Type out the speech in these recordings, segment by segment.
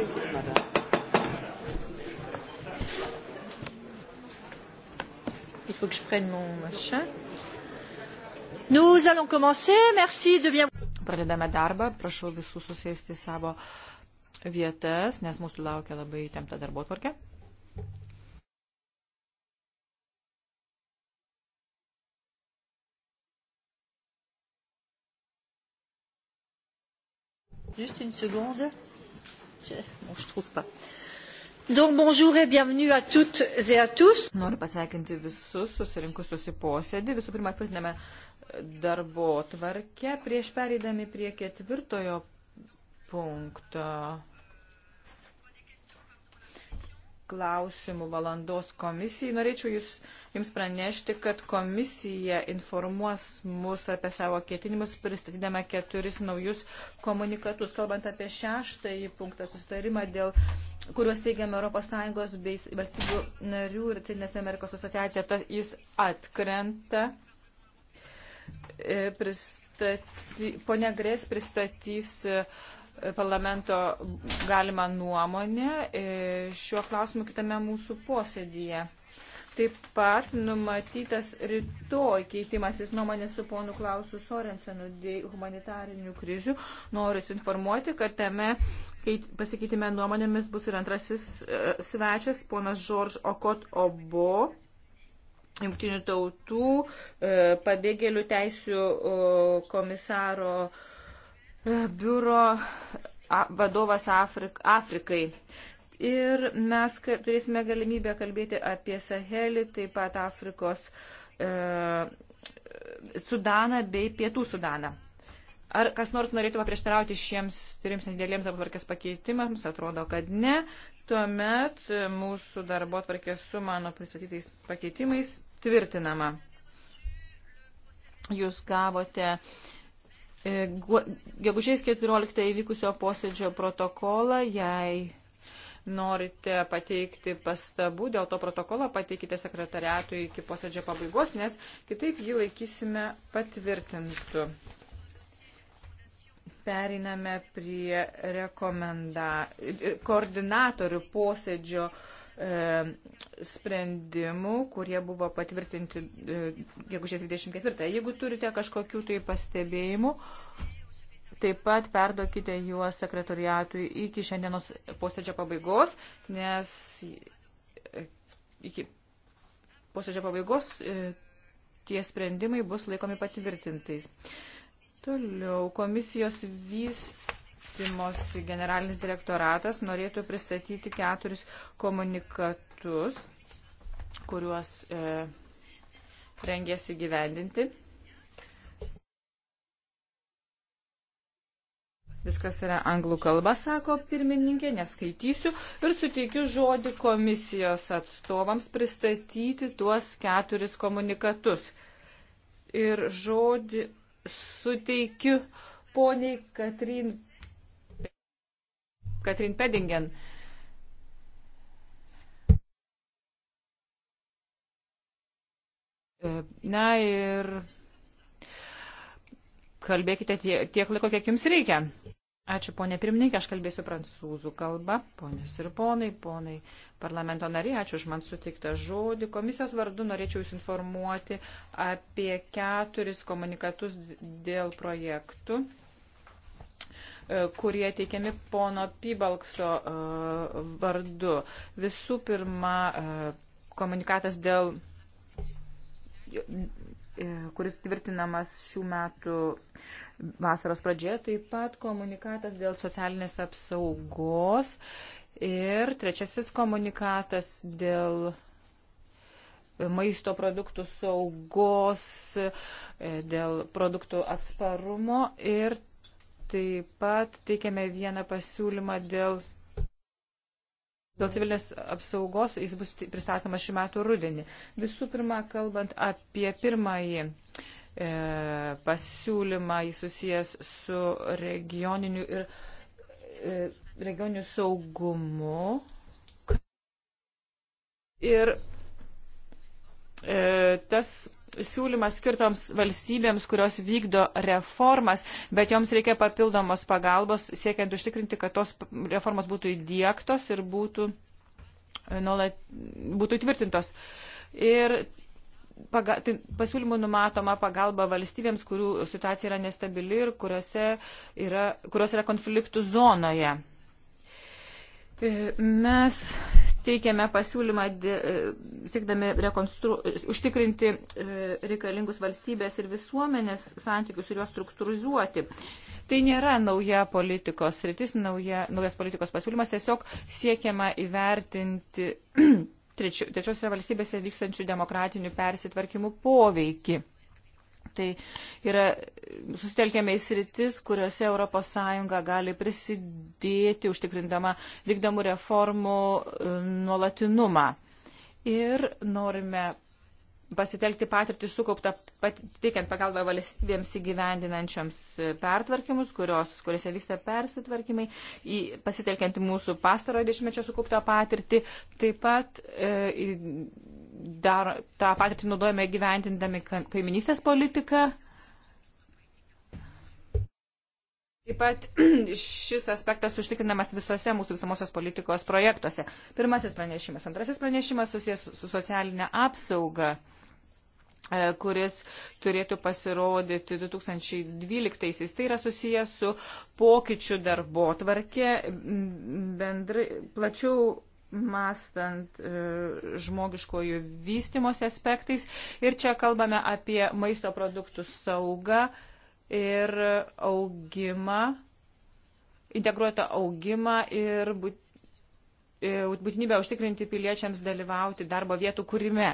Thank you, madam. Il faut que je prenne mon machin. Nous allons commencer. Merci de bien. Pradedame darbą. Prašau visų susėsti savo vietas, nes mūsų laukia labai įtempta darbo tvarkė. Juste une seconde. Bon, je trouve pas. Donc, bonjour et bienvenue à toutes et à tous. Noriu pasveikinti visus susirinkusius į posėdį. Visų pirma, atvirtiname e, darbo tvarkę prieš pereidami prie ketvirtojo punkto klausimų valandos komisijai. Norėčiau jūs Jums pranešti, kad komisija informuos mus apie savo ketinimus, pristatydama keturis naujus komunikatus. Kalbant apie šeštąjį punktą sustarimą, dėl kuriuos teigiame ES bei valstybių narių ir Cilinės Amerikos asociacija, tas jis atkrenta. E, Pristaty, ponia Grės pristatys e, parlamento galimą nuomonę e, šiuo klausimu kitame mūsų posėdyje. Taip pat numatytas rytoj keitimasis nuomonės su ponu Klausu Sorensenu dėl humanitarinių krizių. Noriu informuoti, kad tame pasikeitime nuomonėmis bus ir antrasis e, svečias, ponas Žorž Okot Obo. Junktinių tautų e, pabėgėlių teisių komisaro e, biuro vadovas Afrik, Afrikai. Ir mes turėsime galimybę kalbėti apie Sahelį, taip pat Afrikos, e, Sudaną bei Pietų Sudaną. Ar kas nors norėtų paprieštarauti šiems trims nedėlėms apvarkės pakeitimams? Atrodo, kad ne. Tuomet mūsų darbo atvarkė su mano pristatytais pakeitimais tvirtinama. Jūs gavote e, gegužės 14 įvykusio posėdžio protokolą, jei norite pateikti pastabų, dėl to protokolo pateikite sekretariatui iki posėdžio pabaigos, nes kitaip jį laikysime patvirtintų. Periname prie rekomenda... koordinatorių posėdžio e, sprendimų, kurie buvo patvirtinti e, gegužės 24. Jeigu turite kažkokių tai pastebėjimų, taip pat perduokite juos sekretoriatui iki šiandienos posėdžio pabaigos, nes iki posėdžio pabaigos e, tie sprendimai bus laikomi patvirtintais. Toliau komisijos vystimosi generalinis direktoratas norėtų pristatyti keturis komunikatus, kuriuos e, rengėsi gyvendinti. Viskas yra anglų kalba, sako pirmininkė, neskaitysiu ir suteikiu žodį komisijos atstovams pristatyti tuos keturis komunikatus. Ir žodį suteikiu poniai Katrin, Katrin Pedingen. Na ir kalbėkite tiek laiko, kiek jums reikia. Ačiū, ponė pirmininkė, aš kalbėsiu prancūzų kalbą. Ponios ir ponai, ponai parlamento nariai, ačiū už man sutiktą žodį. Komisijos vardu norėčiau Jūs informuoti apie keturis komunikatus dėl projektų e, kurie teikiami pono Pybalkso e, vardu. Visų pirma, e, komunikatas dėl E, kuris tvirtinamas šių metų vasaros pradžioje, taip pat komunikatas dėl socialinės apsaugos ir trečiasis komunikatas dėl maisto produktų saugos, e, dėl produktų atsparumo ir taip pat teikiame vieną pasiūlymą dėl dėl civilinės apsaugos jis bus pristatomas šių metų rudenį. Visų pirma, kalbant apie pirmąjį e, pasiūlymą, jis susijęs su regioniniu ir e, regioniniu saugumu. Ir e, tas siūlymas skirtoms valstybėms, kurios vykdo reformas, bet joms reikia papildomos pagalbos, siekiant užtikrinti, kad tos reformos būtų įdėktos ir būtų, e, nuolat, būtų įtvirtintos. Ir paga, tai pasiūlymų numatoma pagalba valstybėms, kurių situacija yra nestabili ir kuriuose yra, kurios yra konfliktų zonoje. E, mes teikėme pasiūlymą, e, siekdami rekonstru... užtikrinti e, reikalingus valstybės ir visuomenės santykius ir juos struktūrizuoti. Tai nėra nauja politikos rytis, nauja, naujas politikos pasiūlymas, tiesiog siekiama įvertinti trečiosiose valstybėse vykstančių demokratinių persitvarkymų poveikį tai yra susitelkėme į sritis, kuriuose ES gali prisidėti užtikrindama vykdomų reformų e, nuolatinumą. Ir norime pasitelkti patirtį sukauptą, teikiant pagalbą valstybėms įgyvendinančioms e, pertvarkymus, kurios, kuriuose vyksta persitvarkymai, į, pasitelkiant mūsų pastarojo dešimtmečio sukauptą patirtį, taip pat e, dar, tą patirtį naudojame gyventindami kaiminystės politiką. Taip pat šis aspektas užtikrinamas visose mūsų visamosios politikos projektuose. Pirmasis pranešimas. Antrasis pranešimas susijęs su socialinė apsauga e, kuris turėtų pasirodyti 2012-aisiais. Tai yra susijęs su pokyčių darbo tvarkė, bendrai, plačiau mastant e, žmogiškojų vystimos aspektais. Ir čia kalbame apie maisto produktų saugą ir augimą, integruotą augimą ir būt, e, būtinybę užtikrinti piliečiams dalyvauti darbo vietų kūrime.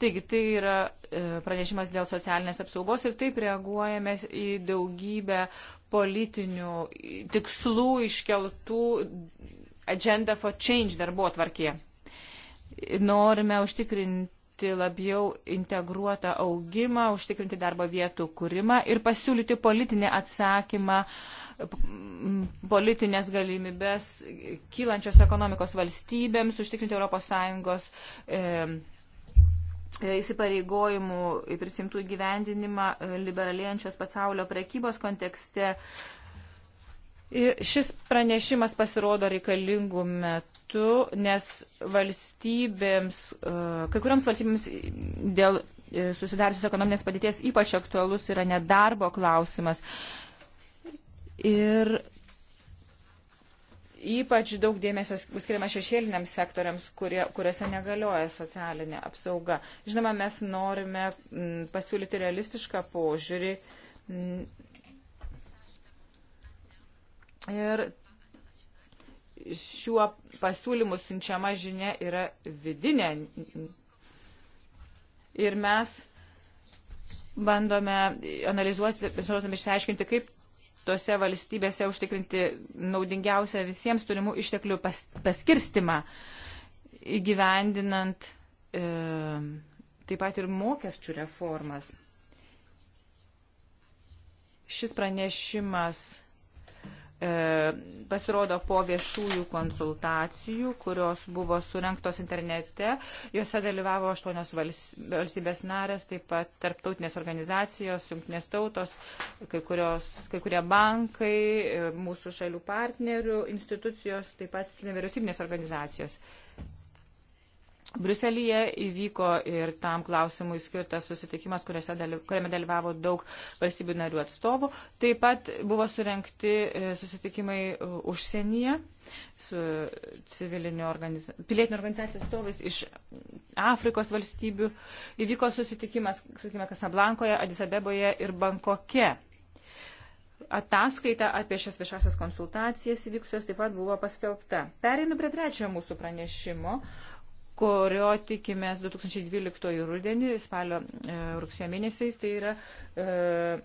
Taigi tai yra e, pranešimas dėl socialinės apsaugos ir taip reaguojame į daugybę politinių tikslų iškeltų Agenda for Change darbo atvarkėje. Norime užtikrinti labiau integruotą augimą, užtikrinti darbo vietų kūrimą ir pasiūlyti politinį atsakymą, politinės galimybės kylančios ekonomikos valstybėms, užtikrinti ES e, e įsipareigojimų prisimtų gyvendinimą e, liberalėjančios pasaulio prekybos kontekste. E, Šis pranešimas pasirodo reikalingų metų, nes valstybėms, e, kai kuriams valstybėms dėl e, susidariusios ekonominės padėties ypač aktualus yra nedarbo klausimas. Ir ypač daug dėmesio bus skiriama šešėliniams sektoriams, kurie, kuriuose negalioja socialinė apsauga. Žinoma, mes norime pasiūlyti realistišką požiūrį Ir šiuo pasiūlymu siunčiama žinia yra vidinė. Ir mes bandome analizuoti, bandome išsiaiškinti, kaip tose valstybėse užtikrinti naudingiausią visiems turimų išteklių pas, paskirstimą, įgyvendinant e, taip pat ir mokesčių reformas. Šis pranešimas E, pasirodo po viešųjų konsultacijų, kurios buvo surinktos internete. Juose dalyvavo aštuonios valstybės narės, taip pat tarptautinės organizacijos, jungtinės tautos, kai, kurios, kai kurie bankai, e, mūsų šalių partnerių, institucijos, taip pat nevyriausybinės organizacijos. Bruselėje įvyko ir tam klausimui skirtas susitikimas, dalyv, kuriame dalyvavo daug valstybių narių atstovų. Taip pat buvo surenkti e, susitikimai e, užsienyje su organiz... pilietinių organizacijų atstovais iš Afrikos valstybių. Įvyko susitikimas, sakykime, Kasablankoje, Adisabeboje ir Bankoke. Ataskaita apie šias viešasias konsultacijas įvykusios taip pat buvo paskelbta. Pereinu prie trečiojo mūsų pranešimo kurio tikimės 2012 rudenį, spalio e, rugsėjo mėnesiais, tai yra e,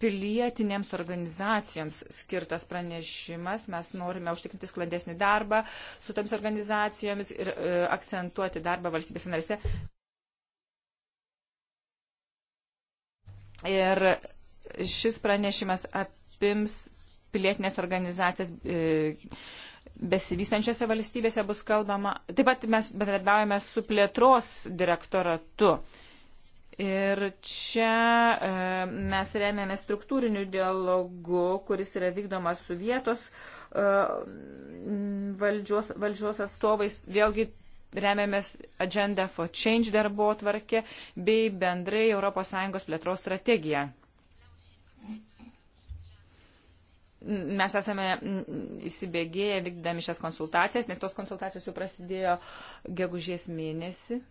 pilietinėms organizacijoms skirtas pranešimas. Mes norime užtikrinti sklandesnį darbą su toms organizacijomis ir e, akcentuoti darbą valstybės narėse. Ir šis pranešimas apims pilietinės organizacijas e, besivystančiose valstybėse bus kalbama. Taip pat mes bendradarbiaujame su plėtros direktoratu. Ir čia e, mes remiame struktūriniu dialogu, kuris yra vykdomas su vietos e, valdžios, valdžios atstovais. Vėlgi remiamės Agenda for Change darbo tvarkė bei bendrai ES plėtros strategiją. mes esame įsibėgėję vykdami šias konsultacijas, nes tos konsultacijos jau prasidėjo gegužės mėnesį.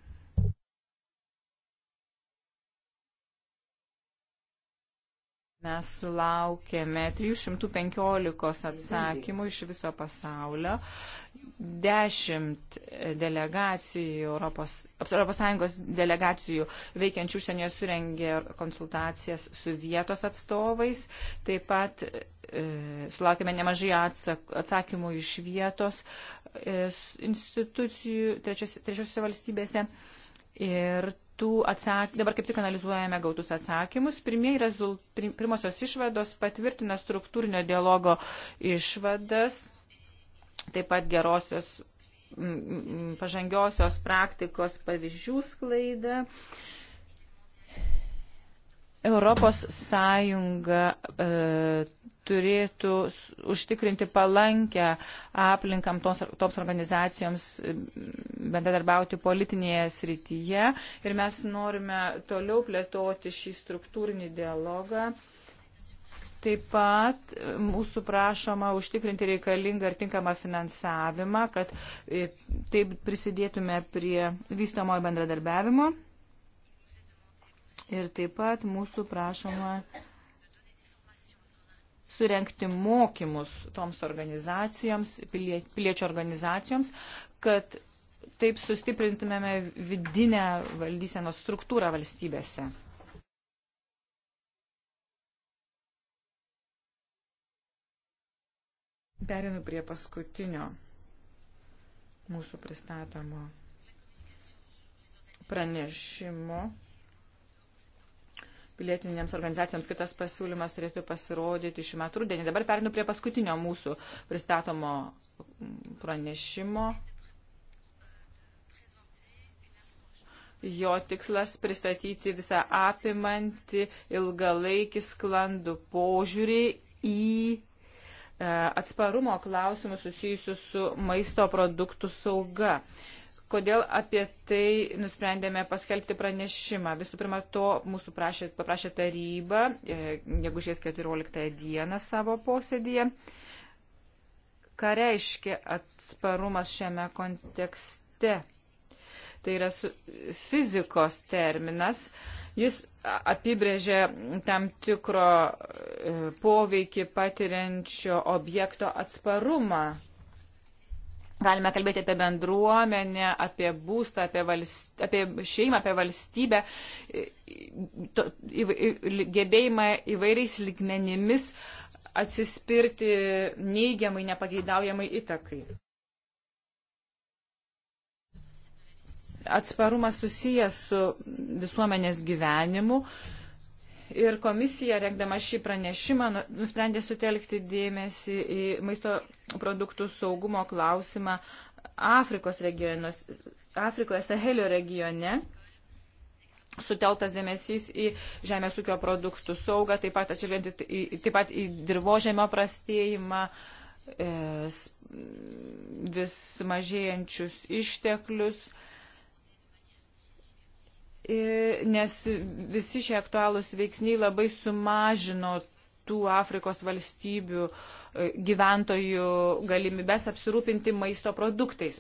Mes sulaukėme 315 atsakymų iš viso pasaulio, 10 delegacijų, Europos, Europos Sąjungos delegacijų veikiančių užsienyje surengė konsultacijas su vietos atstovais, taip pat e, sulaukėme nemažai atsak, atsakymų iš vietos e, institucijų trečios, trečiosiuose valstybėse. Ir gautų atsakymų, dabar kaip tik analizuojame gautus atsakymus. Rezult, pirmosios išvados patvirtina struktūrinio dialogo išvadas, taip pat gerosios pažangiosios praktikos pavyzdžių sklaidą. Uh, Europos Sąjunga e, turėtų užtikrinti palankę aplinkam toms, toms organizacijoms e, bendradarbiauti politinėje srityje ir mes norime toliau plėtoti šį struktūrinį dialogą. Taip pat e, mūsų prašoma užtikrinti reikalingą ir tinkamą finansavimą, kad e, taip prisidėtume prie vystomojo bendradarbiavimo. Ir taip pat mūsų prašoma surenkti mokymus toms organizacijoms, pilie, piliečių organizacijoms, kad taip sustiprintumėme vidinę valdysenos struktūrą valstybėse. Perinu prie paskutinio mūsų pristatomo pranešimo pilietinėms organizacijoms kitas pasiūlymas turėtų pasirodyti šiuo metu rudenį. Dabar perinu prie paskutinio mūsų pristatomo pranešimo. Jo tikslas pristatyti visą apimantį ilgalaikį sklandų požiūrį į e, atsparumo klausimus susijusius su maisto produktų sauga. Kodėl apie tai nusprendėme paskelbti pranešimą? Visų pirma, to mūsų prašė, paprašė taryba, jeigu šiais 14 dieną savo posėdėje. Ką reiškia atsparumas šiame kontekste? Tai yra su, fizikos terminas. Jis apibrėžia tam tikro e, poveikį patiriančio objekto atsparumą Galime kalbėti apie bendruomenę, apie būstą, apie, valst... apie šeimą, apie valstybę, to, į, į, gebėjimą įvairiais ligmenimis atsispirti neigiamai, nepageidaujamai įtakai. Atsparumas susijęs su visuomenės gyvenimu. Uh, ir komisija, rengdama šį pranešimą, nu, nusprendė sutelkti dėmesį į maisto produktų saugumo klausimą Afrikos regionos, Afrikoje Sahelio regione. Suteltas dėmesys į žemės ūkio produktų saugą, taip pat atsižvelgiant taip pat į dirbožėmio prastėjimą, e, vis mažėjančius išteklius. E, nes visi šie aktualūs veiksniai labai sumažino tų Afrikos valstybių e, gyventojų galimybės apsirūpinti maisto produktais.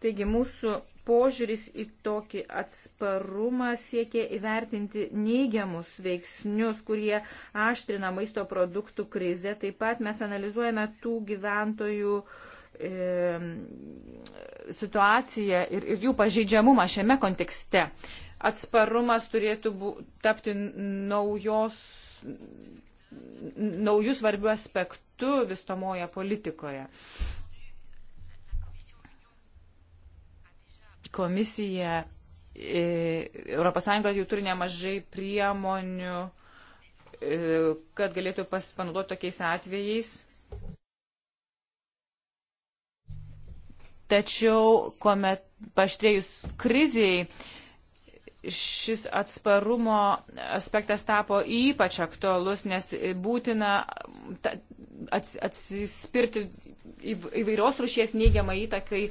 Taigi mūsų požiūris į tokį atsparumą siekia įvertinti neigiamus veiksnius, kurie aštrina maisto produktų krizę. Taip pat mes analizuojame tų gyventojų e, situaciją ir, ir jų pažeidžiamumą šiame kontekste atsparumas turėtų bu, tapti naujos, naujų svarbių aspektų vystomoje politikoje. Komisija, ES jau turi nemažai priemonių, e, kad galėtų panaudoti tokiais atvejais. Tačiau, kuomet paštrėjus kriziai, šis atsparumo aspektas tapo ypač aktualus, nes būtina atsispirti įvairios rušies neigiamą įtakai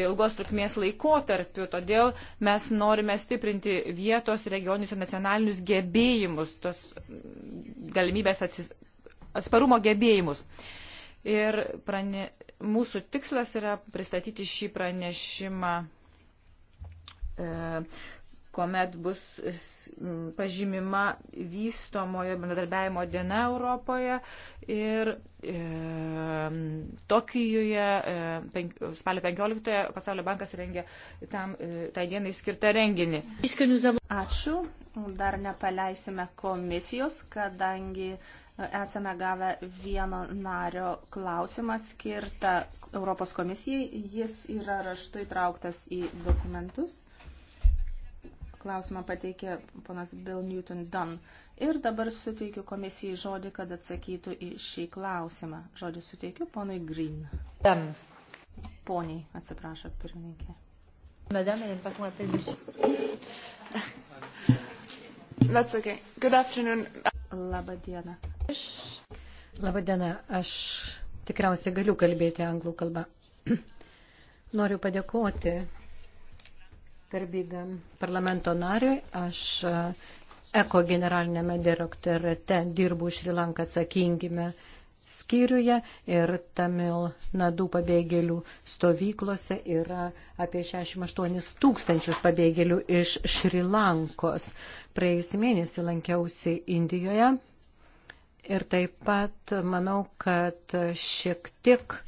ilgos trukmės laikotarpiu. Todėl mes norime stiprinti vietos, regioninius ir nacionalinius gebėjimus, tos galimybės atsis, atsparumo gebėjimus. Ir prane, mūsų tikslas yra pristatyti šį pranešimą. E, kuomet bus pažymima vystomojo bendradarbiavimo diena Europoje ir e, Tokijuje e, penk, spalio 15-ąją Pasaulio bankas rengia tam, e, tai dienai skirtą renginį. Ačiū. Dar nepaleisime komisijos, kadangi e, esame gavę vieno nario klausimą skirtą Europos komisijai. Jis yra raštu įtrauktas į dokumentus klausimą pateikė ponas Bill Newton Dunn. Ir dabar suteikiu komisijai žodį, kad atsakytų į šį klausimą. Žodį suteikiu ponui Green. Dam. Poniai, atsiprašo pirmininkė. Madame, elle pas qu'on l'appelle That's okay. Good afternoon. Labą dieną. Labą dieną. Aš tikriausiai galiu kalbėti anglų kalbą. Noriu padėkoti garbygam parlamento nariui. Aš e, Eko generalinėme direktorate dirbu Šrilanką atsakingime skyriuje ir Tamil Nadu pabėgėlių stovyklose yra apie 68 tūkstančius pabėgėlių iš Šrilankos. Praėjusį mėnesį lankiausi Indijoje ir taip pat manau, kad šiek tiek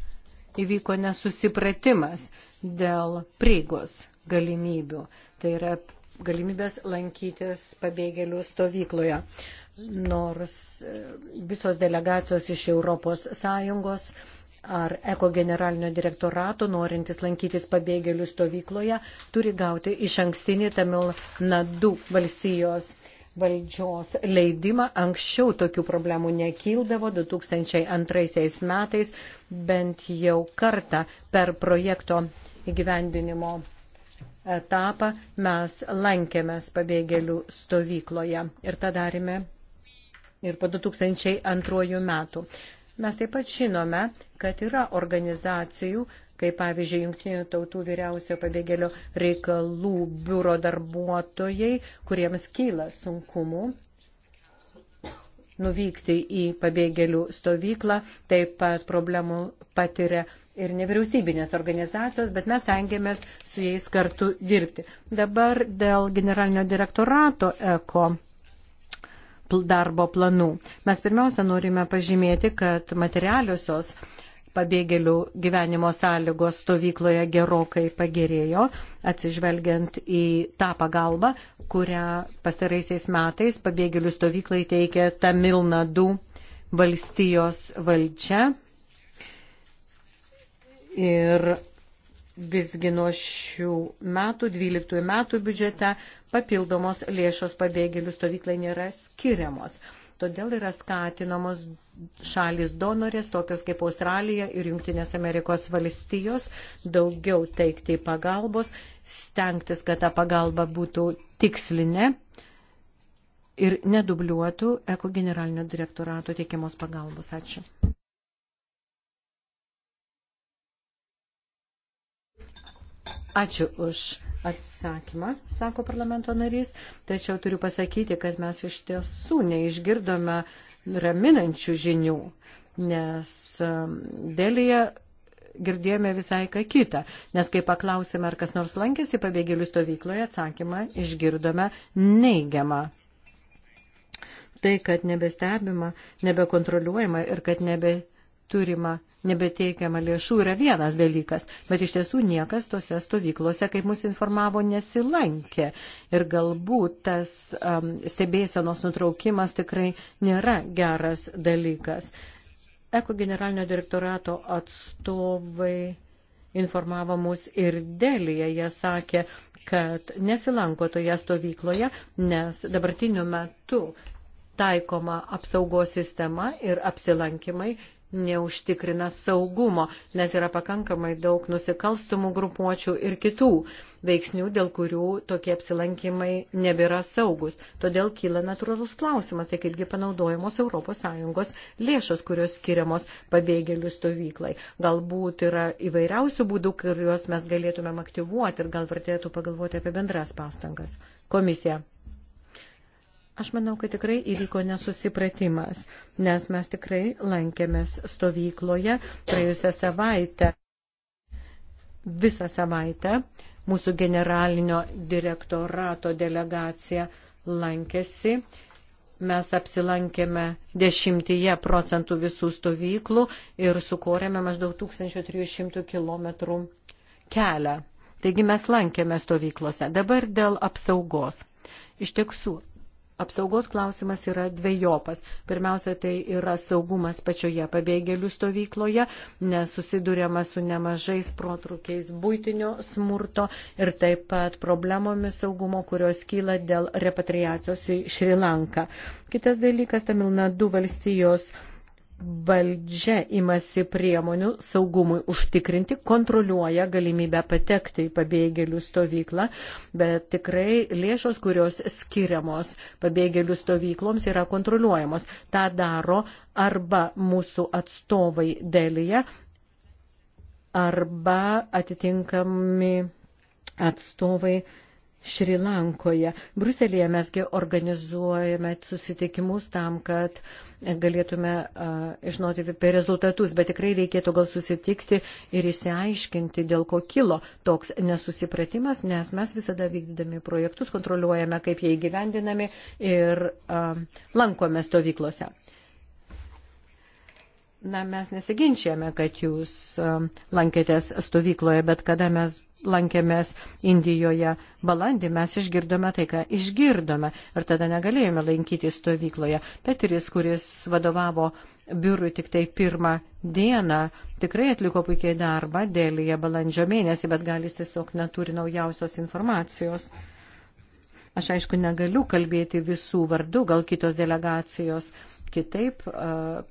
įvyko nesusipratimas dėl prigos galimybių. Tai yra galimybės lankytis pabėgėlių stovykloje. Nors e, visos delegacijos iš ES ar eko generalinio direktorato, norintis lankytis pabėgėlių stovykloje, turi gauti iš ankstinį Tamil Nadu valstijos valdžios leidimą. Anksčiau tokių problemų nekildavo. 2002 metais bent jau kartą per projekto įgyvendinimo etapą mes lankėmės pabėgėlių stovykloje ir tą darėme ir po 2002 metų. Mes taip pat žinome, kad yra organizacijų, kaip pavyzdžiui, Junktinių tautų vyriausio pabėgėlio reikalų biuro darbuotojai, kuriems kyla sunkumų nuvykti į pabėgėlių stovyklą, taip pat problemų patiria ir nevyriausybinės organizacijos, bet mes tengiamės su jais kartu dirbti. Dabar dėl generalinio direktorato eko darbo planų. Mes pirmiausia norime pažymėti, kad materialiosios pabėgėlių gyvenimo sąlygos stovykloje gerokai pagerėjo, atsižvelgiant į tą pagalbą, kurią pastaraisiais metais pabėgėlių stovyklai teikė Tamil Nadu valstijos valdžia Ir visgi nuo šių metų, 12 metų biudžete, papildomos lėšos pabėgėlių stovyklai nėra skiriamos. Todėl yra skatinamos šalis donorės, tokios kaip Australija ir Junktinės Amerikos valstijos, daugiau teikti pagalbos, stengtis, kad ta pagalba būtų tikslinė ir nedubliuotų Eko generalinio direktorato teikiamos pagalbos. Ačiū. Ačiū už atsakymą, sako parlamento narys, tačiau turiu pasakyti, kad mes iš tiesų neišgirdome raminančių žinių, nes um, dėlėje girdėjome visai ką kitą, nes kai paklausėme, ar kas nors lankėsi pabėgėlių stovykloje, atsakymą išgirdome neigiamą. Tai, kad nebestebima, nebekontroliuojama ir kad nebe turima nebeteikiama lėšų yra vienas dalykas, bet iš tiesų niekas tose stovyklose, kaip mus informavo, nesilankė. Ir galbūt tas um, stebėsenos nutraukimas tikrai nėra geras dalykas. Eko generalinio direktorato atstovai informavo mus ir dėlėje, jie sakė, kad nesilanko toje stovykloje, nes dabartiniu metu taikoma apsaugos sistema ir apsilankimai neužtikrina saugumo, nes yra pakankamai daug nusikalstumų grupuočių ir kitų veiksnių, dėl kurių tokie apsilankimai nebėra saugus. Todėl kyla natūralus klausimas, tai kaipgi panaudojamos ES lėšos, kurios skiriamos pabėgėlių stovyklai. Galbūt yra įvairiausių būdų, kuriuos mes galėtumėm aktyvuoti ir gal vertėtų pagalvoti apie bendras pastangas. Komisija. Aš manau, kad tikrai įvyko nesusipratimas, nes mes tikrai lankėmės stovykloje praėjusią savaitę. Visą savaitę mūsų generalinio direktorato delegacija lankėsi. Mes apsilankėme dešimtyje procentų visų stovyklų ir sukūrėme maždaug 1300 km kelią. Taigi mes lankėme stovyklose. Dabar dėl apsaugos. Iš tiesų, apsaugos klausimas yra dviejopas. Pirmiausia, tai yra saugumas pačioje pabėgėlių stovykloje, nes susidurėma su nemažais protrukiais būtinio smurto ir taip pat problemomis saugumo, kurios kyla dėl repatriacijos į Šrilanką. Kitas dalykas, Tamilnadu valstijos valdžia imasi priemonių saugumui užtikrinti, kontroliuoja galimybę patekti į pabėgėlių stovyklą, bet tikrai lėšos, kurios skiriamos pabėgėlių stovykloms, yra kontroliuojamos. Ta daro arba mūsų atstovai dėlyje, arba atitinkami atstovai Šri Lankoje. Bruselėje mesgi organizuojame susitikimus tam, kad uh, galėtume žinoti apie rezultatus, bet tikrai reikėtų gal susitikti ir įsiaiškinti, dėl ko kilo toks nesusipratimas, nes mes visada vykdydami projektus kontroliuojame, kaip jie įgyvendinami ir lankome stovyklose. Na, mes nesiginčiame, kad jūs lankėtės stovykloje, bet kada mes lankėmės Indijoje balandį, mes išgirdome tai, ką išgirdome ir tada negalėjome lankyti stovykloje. Peteris, kuris vadovavo biurui tik tai pirmą dieną, tikrai atliko puikiai darbą dėlėje balandžio mėnesį, bet gal jis tiesiog neturi naujausios informacijos. Aš aišku negaliu kalbėti visų vardų, gal kitos delegacijos kitaip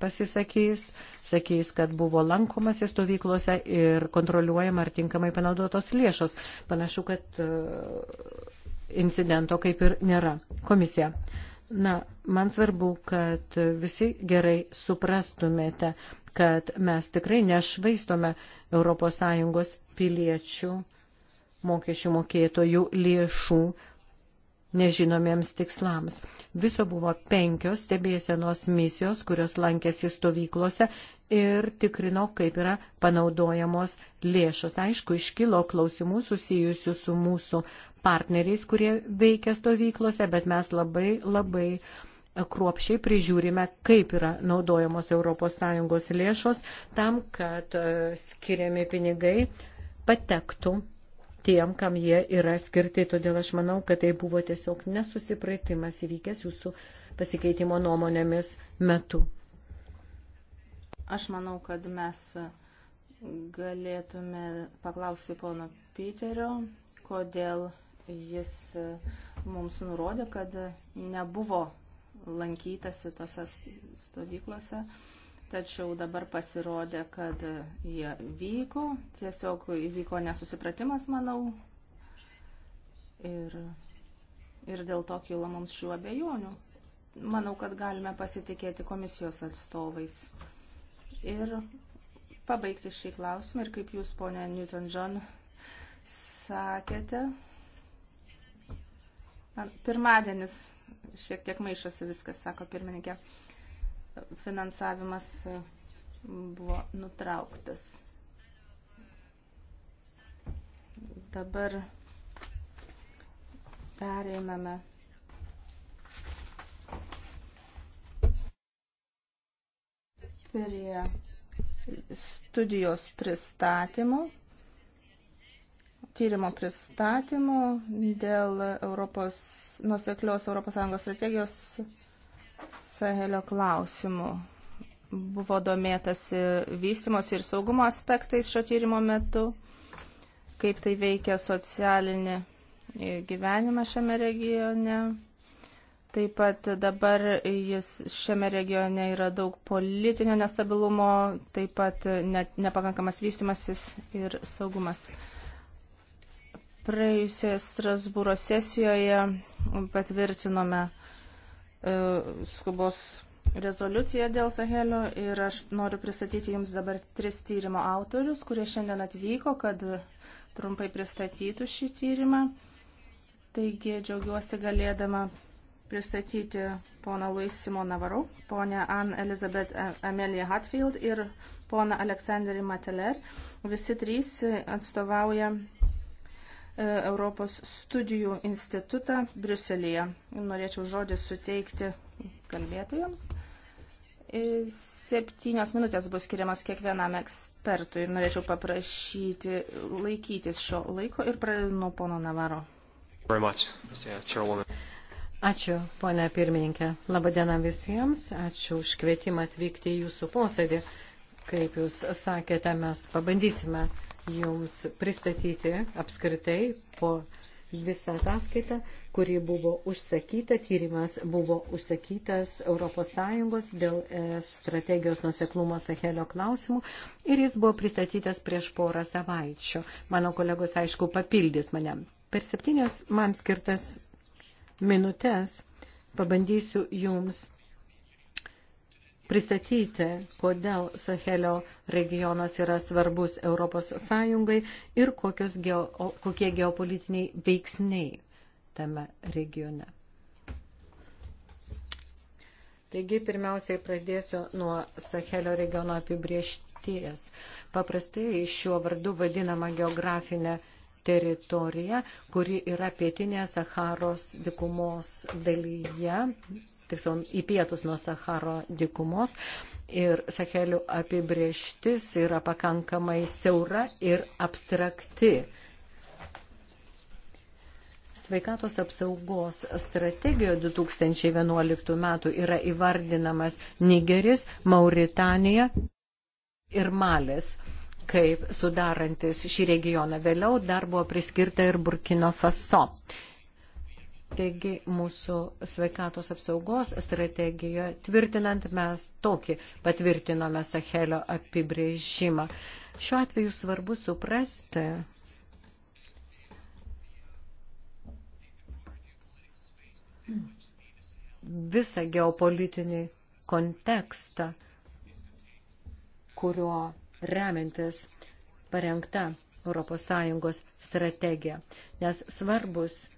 pasisakys, sakys, kad buvo lankomasi stovyklose ir kontroliuojama ar tinkamai panaudotos lėšos. Panašu, kad incidento kaip ir nėra. Komisija. Na, man svarbu, kad visi gerai suprastumėte, kad mes tikrai nešvaistome ES piliečių, mokesčių mokėtojų lėšų nežinomiems tikslams. Viso buvo penkios stebėsenos misijos, kurios lankėsi stovyklose ir tikrino, kaip yra panaudojamos lėšos. Aišku, iškilo klausimų susijusių su mūsų partneriais, kurie veikia stovyklose, bet mes labai, labai kruopšiai prižiūrime, kaip yra naudojamos ES lėšos tam, kad e, skiriami pinigai patektų tiem, kam jie yra skirti. Todėl aš manau, kad tai buvo tiesiog nesusipratimas įvykęs jūsų pasikeitimo nuomonėmis metu. Aš manau, kad mes galėtume paklausyti pono Piterio, kodėl jis mums nurodė, kad nebuvo lankytasi tose stovyklose tačiau dabar pasirodė, kad jie vyko, tiesiog įvyko nesusipratimas, manau, ir, ir dėl to kilo mums šių abejonių. Manau, kad galime pasitikėti komisijos atstovais ir pabaigti šį klausimą ir kaip jūs, ponė Newton-John, sakėte, pirmadienis šiek tiek maišosi viskas, sako pirmininkė finansavimas e, buvo nutrauktas. Dabar pereiname. Prie studijos pristatymų, tyrimo pristatymų dėl Europos, nuseklios ES strategijos Sahelio klausimų. Buvo domėtasi vystimos ir saugumo aspektais šio tyrimo metu, kaip tai veikia socialinį gyvenimą šiame regione. Taip pat dabar jis šiame regione yra daug politinio nestabilumo, taip pat ne, nepakankamas vystimasis ir saugumas. Praėjusioje Strasbūro sesijoje patvirtinome E, skubos rezoliuciją dėl Sahelio ir aš noriu pristatyti Jums dabar tris tyrimo autorius, kurie šiandien atvyko, kad trumpai pristatytų šį tyrimą. Taigi džiaugiuosi galėdama pristatyti poną Luis Simon Navarų, ponę Ann Elizabeth Amelia Hatfield ir poną Aleksanderį Mateler. Visi trys atstovauja E, Europos studijų institutą Briuselėje. Norėčiau žodį suteikti kalbėtojams. E, septynios minutės bus skiriamas kiekvienam ekspertui ir norėčiau paprašyti laikytis šio laiko ir pradedu nuo pono Navaro. Ačiū, ponia pirmininkė. Labadiena visiems. Ačiū už kvietimą atvykti į jūsų posėdį. Kaip jūs sakėte, mes pabandysime jums pristatyti apskritai po visą ataskaitą, kuri buvo užsakyta, tyrimas buvo užsakytas ES dėl e, strategijos nuseklumo Sahelio klausimų ir jis buvo pristatytas prieš porą savaičių. Mano kolegos, aišku, papildys mane. Per septynės man skirtas minutės pabandysiu jums pristatyti, kodėl Sahelio regionas yra svarbus ES ir geo, kokie geopolitiniai veiksniai tame regione. Taigi, pirmiausiai pradėsiu nuo Sahelio regiono apibriešties. Paprastai šiuo vardu vadinama geografinė teritorija, kuri yra pietinėje Saharos dikumos dalyje, tiksliau į pietus nuo Saharo dikumos. Ir Sahelių apibrieštis yra pakankamai siaura ir abstrakti. Sveikatos apsaugos strategijoje 2011 metų yra įvardinamas Nigeris, Mauritanija ir Malis kaip sudarantis šį regioną. Vėliau dar buvo priskirta ir Burkino Faso. Taigi mūsų sveikatos apsaugos strategijoje tvirtinant mes tokį patvirtinome Sahelio apibrėžimą. Šiuo atveju svarbu suprasti, visą geopolitinį kontekstą, kurio remintis parengta ES strategija, nes svarbus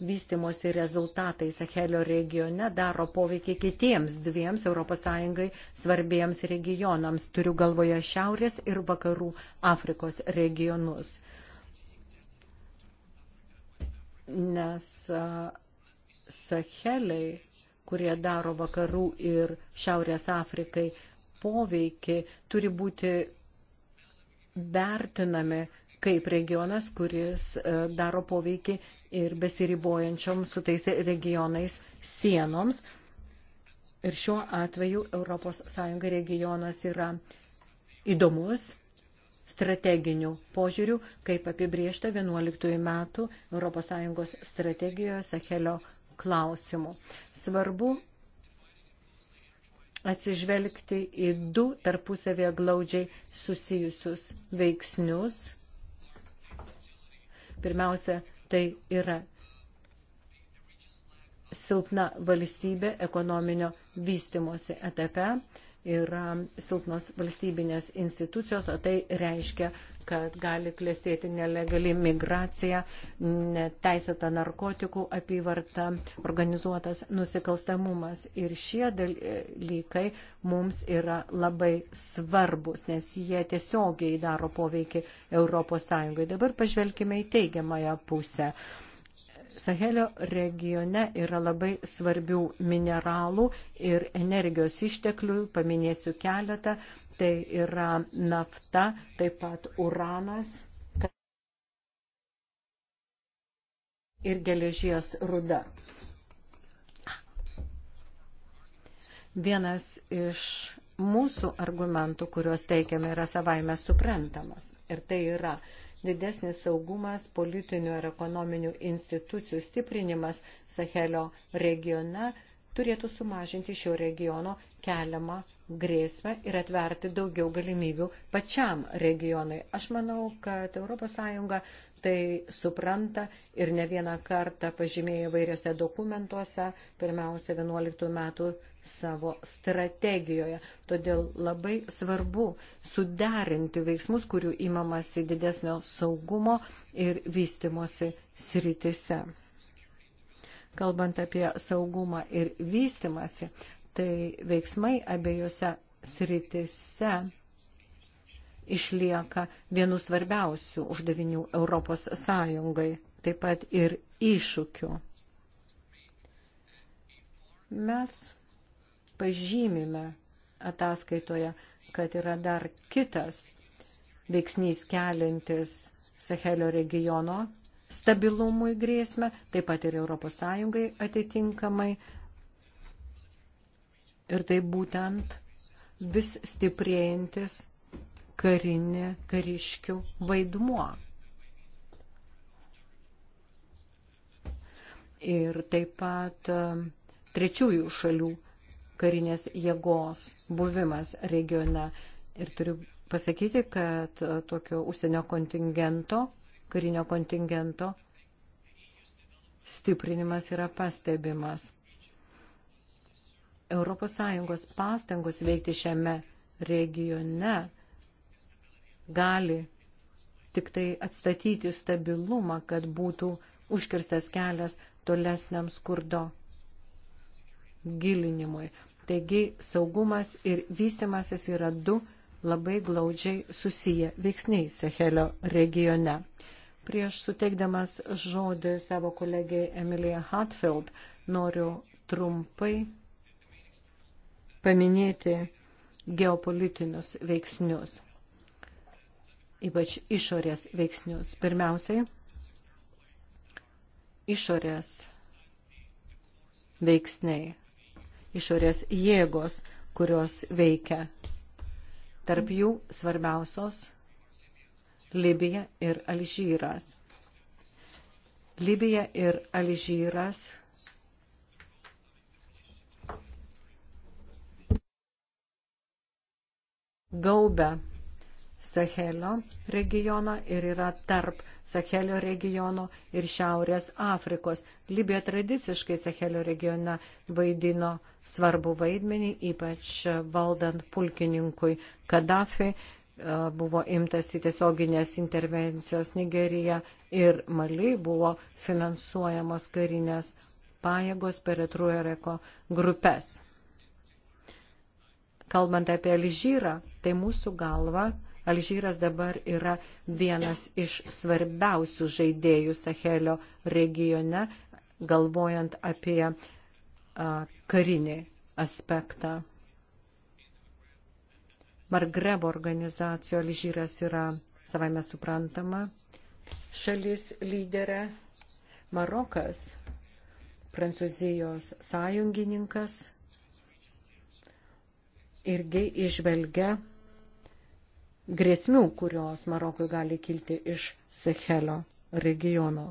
vystimosi rezultatai Sahelio regione daro poveikį kitiems dviems ES svarbiems regionams, turiu galvoje Šiaurės ir Vakarų Afrikos regionus. Nes Saheliai, kurie daro Vakarų ir Šiaurės Afrikai poveikį, turi būti vertinami kaip regionas, kuris e, daro poveikį ir besiribojančiom su tais regionais sienoms. Ir šiuo atveju ES regionas yra įdomus strateginių požiūrių, kaip apibriešta 11 metų ES strategijoje Sahelio klausimų. Svarbu atsižvelgti į du tarpusavėje glaudžiai susijusius veiksnius. Pirmiausia, tai yra silpna valstybė ekonominio vystimosi etape, yra silpnos valstybinės institucijos, o tai reiškia kad gali klėstėti nelegali migracija, teisėta narkotikų apyvarta, organizuotas nusikalstamumas. Ir šie dalykai mums yra labai svarbus, nes jie tiesiogiai daro poveikį ES. Dabar pažvelkime į teigiamąją pusę. Sahelio regione yra labai svarbių mineralų ir energijos išteklių, paminėsiu keletą, tai yra nafta, taip pat uranas ir geležies ruda. Vienas iš mūsų argumentų, kuriuos teikiame, yra savaime suprantamas. Ir tai yra didesnis saugumas, politinių ir ekonominių institucijų stiprinimas Sahelio regione turėtų sumažinti šio regiono keliamą grėsmę ir atverti daugiau galimybių pačiam regionui. Aš manau, kad ES tai supranta ir ne vieną kartą pažymėjo vairiose dokumentuose, pirmiausia 11 metų savo strategijoje. Todėl labai svarbu suderinti veiksmus, kurių įmamasi didesnio saugumo ir vystimosi sritise kalbant apie saugumą ir vystimasi, tai veiksmai abiejose sritise išlieka vienu svarbiausių uždavinių Europos Sąjungai, taip pat ir iššūkių. Mes pažymime ataskaitoje, kad yra dar kitas veiksnys keliantis Sahelio regiono stabilumui grėsmę, taip pat ir Europos Sąjungai atitinkamai Ir tai būtent vis stiprėjantis karinė kariškių vaidmuo. Ir taip pat um, trečiųjų šalių karinės jėgos buvimas regione. Ir turiu pasakyti, kad uh, tokio užsienio kontingento, karinio kontingento stiprinimas yra pastebimas. ES pastangos veikti šiame regione gali tik tai atstatyti stabilumą, kad būtų užkirstas kelias tolesniam skurdo gilinimui. Taigi saugumas ir vystimasis yra du labai glaudžiai susiję veiksniai Sehelio regione. Prieš suteikdamas žodį savo kolegijai Emilijai Hatfield noriu trumpai paminėti geopolitinius veiksnius, ypač išorės veiksnius. Pirmiausiai, išorės veiksniai, išorės jėgos, kurios veikia. Tarp jų svarbiausios Libija ir Alžyras. Libija ir Alžyras gaubia Sahelio regioną ir yra tarp Sahelio regiono ir Šiaurės Afrikos. Libija tradiciškai Sahelio regione vaidino svarbu vaidmenį, ypač valdant pulkininkui Kadafi, e, buvo imtasi tiesioginės intervencijos Nigerija ir Mali buvo finansuojamos karinės pajėgos per Etruereko grupės. Kalbant apie Alžyrą, tai mūsų galva Alžyras dabar yra vienas iš svarbiausių žaidėjų Sahelio regione, galvojant apie a, karinį aspektą. Margrebo organizacijų Alžyras yra savaime suprantama šalis lyderė. Marokas, Prancūzijos sąjungininkas, irgi išvelgia grėsmių, kurios Marokui gali kilti iš Sahelio regiono.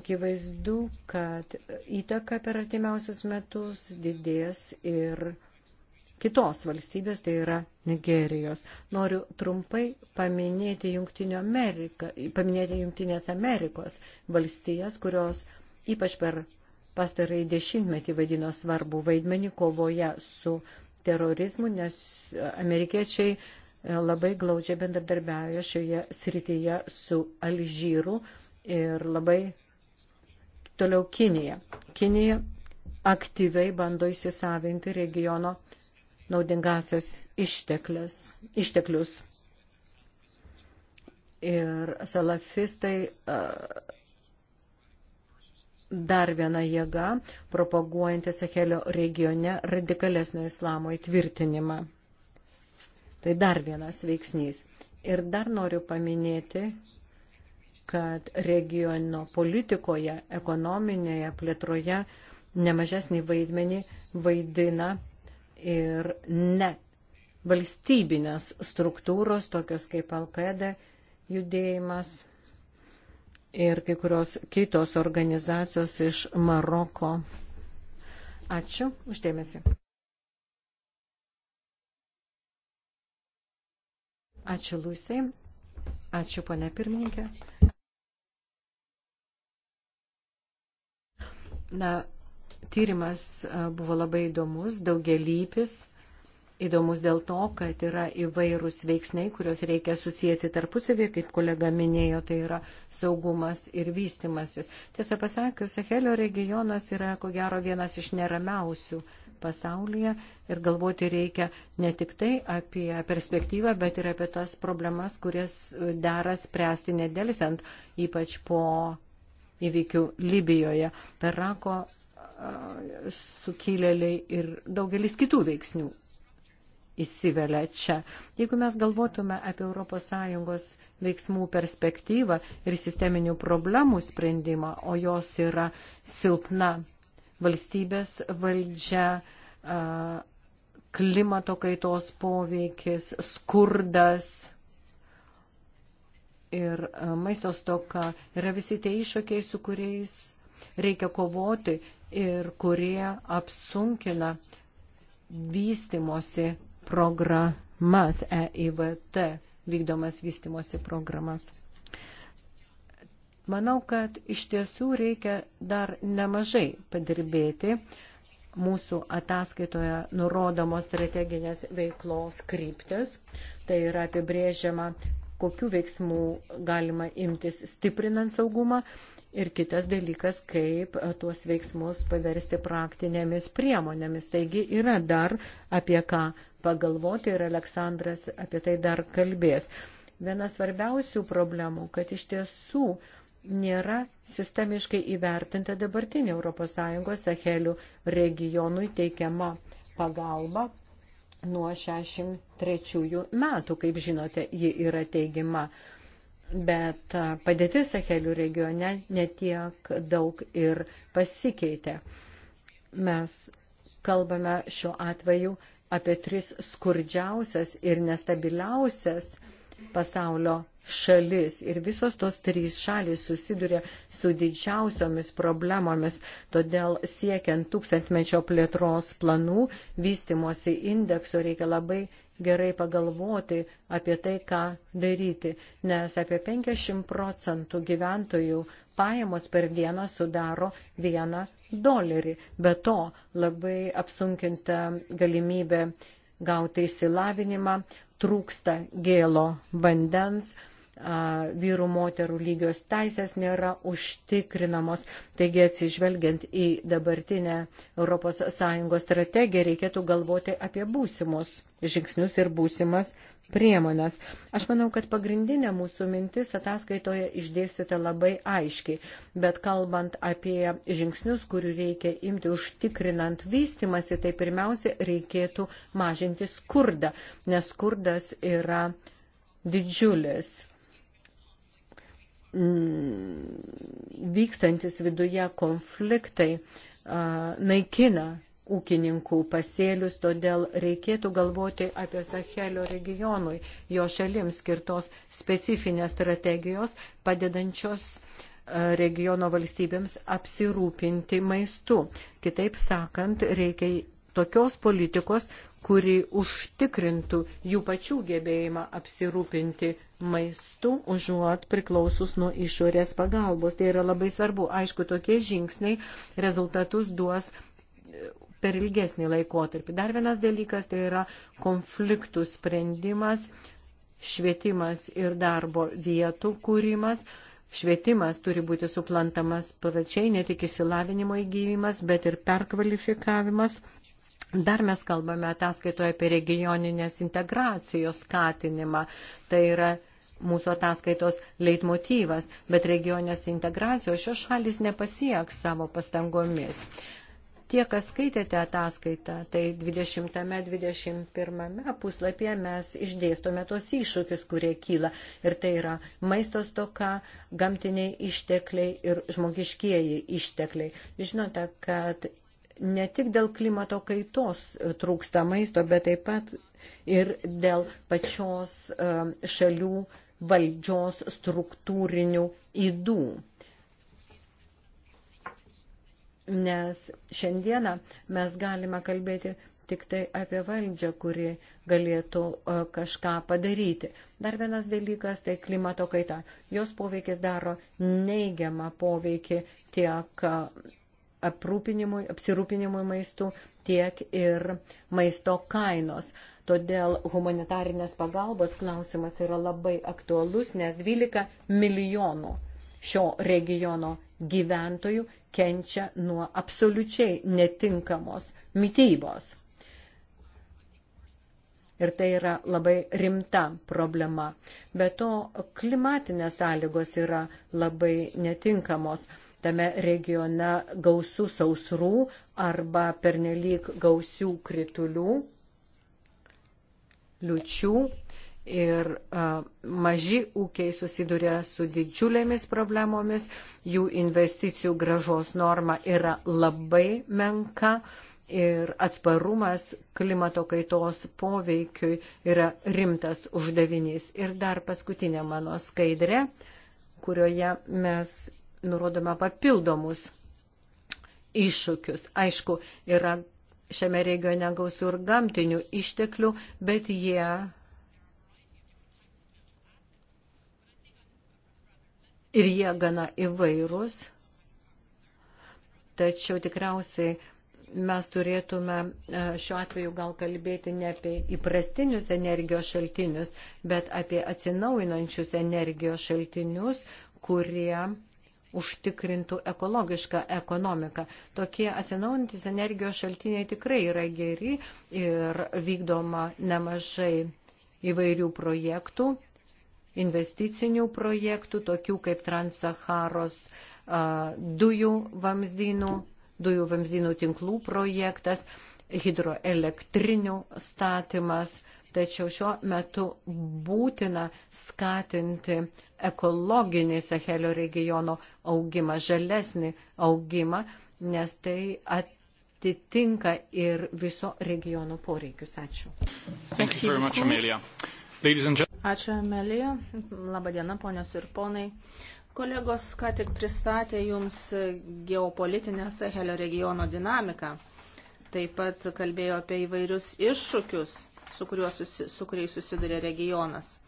Akivaizdu, kad įtaka per artimiausius metus didės ir kitos valstybės, tai yra Nigerijos. Noriu trumpai paminėti, Amerika, paminėti Junktinės Amerikos valstijas, kurios ypač per pastarąjį dešimtmetį vadino svarbu vaidmenį kovoje su terorizmu, nes amerikiečiai e, labai glaudžiai bendradarbiauja šioje srityje su Alžyru ir labai toliau Kinija. Kinija aktyviai bando įsisavinti regiono naudingasias išteklius. Ir salafistai uh, dar viena jėga, propaguojanti Sahelio regione radikalesnio islamo įtvirtinimą. Tai dar vienas veiksnys. Ir dar noriu paminėti, kad regiono politikoje, ekonominėje plėtroje nemažesnį vaidmenį vaidina ir ne valstybinės struktūros, tokios kaip Alkaida judėjimas ir kai kurios kitos organizacijos iš Maroko. Ačiū uždėmesi. Ačiū Lūsiai. Ačiū pane pirmininkė. Na, tyrimas buvo labai įdomus, daugelypis įdomus dėl to, kad yra įvairūs veiksniai, kuriuos reikia susijęti tarpusavį, kaip kolega minėjo, tai yra saugumas ir vystimasis. Tiesą pasakius, Sahelio regionas yra ko gero vienas iš neramiausių pasaulyje ir galvoti reikia ne tik tai apie perspektyvą, bet ir apie tas problemas, kurias dera spręsti nedėlisant, ypač po įvykių Libijoje. Tarako sukilėliai ir daugelis kitų veiksnių įsivelia čia. Jeigu mes galvotume apie ES veiksmų perspektyvą ir sisteminių problemų sprendimą, o jos yra silpna valstybės valdžia, klimato kaitos poveikis, skurdas ir maisto stoka yra visi tie iššūkiai, su kuriais reikia kovoti ir kurie apsunkina vystimosi programas, EIVT vykdomas vystimosi programas. Manau, kad iš tiesų reikia dar nemažai padirbėti. Mūsų ataskaitoje nurodomos strateginės veiklos kryptis. Tai yra apibrėžiama, kokiu veiksmu galima imtis stiprinant saugumą Ir kitas dalykas, kaip e, tuos veiksmus paversti praktinėmis priemonėmis. Taigi yra dar apie ką pagalvoti ir Aleksandras apie tai dar kalbės. Viena svarbiausių problemų, kad iš tiesų nėra sistemiškai įvertinta dabartinė ES Sahelių regionui teikiama pagalba nuo 63 metų, kaip žinote, ji yra teigiama Bet padėtis Sahelių regione netiek daug ir pasikeitė. Mes kalbame šiuo atveju apie tris skurdžiausias ir nestabiliausias pasaulio šalis. Ir visos tos trys šalis susiduria su didžiausiomis problemomis. Todėl siekiant tūkstantmečio plėtros planų, vystimosi indekso reikia labai gerai pagalvoti apie tai, ką daryti, nes apie 50 procentų gyventojų pajamos per dieną sudaro vieną dolerį. Be to labai apsunkinta galimybė gauti įsilavinimą, trūksta gėlo vandens, vyrų moterų lygios teisės nėra užtikrinamos. Taigi atsižvelgiant į dabartinę ES strategiją reikėtų galvoti apie būsimus žingsnius ir būsimas priemonės. Aš manau, kad pagrindinė mūsų mintis ataskaitoje išdėstyta labai aiškiai, bet kalbant apie žingsnius, kurių reikia imti užtikrinant vystimasi, tai pirmiausia reikėtų mažinti skurdą, nes skurdas yra didžiulis Mm, vykstantis viduje konfliktai naikina ūkininkų pasėlius, todėl reikėtų galvoti apie Sahelio regionui, jo šalims skirtos specifinės strategijos, padedančios regiono valstybėms apsirūpinti maistu. Kitaip sakant, reikia tokios politikos, kuri užtikrintų jų pačių gebėjimą apsirūpinti maistu, užuot priklausus nuo išorės pagalbos. Tai yra labai svarbu. Aišku, tokie žingsniai rezultatus duos e, per ilgesnį laikotarpį. Dar vienas dalykas tai yra konfliktų sprendimas, švietimas ir darbo vietų kūrimas. Švietimas turi būti suplantamas plačiai, ne tik įsilavinimo įgyjimas, bet ir perkvalifikavimas Dar mes kalbame ataskaitoje apie regioninės integracijos skatinimą. Tai yra mūsų ataskaitos leitmotyvas, bet regioninės integracijos šios šalis nepasieks savo pastangomis. Tie, kas skaitėte ataskaitą, tai 20-21 puslapyje mes išdėstome tos iššūkius, kurie kyla. Ir tai yra maisto stoka, gamtiniai ištekliai ir žmogiškieji ištekliai. Žinote, kad ne tik dėl klimato kaitos trūksta maisto, bet taip pat ir dėl pačios e, šalių valdžios struktūrinių įdų. Nes šiandieną mes galime kalbėti tik tai apie valdžią, kuri galėtų e, kažką padaryti. Dar vienas dalykas - tai klimato kaita. Jos poveikis daro neigiamą poveikį tiek aprūpinimui, apsirūpinimui maistų, tiek ir maisto kainos. Todėl humanitarinės pagalbos klausimas yra labai aktualus, nes 12 milijonų šio regiono gyventojų kenčia nuo absoliučiai netinkamos mytybos. Ir tai yra labai rimta problema. Be to, klimatinės sąlygos yra labai netinkamos tame regione gausių sausrų arba pernelyg gausių kritulių, liučių ir a, maži ūkiai susiduria su didžiulėmis problemomis, jų investicijų gražos norma yra labai menka ir atsparumas klimato kaitos poveikiui yra rimtas uždavinys. Ir dar paskutinė mano skaidrė, kurioje mes nurodome papildomus iššūkius. Aišku, yra šiame regione gausių ir gamtinių išteklių, bet jie ir jie gana įvairūs. Tačiau tikriausiai mes turėtume e, šiuo atveju gal kalbėti ne apie įprastinius energijos šaltinius, bet apie atsinaujinančius energijos šaltinius, kurie užtikrintų ekologišką ekonomiką. Tokie atsinaujantis energijos šaltiniai tikrai yra geri ir vykdoma nemažai įvairių projektų, investicinių projektų, tokių kaip Transsaharos dujų vamzdynų, dujų vamzdynų tinklų projektas, hidroelektrinių statymas, tačiau šiuo metu būtina skatinti ekologinį Sahelio regiono augimą, žalesnį augimą, nes tai atitinka ir viso regiono poreikius. Ačiū. Much, Amelia. And... Ačiū, Amelija. Labadiena, ponios ir ponai. Kolegos ką tik pristatė jums geopolitinę Sahelio regiono dinamiką. Taip pat kalbėjo apie įvairius iššūkius su, susi, su kuriais susiduria regionas.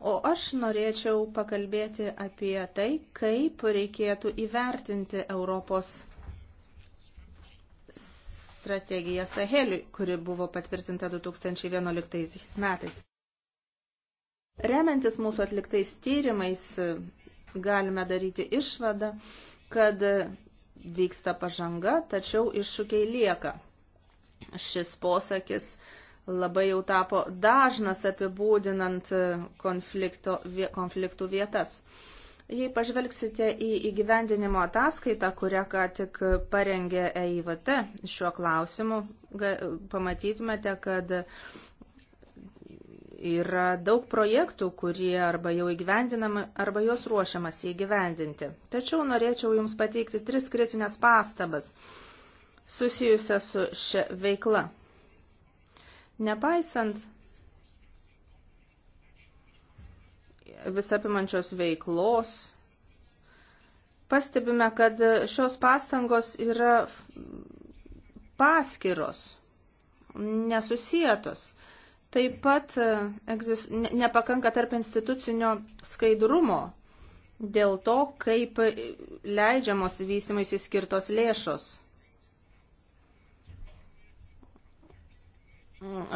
O aš norėčiau pakalbėti apie tai, kaip reikėtų įvertinti Europos strategiją Saheliui, kuri buvo patvirtinta 2011 metais. Remiantis mūsų atliktais tyrimais, galime daryti išvadą, kad vyksta pažanga, tačiau iššūkiai lieka. Šis posakis labai jau tapo dažnas apibūdinant e, konfliktų vietas. Jei pažvelgsite į įgyvendinimo ataskaitą, kurią ką tik parengė EIVT šiuo klausimu, pamatytumėte, kad yra daug projektų, kurie arba jau įgyvendinami, arba juos ruošiamas įgyvendinti. Tačiau norėčiau Jums pateikti tris kritinės pastabas susijusią su šia veikla. Nepaisant visapimančios veiklos, pastebime, kad šios pastangos yra paskiros, nesusietos. Taip pat e, egzist, nepakanka tarp institucinio skaidrumo dėl to, kaip leidžiamos vystymais įskirtos lėšos.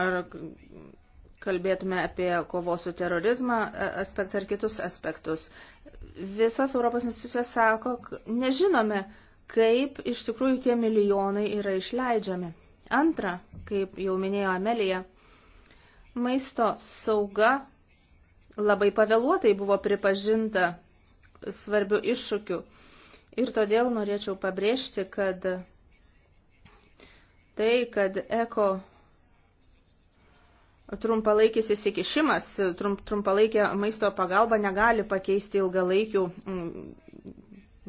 Ar kalbėtume apie kovos su terorizmą e, aspektą ar kitus aspektus. Visos Europos institucijos sako, nežinome, kaip iš tikrųjų tie milijonai yra išleidžiami. Antra, kaip jau minėjo Amelija, maisto sauga labai pavėluotai buvo pripažinta svarbių iššūkių. Ir todėl norėčiau pabrėžti, kad tai, kad eko Trumpalaikis įsikišimas, trump, trumpalaikė maisto pagalba negali pakeisti ilgalaikių mm,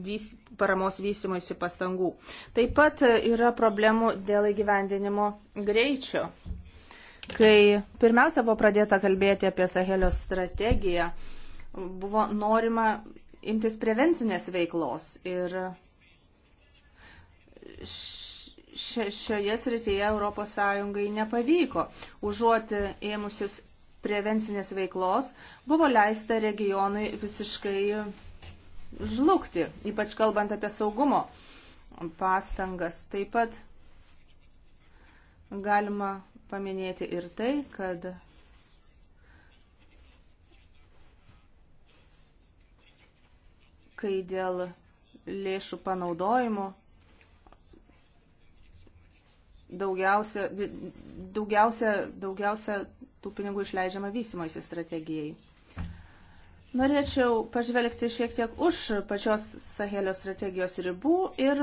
vys, paramos vystimosi pastangų. Taip pat yra problemų dėl įgyvendinimo greičio. Kai pirmiausia buvo pradėta kalbėti apie Sahelio strategiją, buvo norima imtis prevencinės veiklos ir š šioje srityje ES nepavyko. Užuot ėmusis prevencinės veiklos, buvo leista regionui visiškai žlugti, ypač kalbant apie saugumo pastangas. Taip pat galima paminėti ir tai, kad kai dėl lėšų panaudojimo daugiausia, daugiausia, daugiausia tų pinigų išleidžiama vystymoisi strategijai. Norėčiau pažvelgti šiek tiek už pačios Sahelio strategijos ribų ir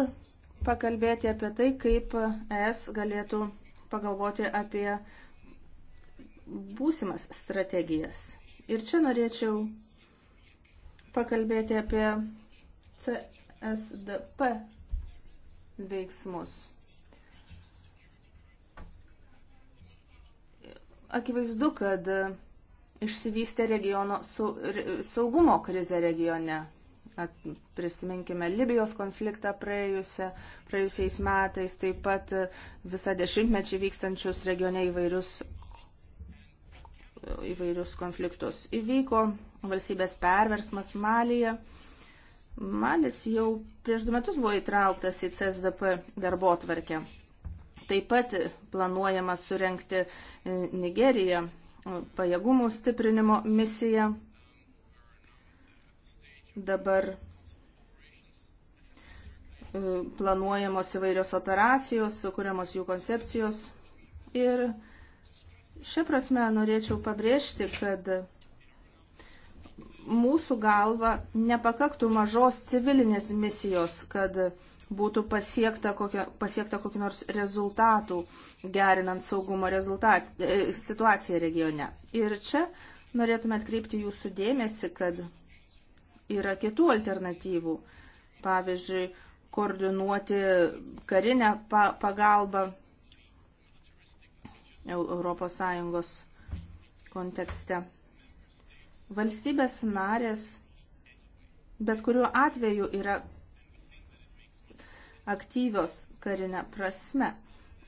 pakalbėti apie tai, kaip ES galėtų pagalvoti apie būsimas strategijas. Ir čia norėčiau pakalbėti apie CSDP veiksmus. akivaizdu, kad e, išsivystė regiono su, saugumo krizė regione. At, prisiminkime Libijos konfliktą praėjusią, praėjusiais metais, taip pat e, visą dešimtmečią vykstančius regione įvairius, e, įvairius konfliktus. Įvyko valstybės perversmas Malyje. Malis jau prieš du metus buvo įtrauktas į CSDP darbo tvarkę. Taip pat planuojama surenkti Nigeriją pajėgumų stiprinimo misiją. Dabar e, planuojamos įvairios operacijos, sukūriamos jų koncepcijos. Ir šią prasme norėčiau pabrėžti, kad mūsų galva nepakaktų mažos civilinės misijos, kad būtų pasiekta, kokia, pasiekta kokiu nors rezultatų, gerinant saugumo rezultat, e, situaciją regione. Ir čia norėtume atkreipti jūsų dėmesį, kad yra kitų alternatyvų. Pavyzdžiui, koordinuoti karinę pa pagalbą ES kontekste. Valstybės narės bet kuriuo atveju yra aktyvios karinę prasme.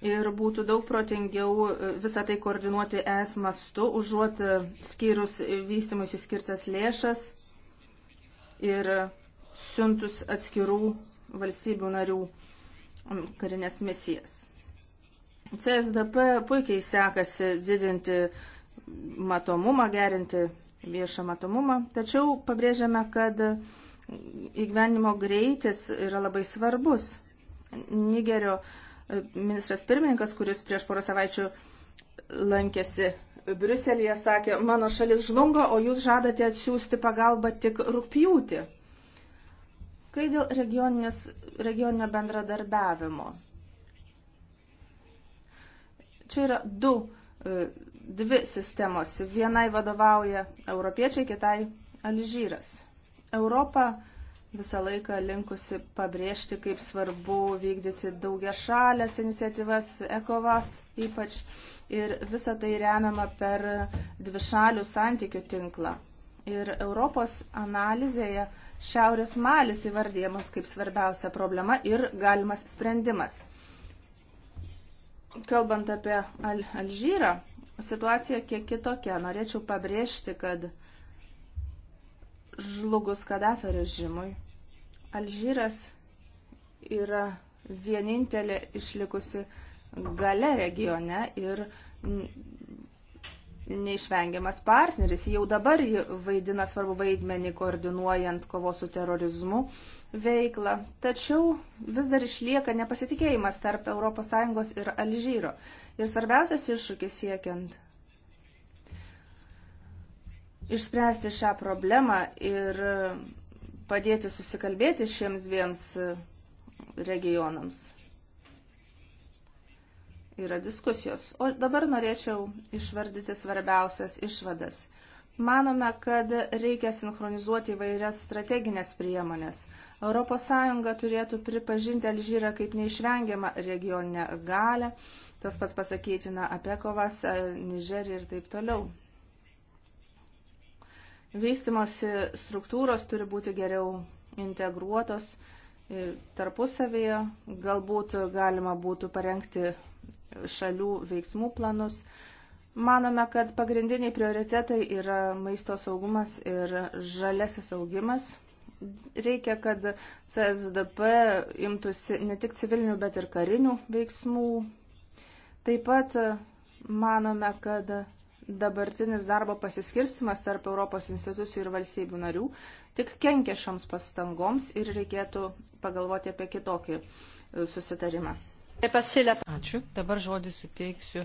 Ir būtų daug protingiau e, visą tai koordinuoti ES mastu, užuot e, skyrus vystimui įskirtas lėšas ir siuntus atskirų valstybių narių karinės misijas. CSDP puikiai sekasi didinti matomumą, gerinti viešą matomumą, tačiau pabrėžiame, kad įgyvenimo greitis yra labai svarbus. Nigerio e, ministras pirmininkas, kuris prieš porą savaičių lankėsi Briuselėje, sakė, mano šalis žlunga, o jūs žadate atsiųsti pagalbą tik rūpjūti. Kai dėl regioninio bendradarbiavimo. Čia yra du, e, dvi sistemos. Vienai vadovauja europiečiai, kitai Alžyras. Europa visą laiką linkusi pabrėžti, kaip svarbu vykdyti daugia šalės iniciatyvas, ekovas ypač, ir visa tai remiama per dvišalių santykių tinklą. Ir Europos analizėje Šiaurės Malis įvardyjamas kaip svarbiausia problema ir galimas sprendimas. Kalbant apie Al Alžyrą, situacija kiek kitokia. Norėčiau pabrėžti, kad žlugus Kadafio režimui, Alžyras yra vienintelė išlikusi gale regione ir neišvengiamas partneris. Jau dabar vaidina svarbu vaidmenį koordinuojant kovos su terorizmu veiklą. Tačiau vis dar išlieka nepasitikėjimas tarp ES ir Alžyro. Ir svarbiausias iššūkis siekiant išspręsti šią problemą ir padėti susikalbėti šiems dviems regionams. Yra diskusijos. O dabar norėčiau išvardyti svarbiausias išvadas. Manome, kad reikia sinchronizuoti įvairias strateginės priemonės. ES turėtų pripažinti Alžyrą kaip neišvengiamą regioninę galę, tas pats pasakytina apie kovas, e, Nižerį ir taip toliau. Vystimosi struktūros turi būti geriau integruotos e, tarpusavėje. Galbūt galima būtų parengti šalių veiksmų planus. Manome, kad pagrindiniai prioritetai yra maisto saugumas ir žalesis augimas. Reikia, kad CSDP imtųsi ne tik civilinių, bet ir karinių veiksmų. Taip pat manome, kad dabartinis darbo pasiskirstimas tarp Europos institucijų ir valstybių narių tik kenkia šioms pastangoms ir reikėtų pagalvoti apie kitokį e, susitarimą. Ačiū. Dabar žodį suteiksiu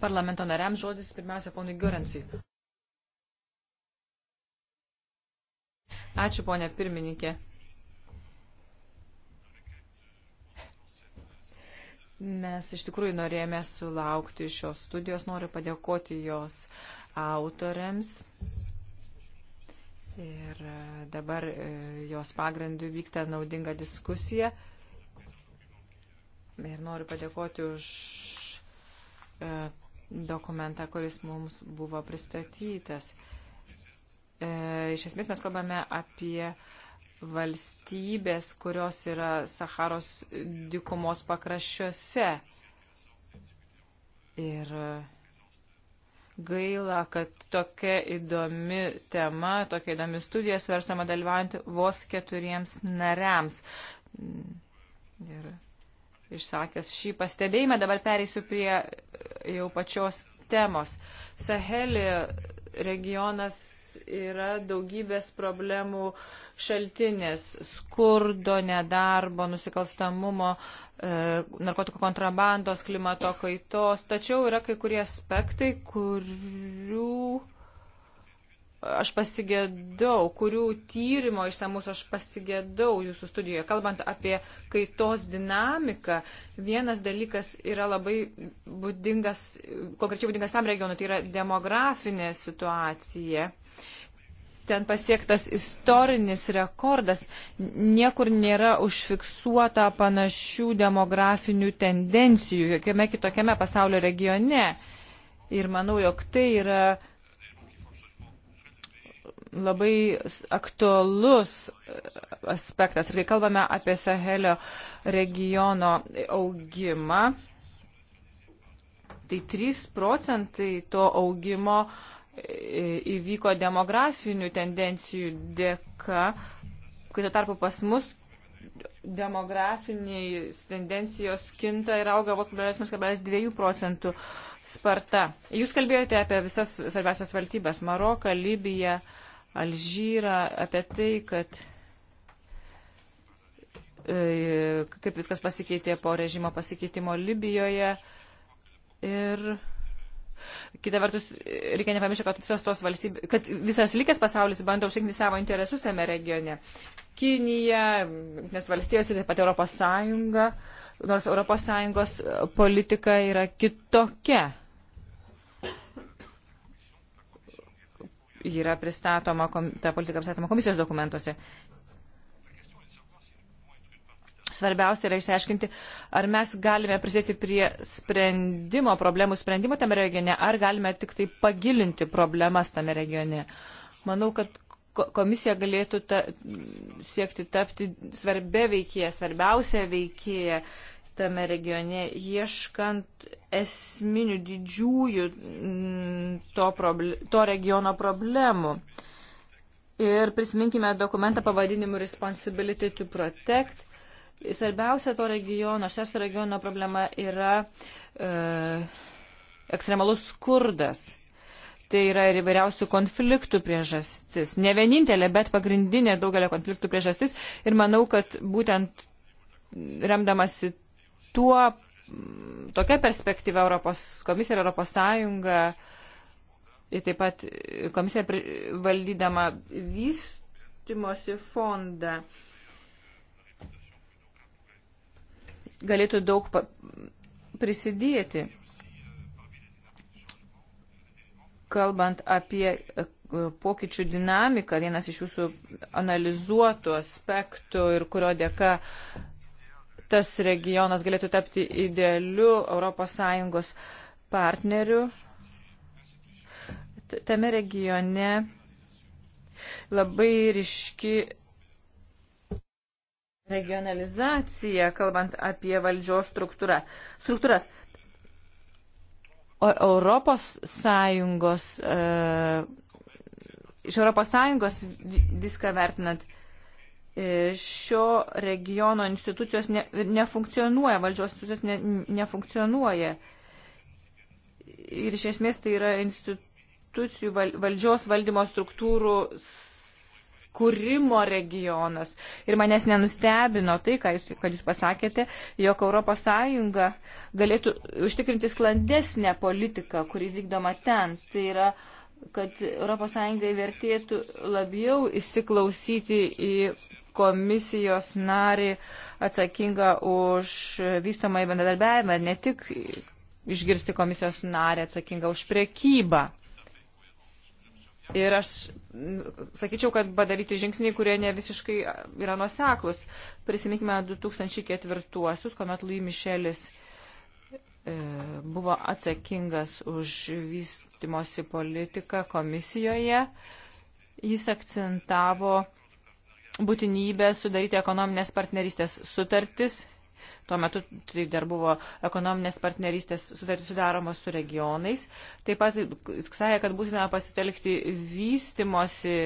parlamento nariams. Žodis pirmiausia ponui Görensui. Ačiū, ponė pirmininkė. Mes iš tikrųjų norėjome sulaukti šios studijos, noriu padėkoti jos autoriams. Ir e, dabar e, jos pagrindų vyksta naudinga diskusija. Ir noriu padėkoti už e, dokumentą, kuris mums buvo pristatytas. Iš esmės mes kalbame apie uh, valstybės, kurios yra Saharos dykumos pakraščiuose. Ir gaila, kad tokia įdomi tema, tokia įdomi studija svarstama dalyvauti vos keturiems nariams. Ir išsakęs šį pastebėjimą, dabar pereisiu prie jau pačios temos. Sahelį regionas yra daugybės problemų šaltinės - skurdo, nedarbo, nusikalstamumo, e, narkotikų kontrabandos, klimato kaitos. Tačiau yra kai kurie aspektai, kurių aš pasigėdau, kurių tyrimo išsamus aš pasigėdau jūsų studijoje. Kalbant apie kaitos dinamiką, vienas dalykas yra labai būdingas, konkrečiai būdingas tam regionui, tai yra demografinė situacija. Ten pasiektas istorinis rekordas. Niekur nėra užfiksuota panašių demografinių tendencijų, jokiame kitokiame pasaulio regione. Ir manau, jog tai yra labai aktualus aspektas. Ir kai kalbame apie Sahelio regiono augimą, tai 3 procentai to augimo e, įvyko demografinių tendencijų dėka, kai tuo tarpu pas mus demografiniai tendencijos kinta ir auga vos 0,2 procentų sparta. Jūs kalbėjote apie visas svarbiasias valstybės - Maroką, Libiją, uh, Alžyrą, apie tai, kad e, kaip viskas pasikeitė po režimo pasikeitimo Libijoje. Ir kita vertus, reikia nepamiršti, kad visos tos valstybės, kad visas likęs pasaulis bando užtikrinti savo interesus tame regione. Kinija, nes valstijos ir taip pat Europos Sąjunga, nors Europos Sąjungos politika yra kitokia. yra pristatoma, ta politika pristatoma komisijos dokumentuose. Svarbiausia yra išsiaiškinti, ar mes galime prisėti prie sprendimo, problemų sprendimo tame regione, ar galime tik tai pagilinti problemas tame regione. Manau, kad komisija galėtų ta, siekti tapti svarbia veikėja, svarbiausia veikėja, uh, tame regione, ieškant esminių didžiųjų mm, to, problem, to regiono problemų. Ir prisiminkime dokumentą pavadinimu Responsibility to Protect. Svarbiausia to regiono, šias regiono problema yra e, ekstremalus skurdas. Tai yra ir įvairiausių konfliktų priežastis. Ne vienintelė, bet pagrindinė daugelio konfliktų priežastis. Ir manau, kad būtent remdamasi tuo, tokia perspektyva Europos komisija ir Europos Sąjunga ir taip pat komisija valdydama vystimosi fondą galėtų daug prisidėti. Kalbant apie e, pokyčių dinamiką, vienas iš jūsų analizuotų aspektų ir kurio dėka tas regionas galėtų tapti idealiu ES partneriu. Tame regione labai ryški regionalizacija, kalbant apie valdžios struktūrą. struktūras. O Europos Sąjungos, e, iš Europos Sąjungos viską vertinant, E, šio regiono institucijos ne, nefunkcionuoja, valdžios institucijos ne, nefunkcionuoja. Ir iš esmės tai yra institucijų val, valdžios valdymo struktūrų kūrimo regionas. Ir manęs nenustebino tai, jūs, kad jūs pasakėte, jog ES galėtų užtikrinti sklandesnę politiką, kuri vykdoma ten. Tai yra uh, kad ES vertėtų labiau įsiklausyti į komisijos narį atsakingą už vystomą į bendradarbiavimą ir ne tik išgirsti komisijos narį atsakingą už priekybą. Ir aš sakyčiau, kad padaryti žingsniai, kurie ne visiškai yra nuseklus. Prisiminkime 2004-uosius, kuomet Louis Michelis uh, E, buvo atsakingas už vystimosi politiką komisijoje. Jis akcentavo būtinybę sudaryti ekonominės partnerystės sutartis. Tuo metu tai dar buvo ekonominės partnerystės sutartis sudaromos su regionais. Taip pat sakė, kad būtina pasitelkti vystimosi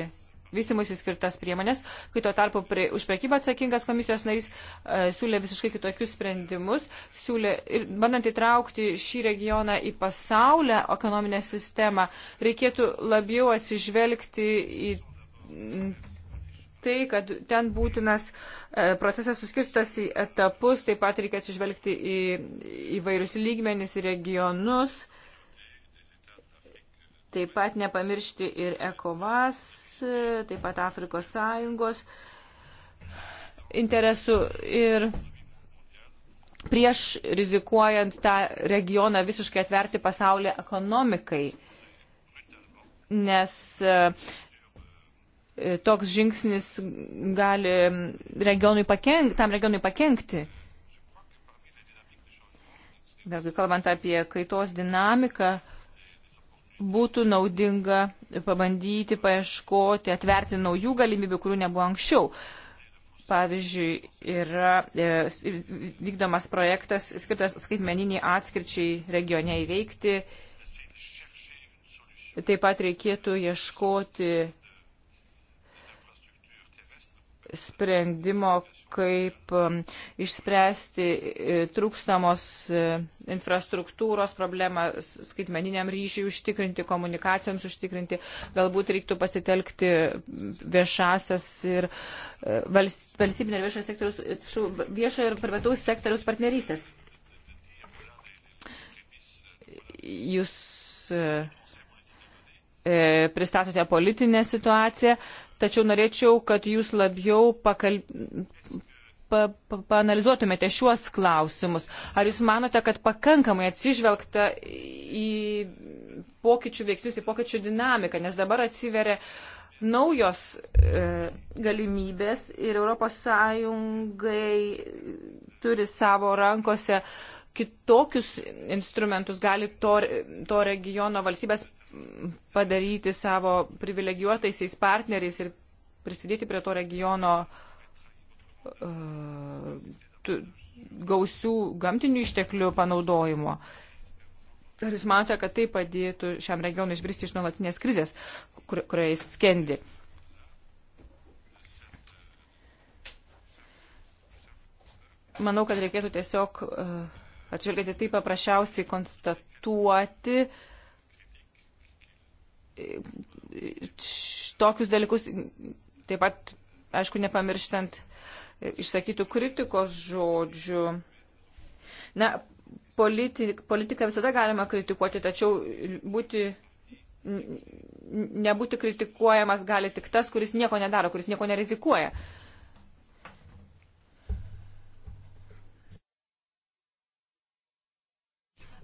vystimusi skirtas priemonės, kai tuo tarpu prie, už prekybą atsakingas komisijos narys e, siūlė visiškai kitokius sprendimus, siūlė ir bandant įtraukti šį regioną į pasaulio ekonominę sistemą, reikėtų labiau atsižvelgti į tai, kad ten būtinas e, procesas suskirstas į etapus, taip pat reikia atsižvelgti į įvairius lygmenis ir regionus, taip pat nepamiršti ir ekovas taip pat Afrikos sąjungos interesų ir prieš rizikuojant tą regioną visiškai atverti pasaulį ekonomikai, nes e, toks žingsnis gali regionui pakenk, tam regionui pakenkti. Vėlgi, kalbant apie kaitos dinamiką, būtų naudinga pabandyti paieškoti, atverti naujų galimybių, kurių nebuvo anksčiau. Pavyzdžiui, yra e, vykdomas projektas skirtas skaitmeniniai atskirčiai regione įveikti. Taip pat reikėtų ieškoti sprendimo, kaip um, išspręsti e, trūkstamos e, infrastruktūros problemą skaitmeniniam ryšiui užtikrinti, komunikacijoms užtikrinti. Galbūt reiktų pasitelkti viešasias ir e, valstybinio ir viešojo sektoriaus, viešojo ir privataus sektoriaus partnerystės. Jūs pristatote politinę situaciją, tačiau norėčiau, kad jūs labiau pakalb... pa, pa, panalizuotumėte šiuos klausimus. Ar jūs manote, kad pakankamai atsižvelgta į pokyčių veiksnius, į pokyčių dinamiką, nes dabar atsiveria naujos e, galimybės ir ES turi savo rankose kitokius instrumentus, gali to, to regiono valstybės padaryti savo privilegijuotaisiais partneriais ir prisidėti prie to regiono uh, gausių gamtinių išteklių panaudojimo. Ar jūs manote, kad tai padėtų šiam regionui išbristi iš nuolatinės krizės, kur, kurioje jis skendi? Manau, kad reikėtų tiesiog uh, atšvelgti tai paprasčiausiai konstatuoti, uh, tokius dalykus taip pat, aišku, nepamirštant išsakytų kritikos žodžių. Na, politi, politiką visada galima kritikuoti, tačiau būti, nebūti kritikuojamas gali tik tas, kuris nieko nedaro, kuris nieko nerizikuoja.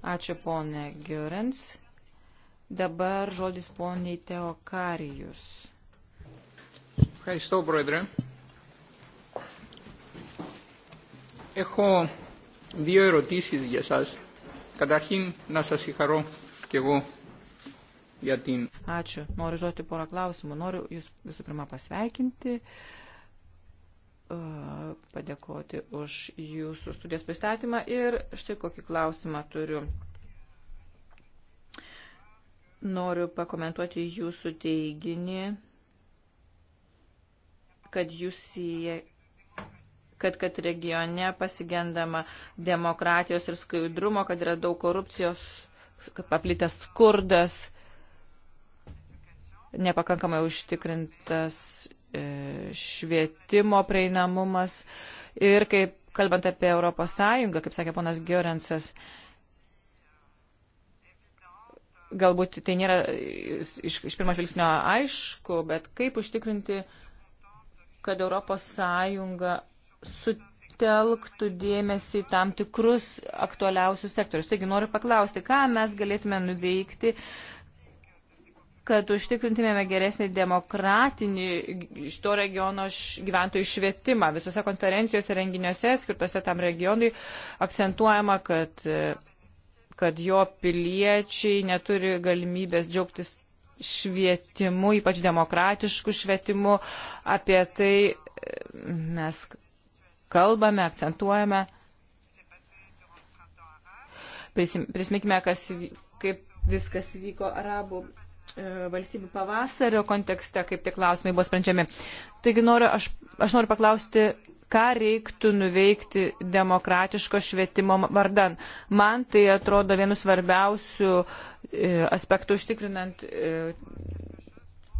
Ačiū, ponė Giorens. Dabar žodis poniai Teokarijus. Ευχαριστώ, Πρόεδρε. Έχω δύο ερωτήσεις για σας. Καταρχήν, να σας συγχαρώ και εγώ για την... Ačiū. Noriu žodžiu porą klausimų. Noriu jūs visų pirma pasveikinti, padėkoti už jūsų studijos pristatymą ir štai kokį klausimą turiu. Noriu pakomentuoti jūsų teiginį, kad jūs jie kad, kad regione pasigendama demokratijos ir skaidrumo, kad yra daug korupcijos, kad paplitęs skurdas, nepakankamai užtikrintas e, švietimo prieinamumas ir kaip kalbant apie Europos Sąjungą, kaip sakė ponas Giorensas, uh, galbūt tai nėra e, iš, iš pirmo žvilgsnio aišku, bet kaip užtikrinti, kad ES sutelktų dėmesį tam tikrus aktualiausius sektorius. Taigi noriu paklausti, ką mes galėtume nuveikti, kad užtikrintumėme geresnį demokratinį šito regiono gyventojų švietimą. Visose konferencijose, renginiuose skirtose tam regionui akcentuojama, kad e, kad jo piliečiai neturi galimybės džiaugtis švietimu, ypač demokratišku švietimu. Apie tai e, mes kalbame, akcentuojame. Prisiminkime, kas, kaip viskas vyko arabų e, valstybių pavasario kontekste, kaip tie klausimai buvo sprendžiami. Taigi noriu, aš, aš noriu paklausti ką reiktų nuveikti demokratiško švietimo vardan. Man tai atrodo vienu svarbiausių e, aspektų užtikrinant e,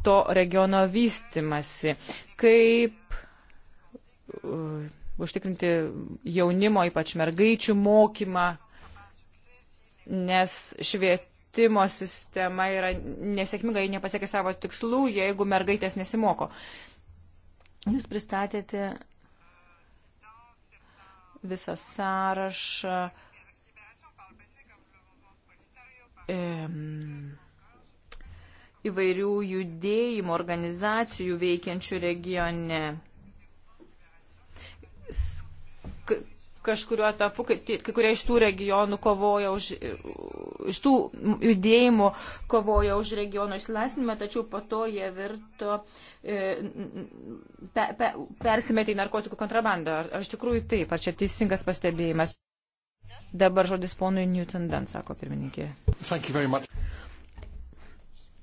to regiono vystimasi. Kaip e, užtikrinti jaunimo, ypač mergaičių mokymą, nes švietimo sistema yra nesėkminga, jei nepasiekia savo tikslų, jeigu mergaitės nesimoko. Jūs pristatėte visą sąrašą. įvairių judėjimų, organizacijų veikiančių regione kažkuriuo etapu, kai, kai kurie iš tų regionų kovoja už, iš tų judėjimų kovoja už regiono išsilaisvinimą, tačiau po to jie virto, e, pe, pe, persimetė į narkotikų kontrabandą. Ar, ar iš tikrųjų taip, ar čia teisingas pastebėjimas? Dabar žodis ponui Newton Dan, sako pirmininkė.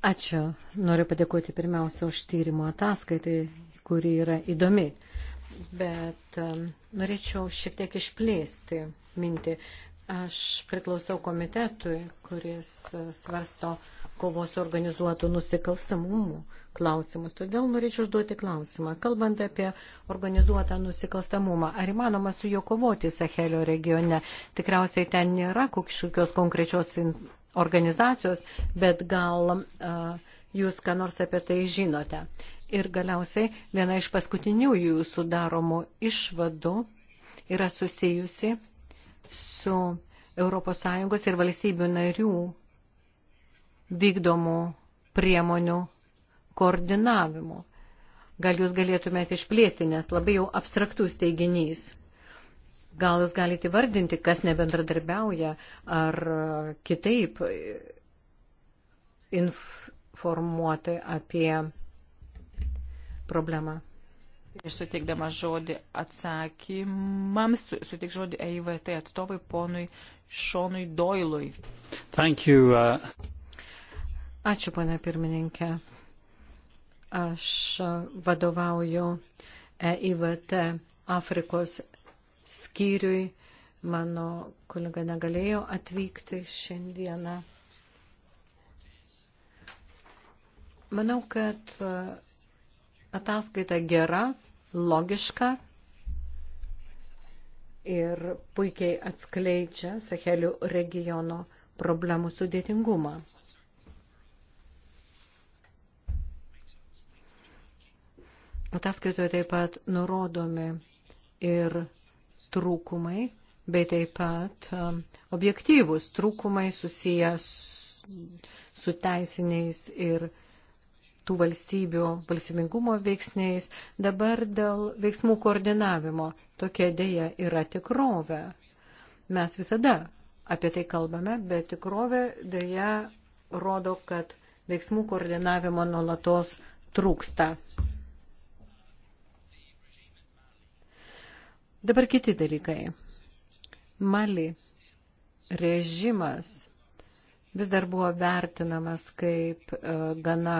Ačiū. Noriu padėkoti pirmiausia už tyrimo ataskaitai, kuri yra įdomi bet norėčiau šiek tiek išplėsti mintį. Aš priklausau komitetui, kuris e, svarsto kovos organizuotų nusikalstamumų klausimus. Todėl norėčiau užduoti klausimą. Kalbant apie organizuotą nusikalstamumą, ar įmanoma su juo kovoti Sahelio regione? Tikriausiai ten nėra kokios konkrečios organizacijos, bet gal uh, jūs ką nors apie tai žinote. Ir galiausiai viena iš paskutinių jūsų daromų išvadų yra susijusi su ES ir valstybių narių vykdomų priemonių koordinavimu. Gal jūs galėtumėte išplėsti, nes labai jau abstraktus teiginys. Gal jūs galite vardinti, kas nebendradarbiauja ar kitaip informuoti apie problemą. Prieš suteikdama žodį atsakymams, suteik žodį EIVT atstovui ponui Šonui Doilui. Thank you, uh... Ačiū, pana pirmininkė. Aš uh, vadovauju EIVT Afrikos skyriui. Mano kolega negalėjo atvykti šiandieną. Manau, kad uh, Ataskaita gera, logiška ir puikiai atskleidžia Sahelių regiono problemų sudėtingumą. Ataskaitoje taip pat nurodomi ir trūkumai, bei taip pat um, objektyvus trūkumai susijęs su teisiniais ir tų valstybių valstybingumo veiksniais, dabar dėl veiksmų koordinavimo. Tokia dėja yra tikrovė. Mes visada apie tai kalbame, bet tikrovė dėja rodo, kad veiksmų koordinavimo nuolatos trūksta. Dabar kiti dalykai. Mali režimas vis dar buvo vertinamas kaip e, gana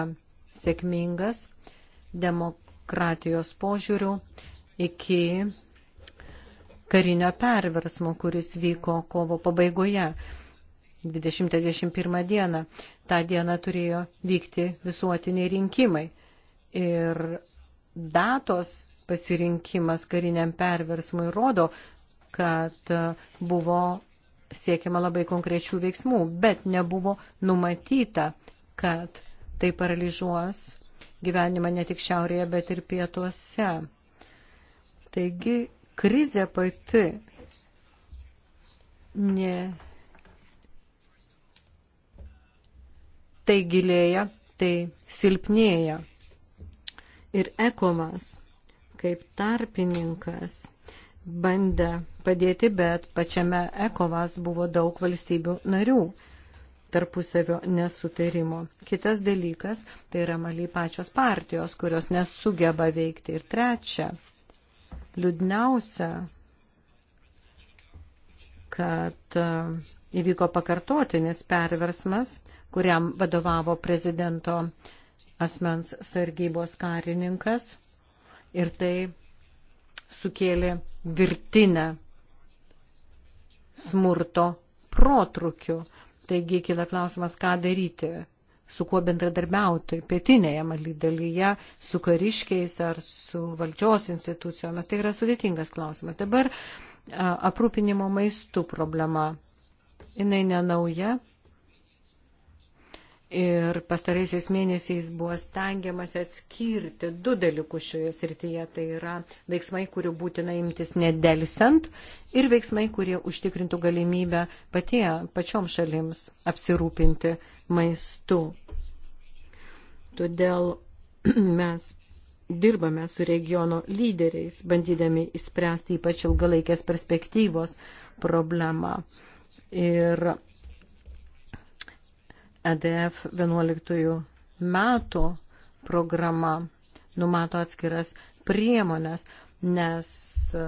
sėkmingas demokratijos požiūrių iki karinio perversmo, kuris vyko kovo pabaigoje 20-21 dieną. Ta diena turėjo vykti visuotiniai rinkimai. Ir datos pasirinkimas kariniam perversmui rodo, kad buvo siekiama labai konkrečių veiksmų, bet nebuvo numatyta, kad Tai paralyžuos gyvenimą ne tik šiaurėje, bet ir pietuose. Taigi, krizė pati ne. Tai gilėja, tai silpnėja. Ir ekomas, kaip tarpininkas, bandė padėti, bet pačiame ekovas buvo daug valstybių narių tarpusavio nesutarimo. Kitas dalykas, tai yra maliai pačios partijos, kurios nesugeba veikti. Ir trečia, liūdniausia, kad e, įvyko pakartotinis perversmas, kuriam vadovavo prezidento asmens sargybos karininkas ir tai sukėlė virtinę smurto protrukių. Taigi kila klausimas, ką daryti, su kuo bendradarbiauti pietinėje maly dalyje, su kariškiais ar su valdžios institucijomis. Tai yra sudėtingas klausimas. Dabar aprūpinimo maistų problema. Jis nenauja, Ir pastaraisiais mėnesiais buvo stengiamas atskirti du dalykus šioje srityje. Tai yra veiksmai, kurių būtina imtis nedelsant ir veiksmai, kurie užtikrintų galimybę patie, pačioms šalims apsirūpinti maistu. Todėl mes dirbame su regiono lyderiais, bandydami įspręsti ypač ilgalaikės perspektyvos problemą. Ir EDF 11 metų programa numato atskiras priemonės, nes e,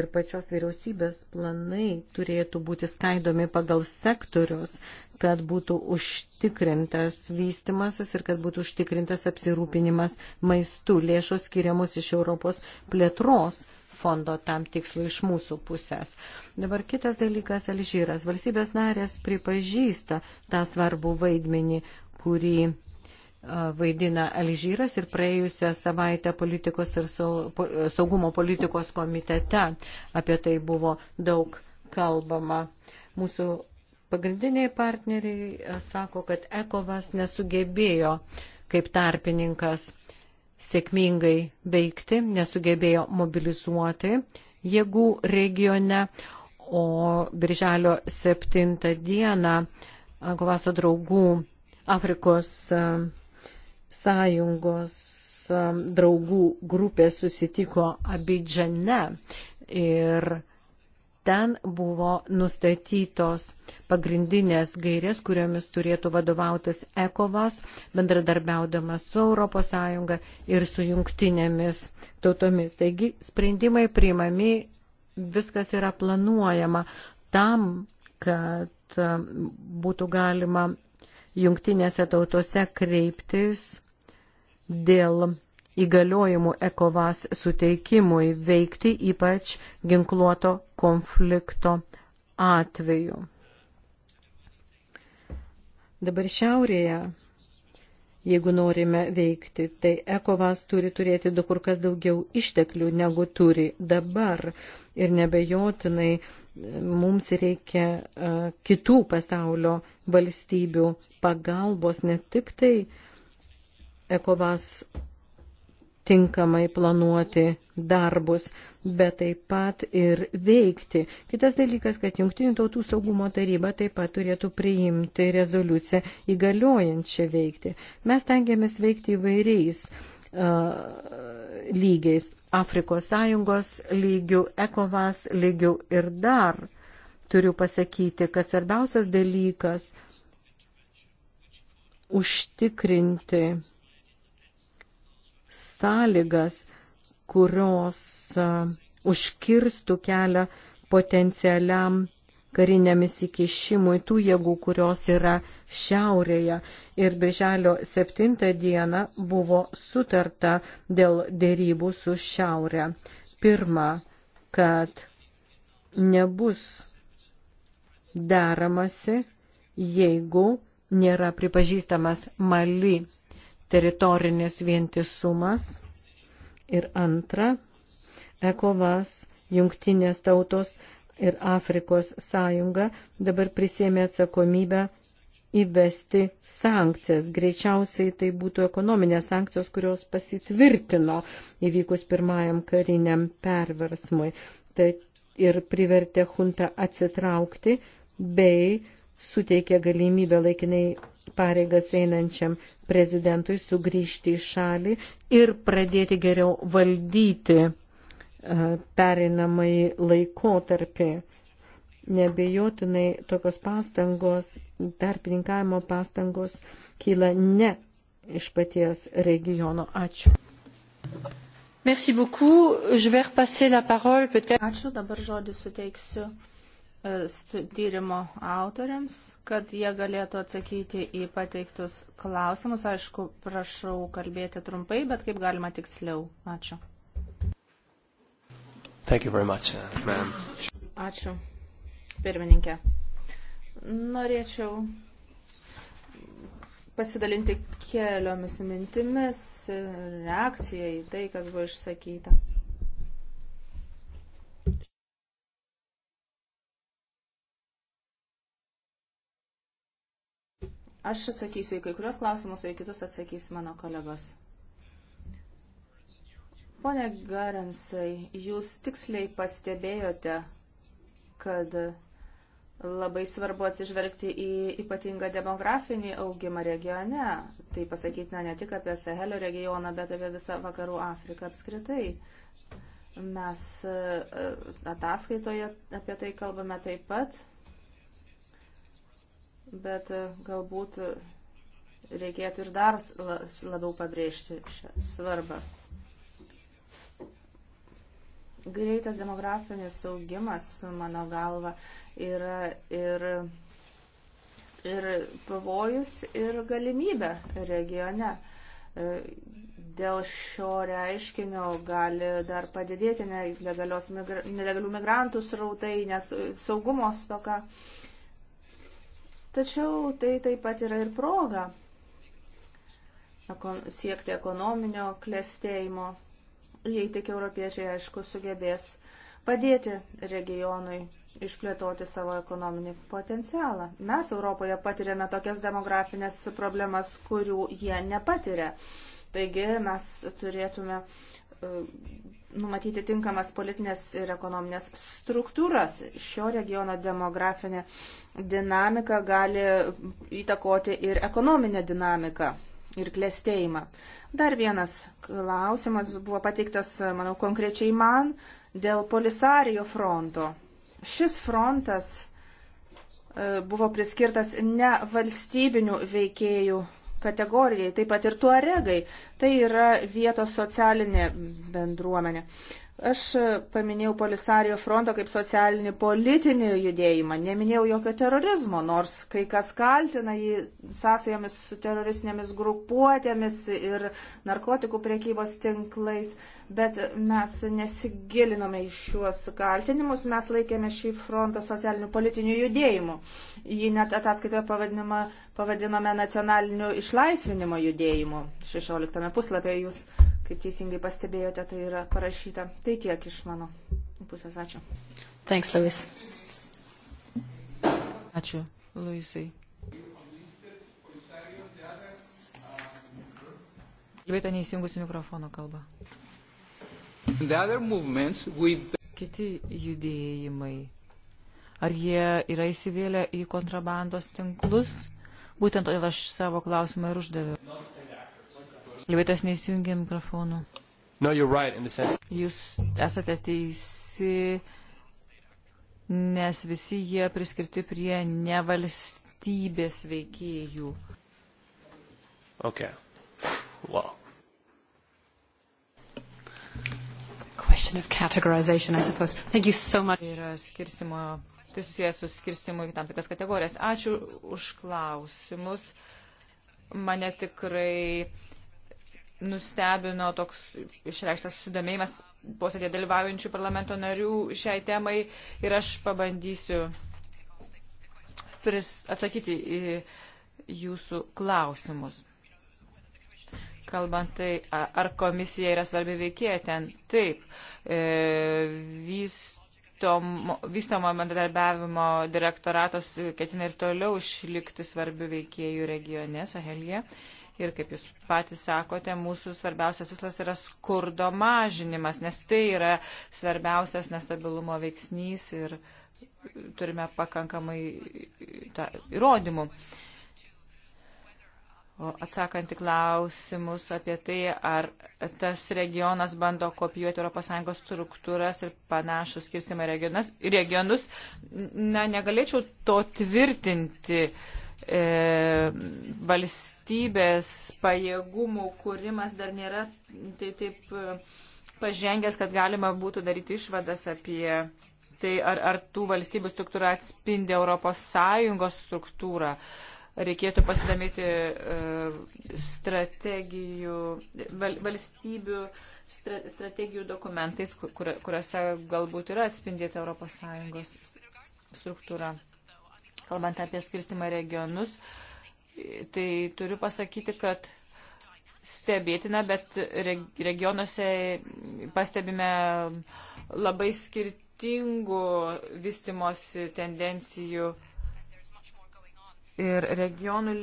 ir pačios vyriausybės planai turėtų būti skaidomi pagal sektorius, kad būtų užtikrintas vystimasis ir kad būtų užtikrintas apsirūpinimas maistu lėšos skiriamus iš Europos plėtros fondo tam tikslu iš mūsų pusės. Dabar kitas dalykas - Alžyras. Valstybės narės pripažįsta tą svarbų vaidmenį, kurį vaidina Alžyras ir praėjusią savaitę politikos ir saugumo politikos komitete apie tai buvo daug kalbama. Mūsų pagrindiniai partneriai sako, kad ECOVAS nesugebėjo kaip tarpininkas sėkmingai veikti, nesugebėjo mobilizuoti jėgų regione, o birželio 7 dieną Kovaso draugų Afrikos sąjungos draugų grupė susitiko Abidžane ir ten buvo nustatytos pagrindinės gairės, kuriomis turėtų vadovautis ECOVAS, bendradarbiaudamas su ES ir su jungtinėmis tautomis. Taigi sprendimai priimami, viskas yra planuojama tam, kad um, būtų galima jungtinėse tautose kreiptis dėl įgaliojimų ekovas suteikimui veikti, ypač ginkluoto konflikto atveju. Dabar šiaurėje, jeigu norime veikti, tai ekovas turi turėti du kur kas daugiau išteklių negu turi dabar. Ir nebejotinai mums reikia uh, kitų pasaulio valstybių pagalbos, ne tik tai ekovas tinkamai planuoti darbus, bet taip pat ir veikti. Kitas dalykas, kad Junktinių tautų saugumo taryba taip pat turėtų priimti rezoliuciją įgaliojančią veikti. Mes tengiamės veikti įvairiais uh, lygiais - Afrikos sąjungos lygių, ECOVAS lygių ir dar. Turiu pasakyti, kad svarbiausias dalykas - užtikrinti sąlygas, kurios užkirstų kelią potencialiam kariniam įsikišimui tų jėgų, kurios yra šiaurėje. Ir birželio 7 dieną buvo sutarta dėl dėrybų su šiaurė. Pirma, kad nebus deramasi, jeigu nėra pripažįstamas Mali teritorinis vientisumas ir antra, ekovas, jungtinės tautos ir Afrikos sąjunga dabar prisėmė atsakomybę įvesti sankcijas. Greičiausiai tai būtų ekonominės sankcijos, kurios pasitvirtino įvykus pirmajam kariniam perversmui. Tai ir privertė huntą atsitraukti bei suteikė galimybę laikinai pareigas einančiam prezidentui sugrįžti į šalį ir pradėti geriau valdyti e, perinamai laikotarpį. Nebejotinai tokios pastangos, tarpininkavimo pastangos kyla ne iš paties regiono. Ačiū. Merci beaucoup. Je vais repasser la parole peut-être. Ačiū, dabar žodį suteiksiu E, tyrimo autoriams, kad jie galėtų atsakyti į pateiktus klausimus. Aišku, prašau kalbėti trumpai, bet kaip galima tiksliau. Ačiū. Much, uh, Ačiū, pirmininkė. Norėčiau pasidalinti keliomis mintimis reakcija į tai, kas buvo išsakyta. Aš atsakysiu į kai kurios klausimus, o į kitus atsakys mano kolegos. Pone Garensai, jūs tiksliai pastebėjote, kad labai svarbu atsižvelgti į ypatingą demografinį augimą regione. Tai pasakytina ne tik apie Sahelio regioną, bet apie visą vakarų Afriką apskritai. Mes e, ataskaitoje apie tai kalbame taip pat bet e, galbūt reikėtų ir dar labiau pabrėžti šią svarbą. Greitas demografinis augimas, mano galva, yra ir, ir pavojus, ir galimybė regione. E, dėl šio reiškinio gali dar padidėti nelegalių migrantų srautai, nes saugumo stoka. Uh, Tačiau tai taip pat yra ir proga siekti ekonominio klėstėjimo, jei tik europiečiai, aišku, sugebės padėti regionui išplėtoti savo ekonominį potencialą. Mes Europoje patiriame tokias demografinės problemas, kurių jie nepatiria. Taigi mes turėtume E, numatyti tinkamas politinės ir ekonominės struktūras. Šio regiono demografinė dinamika gali įtakoti ir ekonominę dinamiką ir klėstėjimą. Dar vienas klausimas buvo pateiktas, manau, konkrečiai man dėl Polisario fronto. Šis frontas e, buvo priskirtas ne valstybinių veikėjų kategorijai, taip pat ir tuaregai. Tai yra vietos socialinė bendruomenė. Aš paminėjau Polisario frontą kaip socialinį politinį judėjimą, neminėjau jokio terorizmo, nors kai kas kaltina jį sąsajomis su teroristinėmis grupuotėmis ir narkotikų priekybos tinklais, bet mes nesigilinome į šiuos kaltinimus, mes laikėme šį frontą socialiniu politiniu judėjimu. Jį net ataskaitoje pavadinome nacionaliniu išlaisvinimo judėjimu. 16 puslapyje jūs Kaip teisingai pastebėjote, tai yra parašyta. Tai tiek iš mano pusės. Ačiū. Thanks, Louis. Ačiū, Luisai. Kalbėta neįsijungusi mikrofono kalba. With... Kiti judėjimai. Ar jie yra įsivėlę į kontrabandos tinklus? Būtent todėl aš savo klausimą ir uždaviau. Kalbėtas neįsijungia mikrofonų. No, you're right in the sense. Jūs esate teisi, nes visi jie priskirti prie nevalstybės veikėjų. Okay. Wow. Question of categorization, I suppose. Thank you so much. Tai yra skirstimo, tai susijęs su skirstimu į tam tikras kategorijas. Ačiū už klausimus. Mane tikrai nustebino toks išreikštas susidomėjimas posėdė dalyvaujančių parlamento narių šiai temai ir aš pabandysiu atsakyti į jūsų klausimus. Kalbant tai, ar komisija yra svarbi veikėja ten, taip, e, vystomo, vystomo bendradarbiavimo direktoratos ketina ir toliau išlikti svarbių veikėjų regione, Sahelėje. E, ir, kaip jūs patys sakote, mūsų svarbiausias tikslas yra skurdo mažinimas, nes tai yra svarbiausias nestabilumo veiksnys ir turime pakankamai ta, įrodymų. O atsakant į klausimus apie tai, ar tas regionas bando kopijuoti ES struktūras ir panašus skirstimai regionus, na, negalėčiau to tvirtinti. Uh, e, valstybės pajėgumų kūrimas dar nėra tai taip e, pažengęs, kad galima būtų daryti išvadas apie tai, ar, ar tų valstybių struktūra atspindi ES struktūrą. Reikėtų pasidomėti e, strategijų, val, valstybių stra, strategijų dokumentais, kur, kuriuose galbūt yra atspindėta ES struktūra kalbant apie skirstimą regionus, tai turiu pasakyti, kad stebėtina, bet regionuose pastebime labai skirtingų vystimosi tendencijų ir regionų,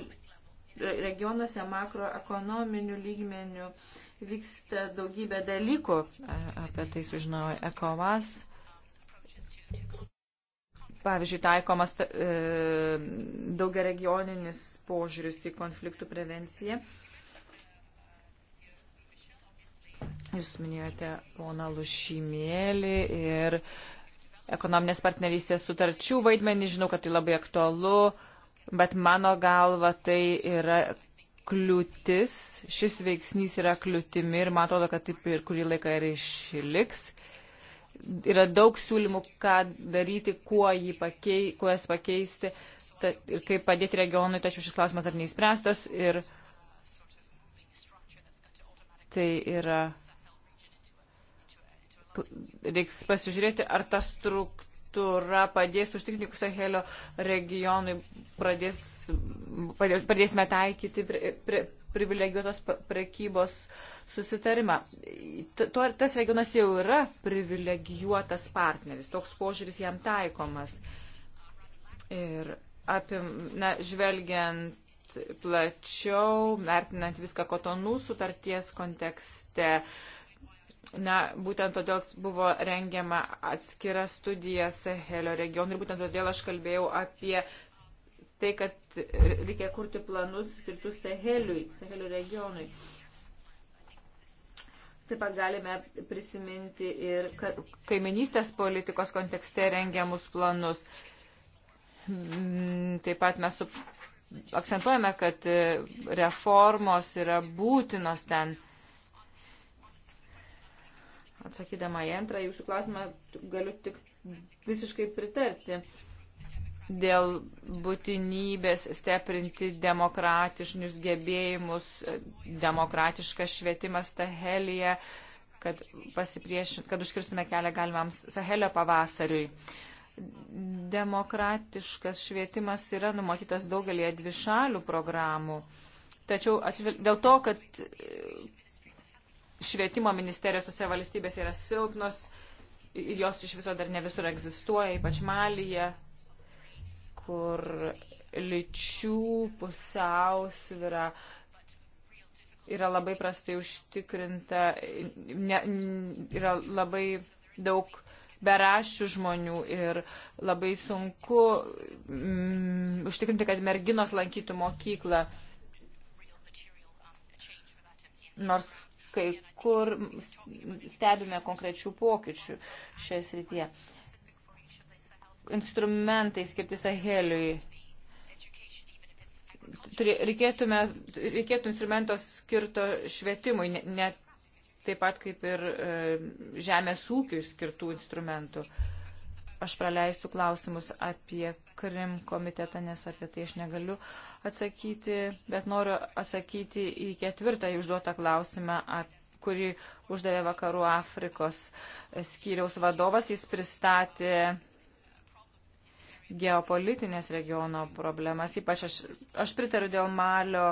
regionuose makroekonominių lygmenių vyksta daugybė dalykų. Apie tai sužinojo ECOVAS pavyzdžiui, taikomas e, daugia regioninis požiūris į konfliktų prevenciją. Jūs minėjote poną Lušymėlį ir ekonominės partnerystės sutarčių vaidmenį. Žinau, kad tai labai aktualu, bet mano galva tai yra kliūtis. Šis veiksnys yra kliūtimi ir man atrodo, kad taip ir kurį laiką ir išliks. E, Yra daug siūlymų, ką daryti, kuo, pakei, kuo jas pakeisti ta, ir kaip padėti regionui, tačiau šis klausimas dar neįspręstas. Ir tai yra. Reiks pasižiūrėti, ar ta struktūra struktūra padės užtikrinti, kad Sahelio regionui pradės, padėsime taikyti prie, prie, privilegijuotos prekybos susitarimą. Tas regionas jau yra privilegijuotas partneris, toks požiūris jam taikomas. Ir apim, na, žvelgiant plačiau, vertinant viską kotonų sutarties kontekste, Na, būtent todėl buvo rengiama atskira studija Sahelio regionui ir būtent todėl aš kalbėjau apie tai, kad reikia kurti planus skirtus Saheliui, Sahelio regionui. Taip pat galime prisiminti ir kaiminystės politikos kontekste rengiamus planus. Mm, taip pat mes su, akcentuojame, kad reformos yra būtinos ten. Atsakydama į antrą jūsų klausimą, galiu tik visiškai pritarti dėl būtinybės stiprinti demokratiškus gebėjimus, demokratišką švietimą Stahelėje, kad, kad užkirstume kelią galimam Sahelio pavasariui. Demokratiškas švietimas yra numatytas daugelie dvišalių programų. Tačiau atsižvel... dėl to, kad švietimo ministerijos tose valstybėse yra silpnos, jos iš viso dar ne visur egzistuoja, ypač Malyje, kur lyčių pusiausvyrą yra labai prastai užtikrinta, ne, yra labai daug berašių žmonių ir labai sunku mm, užtikrinti, kad merginos lankytų mokyklą. Nors kai kur stebime konkrečių pokyčių šioje srityje instrumentai skirti Saheliui. Reikėtume, reikėtų instrumento skirto švietimui, net ne, taip pat kaip ir e, žemės ūkiui skirtų instrumentų. Aš praleisiu klausimus apie Krim komitetą, nes apie tai aš negaliu atsakyti, bet noriu atsakyti į ketvirtą užduotą klausimą apie kurį uždavė Vakarų Afrikos skyriaus vadovas. Jis pristatė geopolitinės regiono problemas. Ypač aš, aš pritariu dėl Malio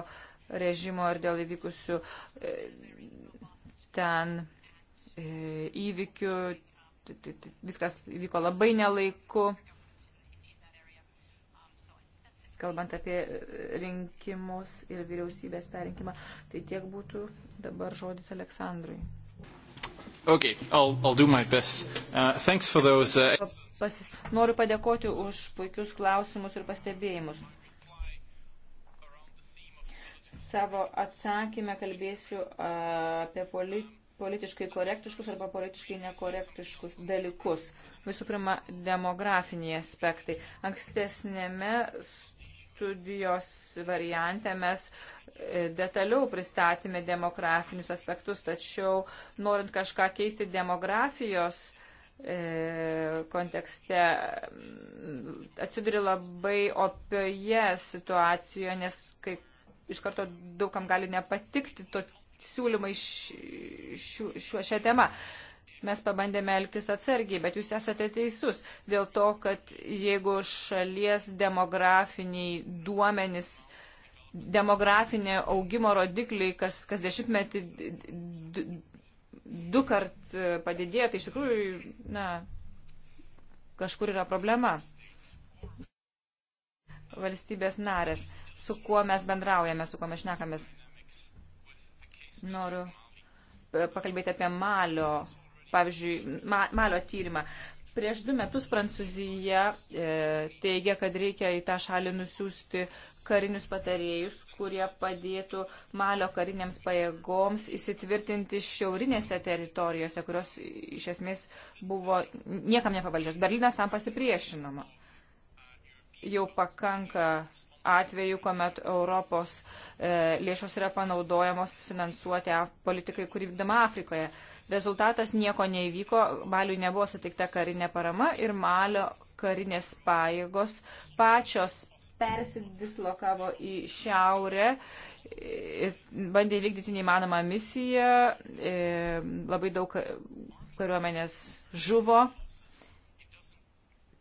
režimo ir dėl įvykusių e, ten e, įvykių. Viskas įvyko labai nelaiku. Kalbant apie rinkimus ir vyriausybės perinkimą, tai tiek būtų dabar žodis Aleksandrui. Okay, I'll, I'll do my best. Uh, thanks for those. Uh... Pasis... Noriu padėkoti už puikius klausimus ir pastebėjimus. Savo atsakymę kalbėsiu uh, apie politiką politiškai korektiškus arba politiškai nekorektiškus dalykus. Visų pirma, demografiniai aspektai. Ankstesnėme studijos variante mes e, detaliau pristatėme demografinius aspektus, tačiau norint kažką keisti demografijos e, kontekste mm, atsiduri labai opioje situacijoje, nes kaip iš karto daugam gali nepatikti to siūlymai šiuo šią temą. Mes pabandėme elgtis atsargiai, bet jūs esate teisus dėl to, kad jeigu šalies demografiniai duomenys demografinė augimo rodikliai, kas, kas dešimtmetį du kart e, padidėjo, tai iš tikrųjų, na, kažkur yra problema. Valstybės narės, su kuo mes bendraujame, su kuo mes šnekamės. Noriu e, pakalbėti apie Malio pavyzdžiui, Malio tyrimą. Prieš du metus Prancūzija e, teigia, kad reikia į tą šalį nusiųsti karinius patarėjus, kurie padėtų Malio karinėms pajėgoms įsitvirtinti šiaurinėse teritorijose, kurios iš esmės buvo niekam nepavaldžios. Berlynas tam pasipriešinama. Jau pakanka atveju, kuomet Europos e, lėšos yra panaudojamos finansuoti politikai, kurį vykdama Afrikoje. E, Rezultatas nieko neįvyko, Maliui nebuvo sutikta karinė parama ir Malio karinės pajėgos pačios persidislokavo į šiaurę ir bandė vykdyti neįmanomą misiją. Labai daug kariuomenės žuvo.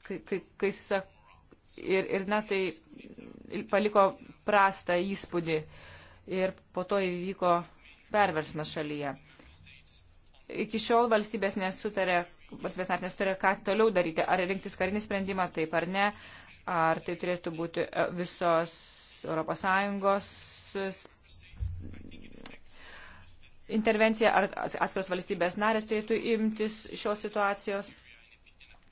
Kai, kai, kai sak, ir, ir, na, tai paliko prastą įspūdį. Ir po to įvyko perversmas šalyje iki šiol valstybės nesutarė, valstybės net nesutarė, ką toliau daryti, ar rinktis karinį sprendimą taip ar ne, ar tai turėtų būti e, visos ES e, intervencija, ar atskiros valstybės narės turėtų imtis šios situacijos.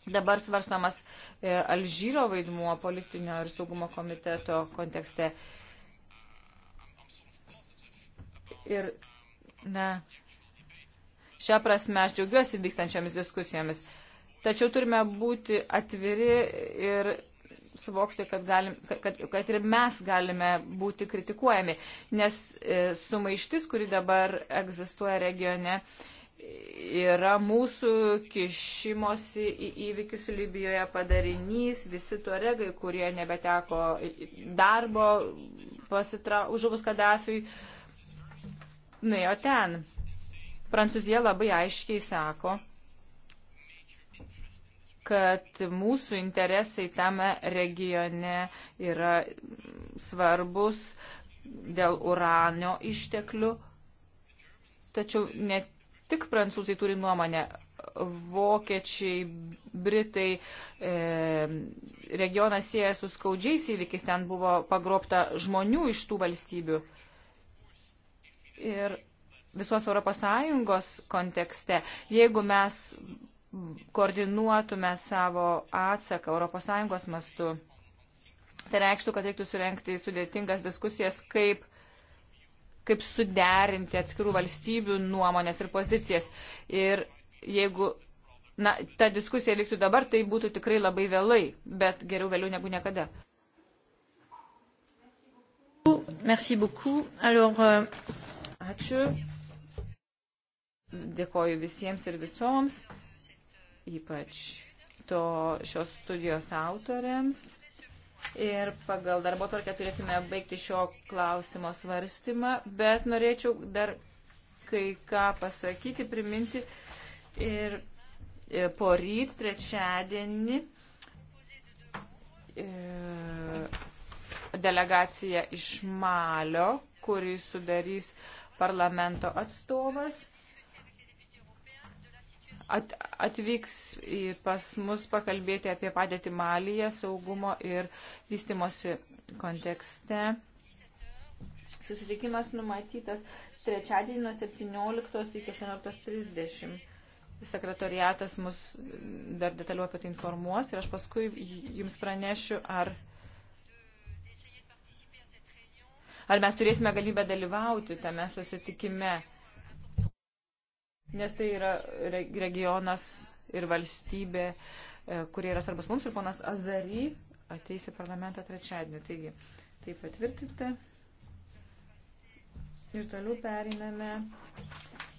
Dabar svarstamas e, Alžyro vaidmuo politinio ir saugumo komiteto kontekste. Ir, na, Šią prasme aš džiaugiuosi vykstančiomis diskusijomis. Tačiau turime būti atviri ir suvokti, kad, galim, kad, kad ir mes galime būti kritikuojami, nes e, sumaištis, kuri dabar egzistuoja regione, yra mūsų kišimosi į įvykius Libijoje padarinys, visi toregai, kurie nebeteko darbo pasitra, užuvus Kadafiui, nuėjo ten. Prancūzija labai aiškiai sako, kad mūsų interesai tame regione yra svarbus dėl uranio išteklių. Tačiau ne tik prancūzai turi nuomonę, vokiečiai, britai, e, regionas sieja su skaudžiais įvykis, ten buvo pagrobta žmonių iš tų valstybių. Ir visos ES kontekste, jeigu mes koordinuotume savo atsaką ES mastu, tai reikštų, kad reiktų surenkti sudėtingas diskusijas, kaip kaip suderinti atskirų valstybių nuomonės ir pozicijas. Ir jeigu na, ta diskusija vyktų dabar, tai būtų tikrai labai vėlai, bet geriau vėliau negu niekada. Merci beaucoup. Alors, euh... Ačiū. Dėkoju visiems ir visoms, ypač to šios studijos autoriams. Ir pagal darbo tvarkę turėtume baigti šio klausimo svarstymą, bet norėčiau dar kai ką pasakyti, priminti ir e, po ryt, trečiadienį, e, delegacija iš Malio, kurį sudarys parlamento atstovas at, atvyks į, pas mus pakalbėti apie padėtį Malyje, saugumo ir vystimosi kontekste. Susitikimas numatytas trečiadienį nuo 17 iki 18.30. Sekretariatas mus dar detaliu apie tai informuos ir aš paskui jums pranešiu, ar, ar mes turėsime galimybę dalyvauti tame susitikime nes tai yra regionas ir valstybė, e, kurie yra svarbus mums ir ponas Azary ateis į parlamentą trečiadienį. Taigi, tai patvirtinti. Ir toliau periname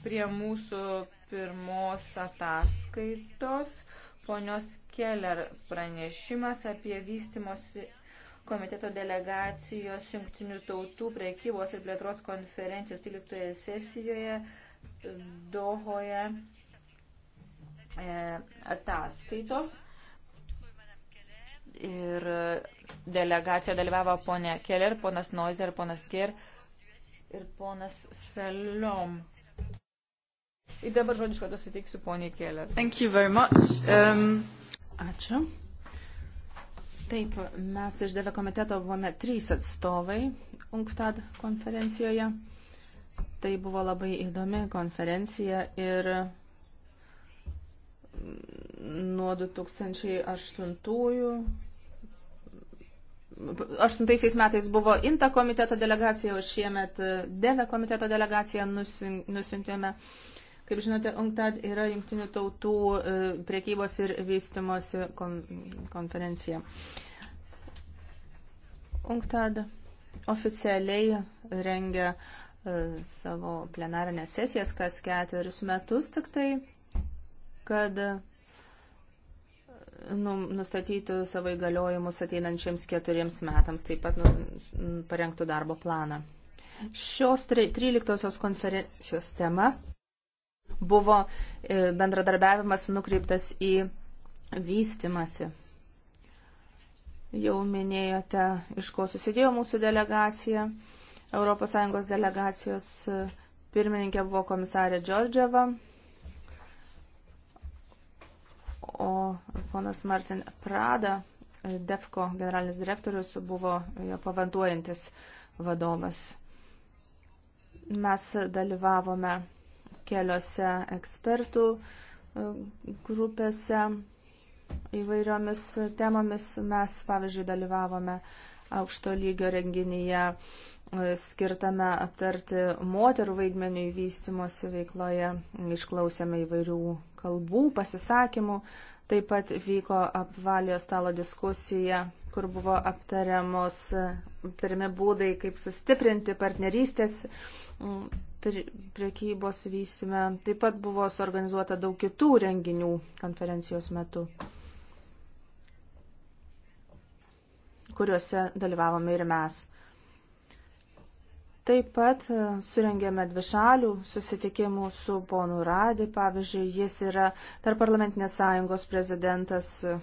prie mūsų pirmos ataskaitos. Ponios Keller pranešimas apie vystimosi komiteto delegacijos Junktinių tautų prekybos ir plėtros konferencijos 13 sesijoje Dohoje ataskaitos. E, ir delegacija dalyvavo ponė Keller, ponas Noizer, ponas Kier ir ponas Saliom. Ir dabar žodišką suteiksiu poniai Keller. Thank you very much. Um... Ačiū. Taip, mes iš DV komiteto buvome trys atstovai UNCTAD konferencijoje. Tai buvo labai įdomi konferencija ir nuo 2008-ųjų. 2008 metais buvo INTA komiteto delegacija, o šiemet DEVE komiteto delegaciją nusintėme. Kaip žinote, UNCTAD yra Junktinių tautų e, priekybos ir vystimosi konferencija. UNCTAD oficialiai rengia uh, E, savo plenarinės sesijas kas ketverius metus tik tai, kad e, nu, nustatytų savo įgaliojimus ateinančiams keturiems metams, taip pat nu, parengtų darbo planą. Šios 13 konferencijos tema buvo e, bendradarbiavimas nukreiptas į vystimasi. Jau minėjote, iš ko susidėjo mūsų delegacija. ES delegacijos e, pirmininkė buvo komisarė Džordževa, o ponas Martin Prada, e, DEFCO generalinis direktorius, buvo jo pavaduojantis vadovas. Mes dalyvavome keliose ekspertų e, grupėse įvairiomis temomis. Mes, pavyzdžiui, dalyvavome aukšto lygio renginyje skirtame aptarti moterų vaidmenį vystimosi veikloje. Išklausėme įvairių kalbų, pasisakymų. Taip pat vyko apvalio stalo diskusija, kur buvo aptariamos, aptariami būdai, kaip sustiprinti partnerystės priekybos vystime. Taip pat buvo suorganizuota daug kitų renginių konferencijos metu, kuriuose dalyvavome ir mes. Taip pat e, surengėme dvišalių susitikimų su ponu Radį, pavyzdžiui, jis yra tarp parlamentinės sąjungos prezidentas, e,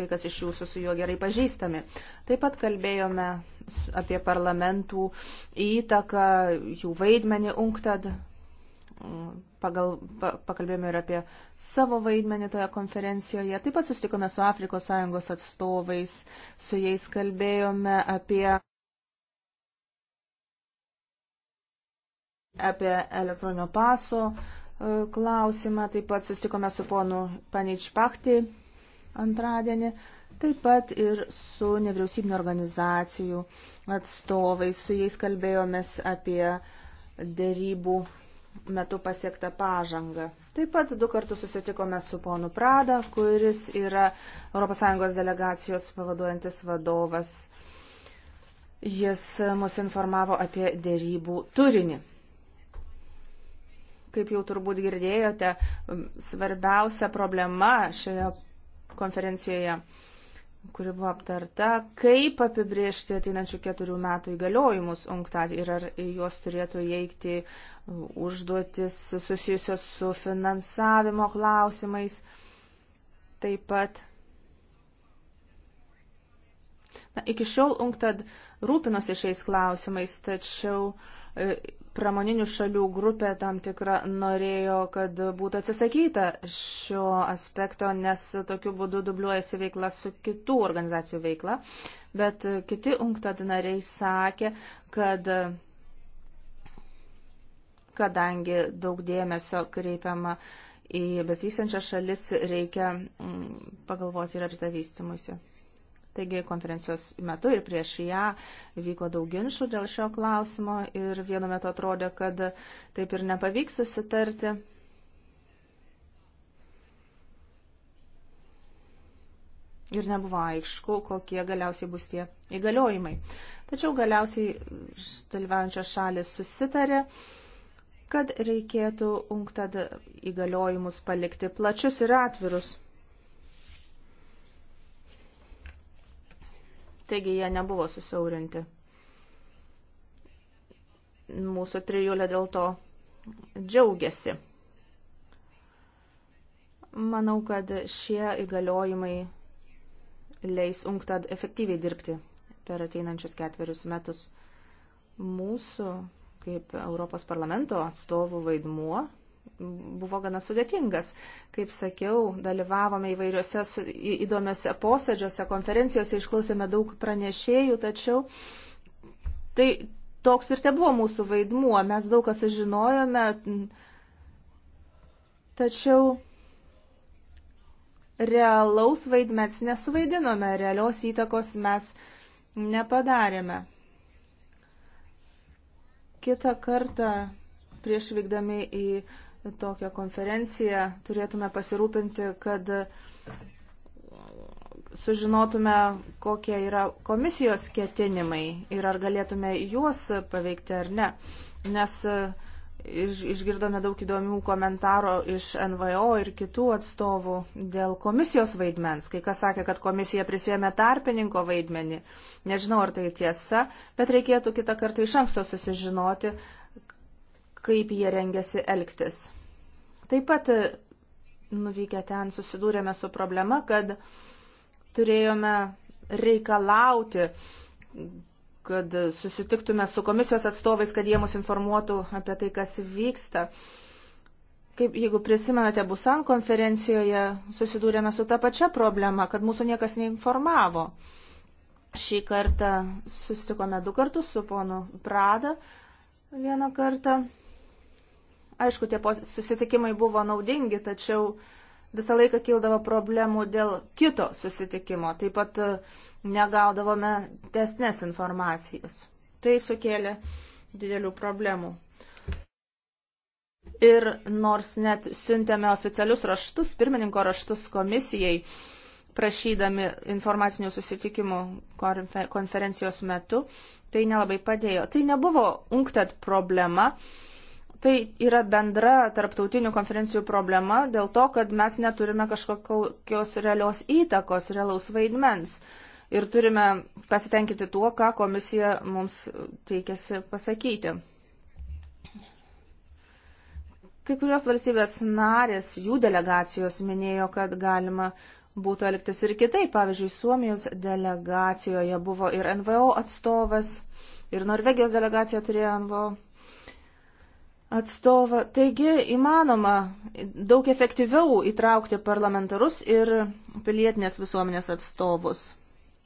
kai kas iš jūsų su juo gerai pažįstami. Taip pat kalbėjome apie parlamentų įtaką, jų vaidmenį UNCTAD, mm, pagal, pa, pakalbėjome ir apie savo vaidmenį toje konferencijoje. Taip pat susitikome su Afrikos sąjungos atstovais, su jais kalbėjome apie. apie elektroninio paso e, klausimą. Taip pat sustikome su ponu Paničpachti antradienį. Taip pat ir su nevyriausybinio organizacijų atstovais. Su jais kalbėjomės apie dėrybų metu pasiektą pažangą. Taip pat du kartus susitikome su ponu Prada, kuris yra ES delegacijos pavaduojantis vadovas. Jis mus informavo apie dėrybų turinį. Kaip jau turbūt girdėjote, svarbiausia problema šioje konferencijoje, kuri buvo aptarta, kaip apibriežti ateinančių keturių metų įgaliojimus UNCTAD ir ar juos turėtų įeikti užduotis susijusios su finansavimo klausimais. Taip pat Na, iki šiol UNCTAD rūpinosi šiais klausimais, tačiau e, pramoninių šalių grupė tam tikra norėjo, kad būtų atsisakyta šio aspekto, nes tokiu būdu dubliuojasi veikla su kitų organizacijų veikla. Bet kiti UNCTAD nariai sakė, kad kadangi daug dėmesio kreipiama į besivystančias šalis, reikia mm, pagalvoti ir apie tą vystimusi. Taigi konferencijos metu ir prieš ją vyko daug ginčių dėl šio klausimo ir vienu metu atrodė, kad taip ir nepavyks susitarti. Ir nebuvo aišku, kokie galiausiai bus tie įgaliojimai. Tačiau galiausiai dalyvaujančios šalis susitarė, kad reikėtų UNCTAD įgaliojimus palikti plačius ir atvirus. Taigi jie nebuvo susiaurinti. Mūsų trijulė dėl to džiaugiasi. Manau, kad šie įgaliojimai leis UNCTAD efektyviai dirbti per ateinančius ketverius metus. Mūsų kaip Europos parlamento atstovų vaidmuo buvo gana sudėtingas. Kaip sakiau, dalyvavome įvairiuose įdomiuose posėdžiuose, konferencijose, išklausėme daug pranešėjų, tačiau tai toks ir te buvo mūsų vaidmuo, mes daug kas sužinojome, tačiau realaus vaidmens nesuvaidinome, realios įtakos mes nepadarėme. Kita kartą prieš vykdami į tokią konferenciją, turėtume pasirūpinti, kad sužinotume, kokie yra komisijos ketinimai ir ar galėtume juos paveikti ar ne. Nes e, iš, išgirdome daug įdomių komentarų iš NVO ir kitų atstovų dėl komisijos vaidmens. Kai kas sakė, kad komisija prisėmė tarpininko vaidmenį. Nežinau, ar tai tiesa, bet reikėtų kitą kartą iš anksto susižinoti, kaip jie rengiasi elgtis. Taip pat e, nuvykę ten susidūrėme su problema, kad turėjome reikalauti, kad susitiktume su komisijos atstovais, kad jie mus informuotų apie tai, kas vyksta. Kaip, jeigu prisimenate, Busan konferencijoje susidūrėme su ta pačia problema, kad mūsų niekas neinformavo. Šį kartą susitikome du kartus su ponu Prada vieną kartą Aišku, tie susitikimai buvo naudingi, tačiau visą laiką kildavo problemų dėl kito susitikimo. Taip pat e, negaudavome tesnės informacijos. Tai sukėlė didelių problemų. Ir nors net siuntėme oficialius raštus, pirmininko raštus komisijai, prašydami informacinių susitikimų konferencijos metu, tai nelabai padėjo. Tai nebuvo unktet problema, Tai yra bendra tarptautinių konferencijų problema dėl to, kad mes neturime kažkokios realios įtakos, realaus vaidmens. Ir turime pasitenkinti tuo, ką komisija mums teikėsi pasakyti. Kai kurios valstybės narės, jų delegacijos minėjo, kad galima būtų elgtis ir kitaip. Pavyzdžiui, Suomijos delegacijoje buvo ir NVO atstovas, ir Norvegijos delegacija turėjo NVO atstovą. Taigi įmanoma daug efektyviau įtraukti parlamentarus ir pilietinės visuomenės atstovus.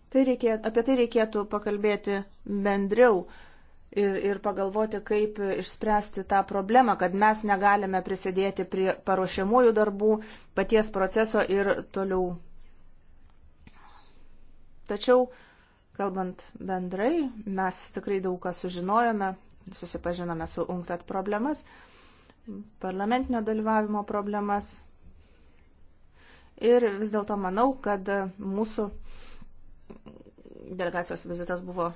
Tai reikėtų, apie tai reikėtų pakalbėti bendriau ir, ir pagalvoti, kaip išspręsti tą problemą, kad mes negalime prisidėti prie paruošiamųjų darbų, paties proceso ir toliau. Tačiau, kalbant bendrai, mes tikrai daug ką sužinojome, susipažinome su UNCTAD problemas, parlamentinio dalyvavimo problemas. Ir vis dėlto manau, kad mūsų delegacijos vizitas buvo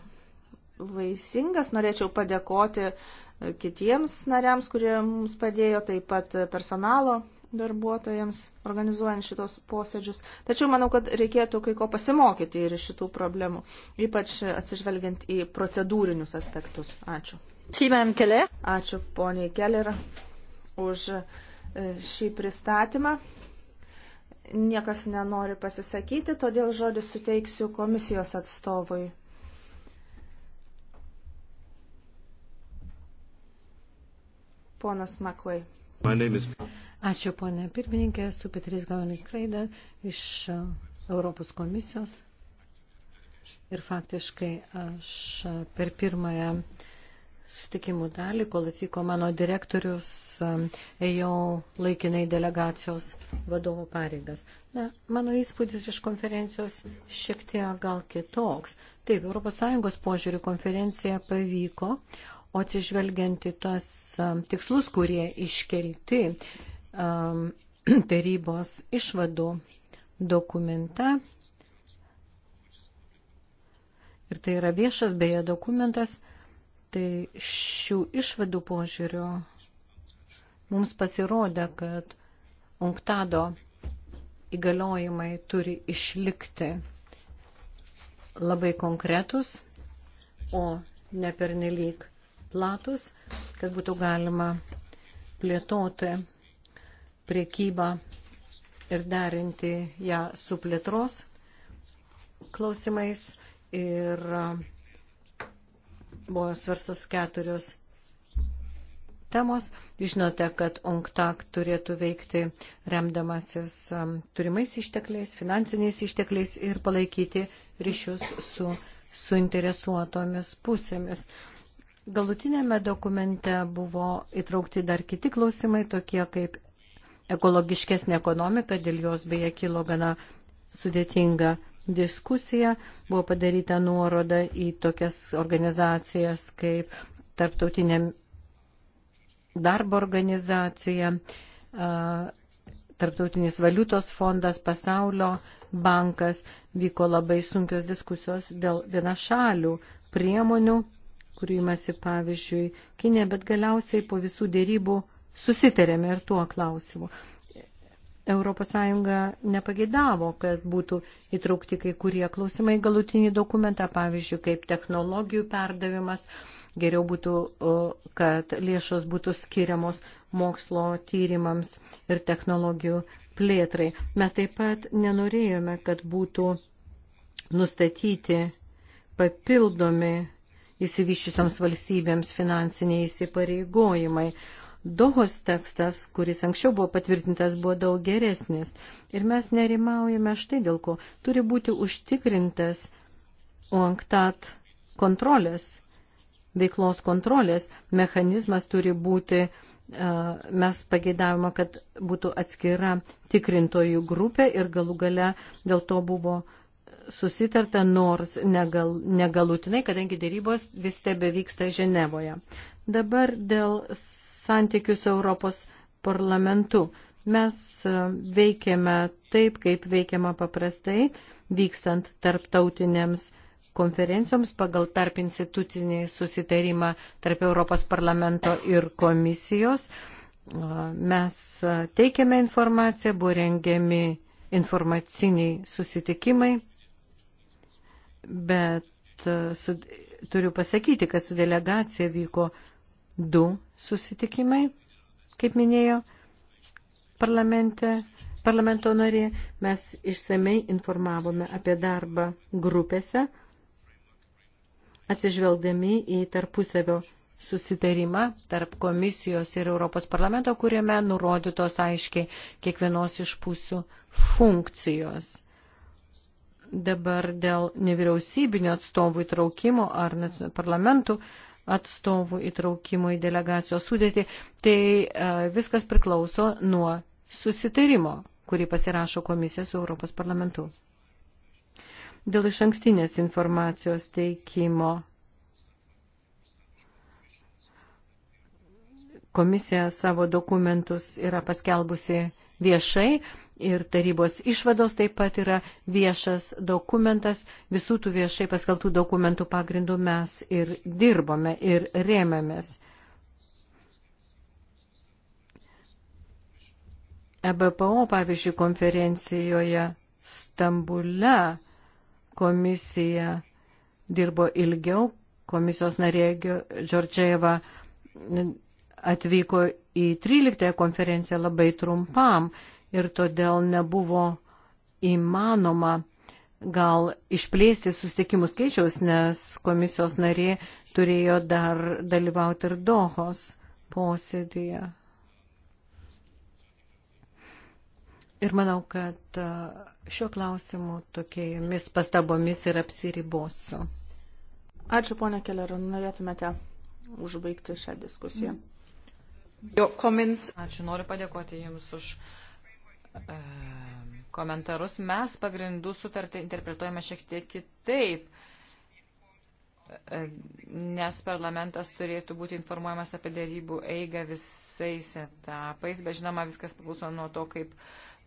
vaisingas. Norėčiau padėkoti kitiems nariams, kurie mums padėjo, taip pat personalo darbuotojams organizuojant šitos posėdžius. Tačiau manau, kad reikėtų kai ko pasimokyti ir iš šitų problemų, ypač atsižvelgiant į procedūrinius aspektus. Ačiū. Ačiū poniai Keller už e, šį pristatymą. Niekas nenori pasisakyti, todėl žodį suteiksiu komisijos atstovui. Ponas Makvai. Is... Ačiū, ponė pirmininkė, esu Petris Gavanik Kraida iš e, Europos komisijos. Ir faktiškai aš e, per pirmąją uh, sutikimų dalį, kol atvyko mano direktorius, um, ėjau laikinai delegacijos vadovo pareigas. Na, mano įspūdis iš konferencijos šiek tiek gal kitoks. Taip, ES požiūrių konferencija pavyko, o atsižvelgiant į tas um, tikslus, kurie iškelti um, tarybos išvadų dokumente, ir tai yra viešas beje dokumentas, Tai šių išvadų požiūrių mums pasirodė, kad UNCTADO įgaliojimai turi išlikti labai konkretus, o ne pernelyg platus, kad būtų galima plėtoti priekybą ir derinti ją su plėtros klausimais ir uh, buvo svarstos keturios temos. Žinote, kad UNCTAC turėtų veikti remdamasis um, turimais ištekliais, finansiniais ištekliais ir palaikyti ryšius su suinteresuotomis pusėmis. Galutinėme dokumente buvo įtraukti dar kiti klausimai, tokie kaip ekologiškesnė ekonomika, dėl jos beje kilo gana sudėtinga diskusiją. Buvo padaryta nuoroda į tokias organizacijas kaip Tarptautinė darbo organizacija, Tarptautinis valiutos fondas, pasaulio bankas. Vyko labai sunkios diskusijos dėl vienašalių priemonių, kurių imasi pavyzdžiui Kinė, bet galiausiai po visų dėrybų susitarėme ir tuo klausimu. ES nepageidavo, kad būtų įtraukti kai kurie klausimai galutinį dokumentą, pavyzdžiui, kaip technologijų perdavimas, geriau būtų, kad lėšos būtų skiriamos mokslo tyrimams ir technologijų plėtrai. Mes taip pat nenorėjome, kad būtų nustatyti papildomi įsivyščiusioms valstybėms finansiniai įsipareigojimai, Dohos tekstas, kuris anksčiau buvo patvirtintas, buvo daug geresnis. Ir mes nerimaujame štai dėl ko. Turi būti užtikrintas UNCTAD kontrolės, veiklos kontrolės mechanizmas turi būti mes pageidavome, kad būtų atskira tikrintojų grupė ir galų gale dėl to buvo susitarta, nors negal, negalutinai, kadangi dėrybos vis tebe vyksta Ženevoje. Dabar dėl santykius Europos parlamentu. Mes e, veikiame taip, kaip veikiama paprastai, vykstant tarptautinėms konferencijoms pagal tarp institucinį susitarimą tarp Europos parlamento ir komisijos. E, mes e, teikiame informaciją, buvo rengiami informaciniai susitikimai, bet su, turiu pasakyti, kad su delegacija vyko du susitikimai, kaip minėjo parlamento narė. Mes išsamei informavome apie darbą grupėse, atsižvelgdami į tarpusavio susitarimą tarp komisijos ir Europos parlamento, kuriame nurodytos aiškiai kiekvienos iš pusių funkcijos dabar dėl nevyriausybinio atstovų įtraukimo ar parlamentų atstovų įtraukimo į delegacijos sudėtį, tai e, viskas priklauso nuo susitarimo, kurį pasirašo komisija su Europos parlamentu. Dėl iš ankstinės informacijos teikimo komisija savo dokumentus yra paskelbusi viešai, ir tarybos išvados taip pat yra viešas dokumentas. Visų tų viešai paskaltų dokumentų pagrindų mes ir dirbome ir rėmėmės. EBPO, pavyzdžiui, konferencijoje Stambule komisija dirbo ilgiau, komisijos narė Džordžiaeva atvyko į 13 konferenciją labai trumpam ir todėl nebuvo įmanoma gal išplėsti susitikimų skaičiaus, nes komisijos narė turėjo dar dalyvauti ir Dohos posėdėje. Ir manau, kad šiuo klausimu tokiamis pastabomis ir apsiribosiu. Ačiū, ponia Keller, norėtumėte užbaigti šią diskusiją. Jo, komins. Ačiū, noriu padėkoti Jums už komentarus, mes pagrindų sutartį interpretuojame šiek tiek kitaip, nes parlamentas turėtų būti informuojamas apie dėrybų eigą visais etapais, bet žinoma, viskas priklauso nuo to, kaip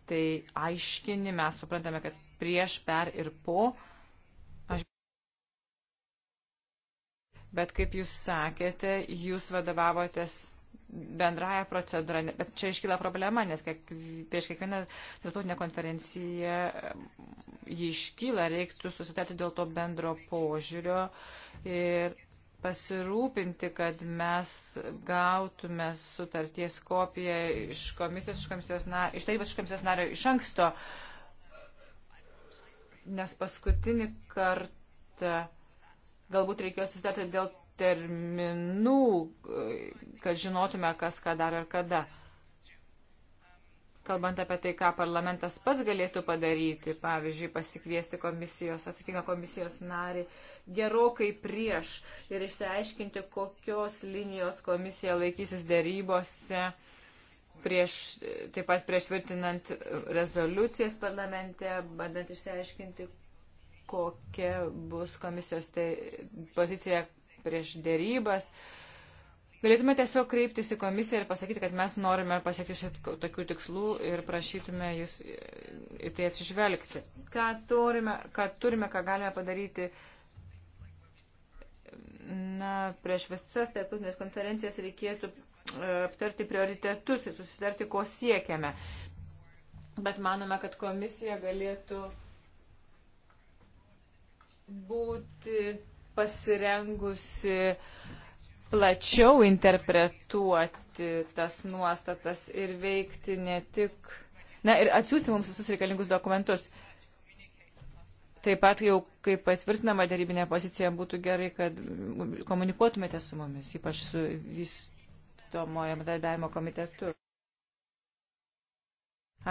tai aiškini, mes suprantame, kad prieš, per ir po. Aš... Bet kaip jūs sakėte, jūs vadovavotės bendraja procedūra, bet čia iškyla problema, nes kiek, prieš kiekvieną tarptautinę konferenciją e, jį iškyla, reiktų susitarti dėl to bendro požiūrio ir pasirūpinti, kad mes gautume sutarties kopiją iš komisijos, iš, komisijos, na, iš tarybos, iš komisijos nario iš anksto, nes paskutinį kartą galbūt reikėjo susitarti dėl terminų, kad žinotume, kas ką dar ir kada. Kalbant apie tai, ką parlamentas pats galėtų padaryti, pavyzdžiui, pasikviesti komisijos, atsakingą komisijos narį gerokai prieš ir išsiaiškinti, kokios linijos komisija laikysis dėrybose, prieš, taip pat prieš tvirtinant rezoliucijas parlamente, bandant išsiaiškinti, kokia bus komisijos te, pozicija prieš dėrybas. Galėtume tiesiog kreiptis į komisiją ir pasakyti, kad mes norime pasiekti tokių tikslų ir prašytume jūs į tai atsižvelgti. Ką turime, ką, turime, ką galime padaryti na, prieš visas tarptautinės konferencijas reikėtų e, aptarti prioritetus ir susitarti, ko siekiame. Bet manome, kad komisija galėtų būti pasirengusi plačiau interpretuoti tas nuostatas ir veikti ne tik. Na ir atsiųsti mums visus reikalingus dokumentus. Taip pat jau, kaip patvirtinama darybinė pozicija, būtų gerai, kad komunikuotumėte su mumis, ypač su vystomojo bendradarbiavimo komitetu.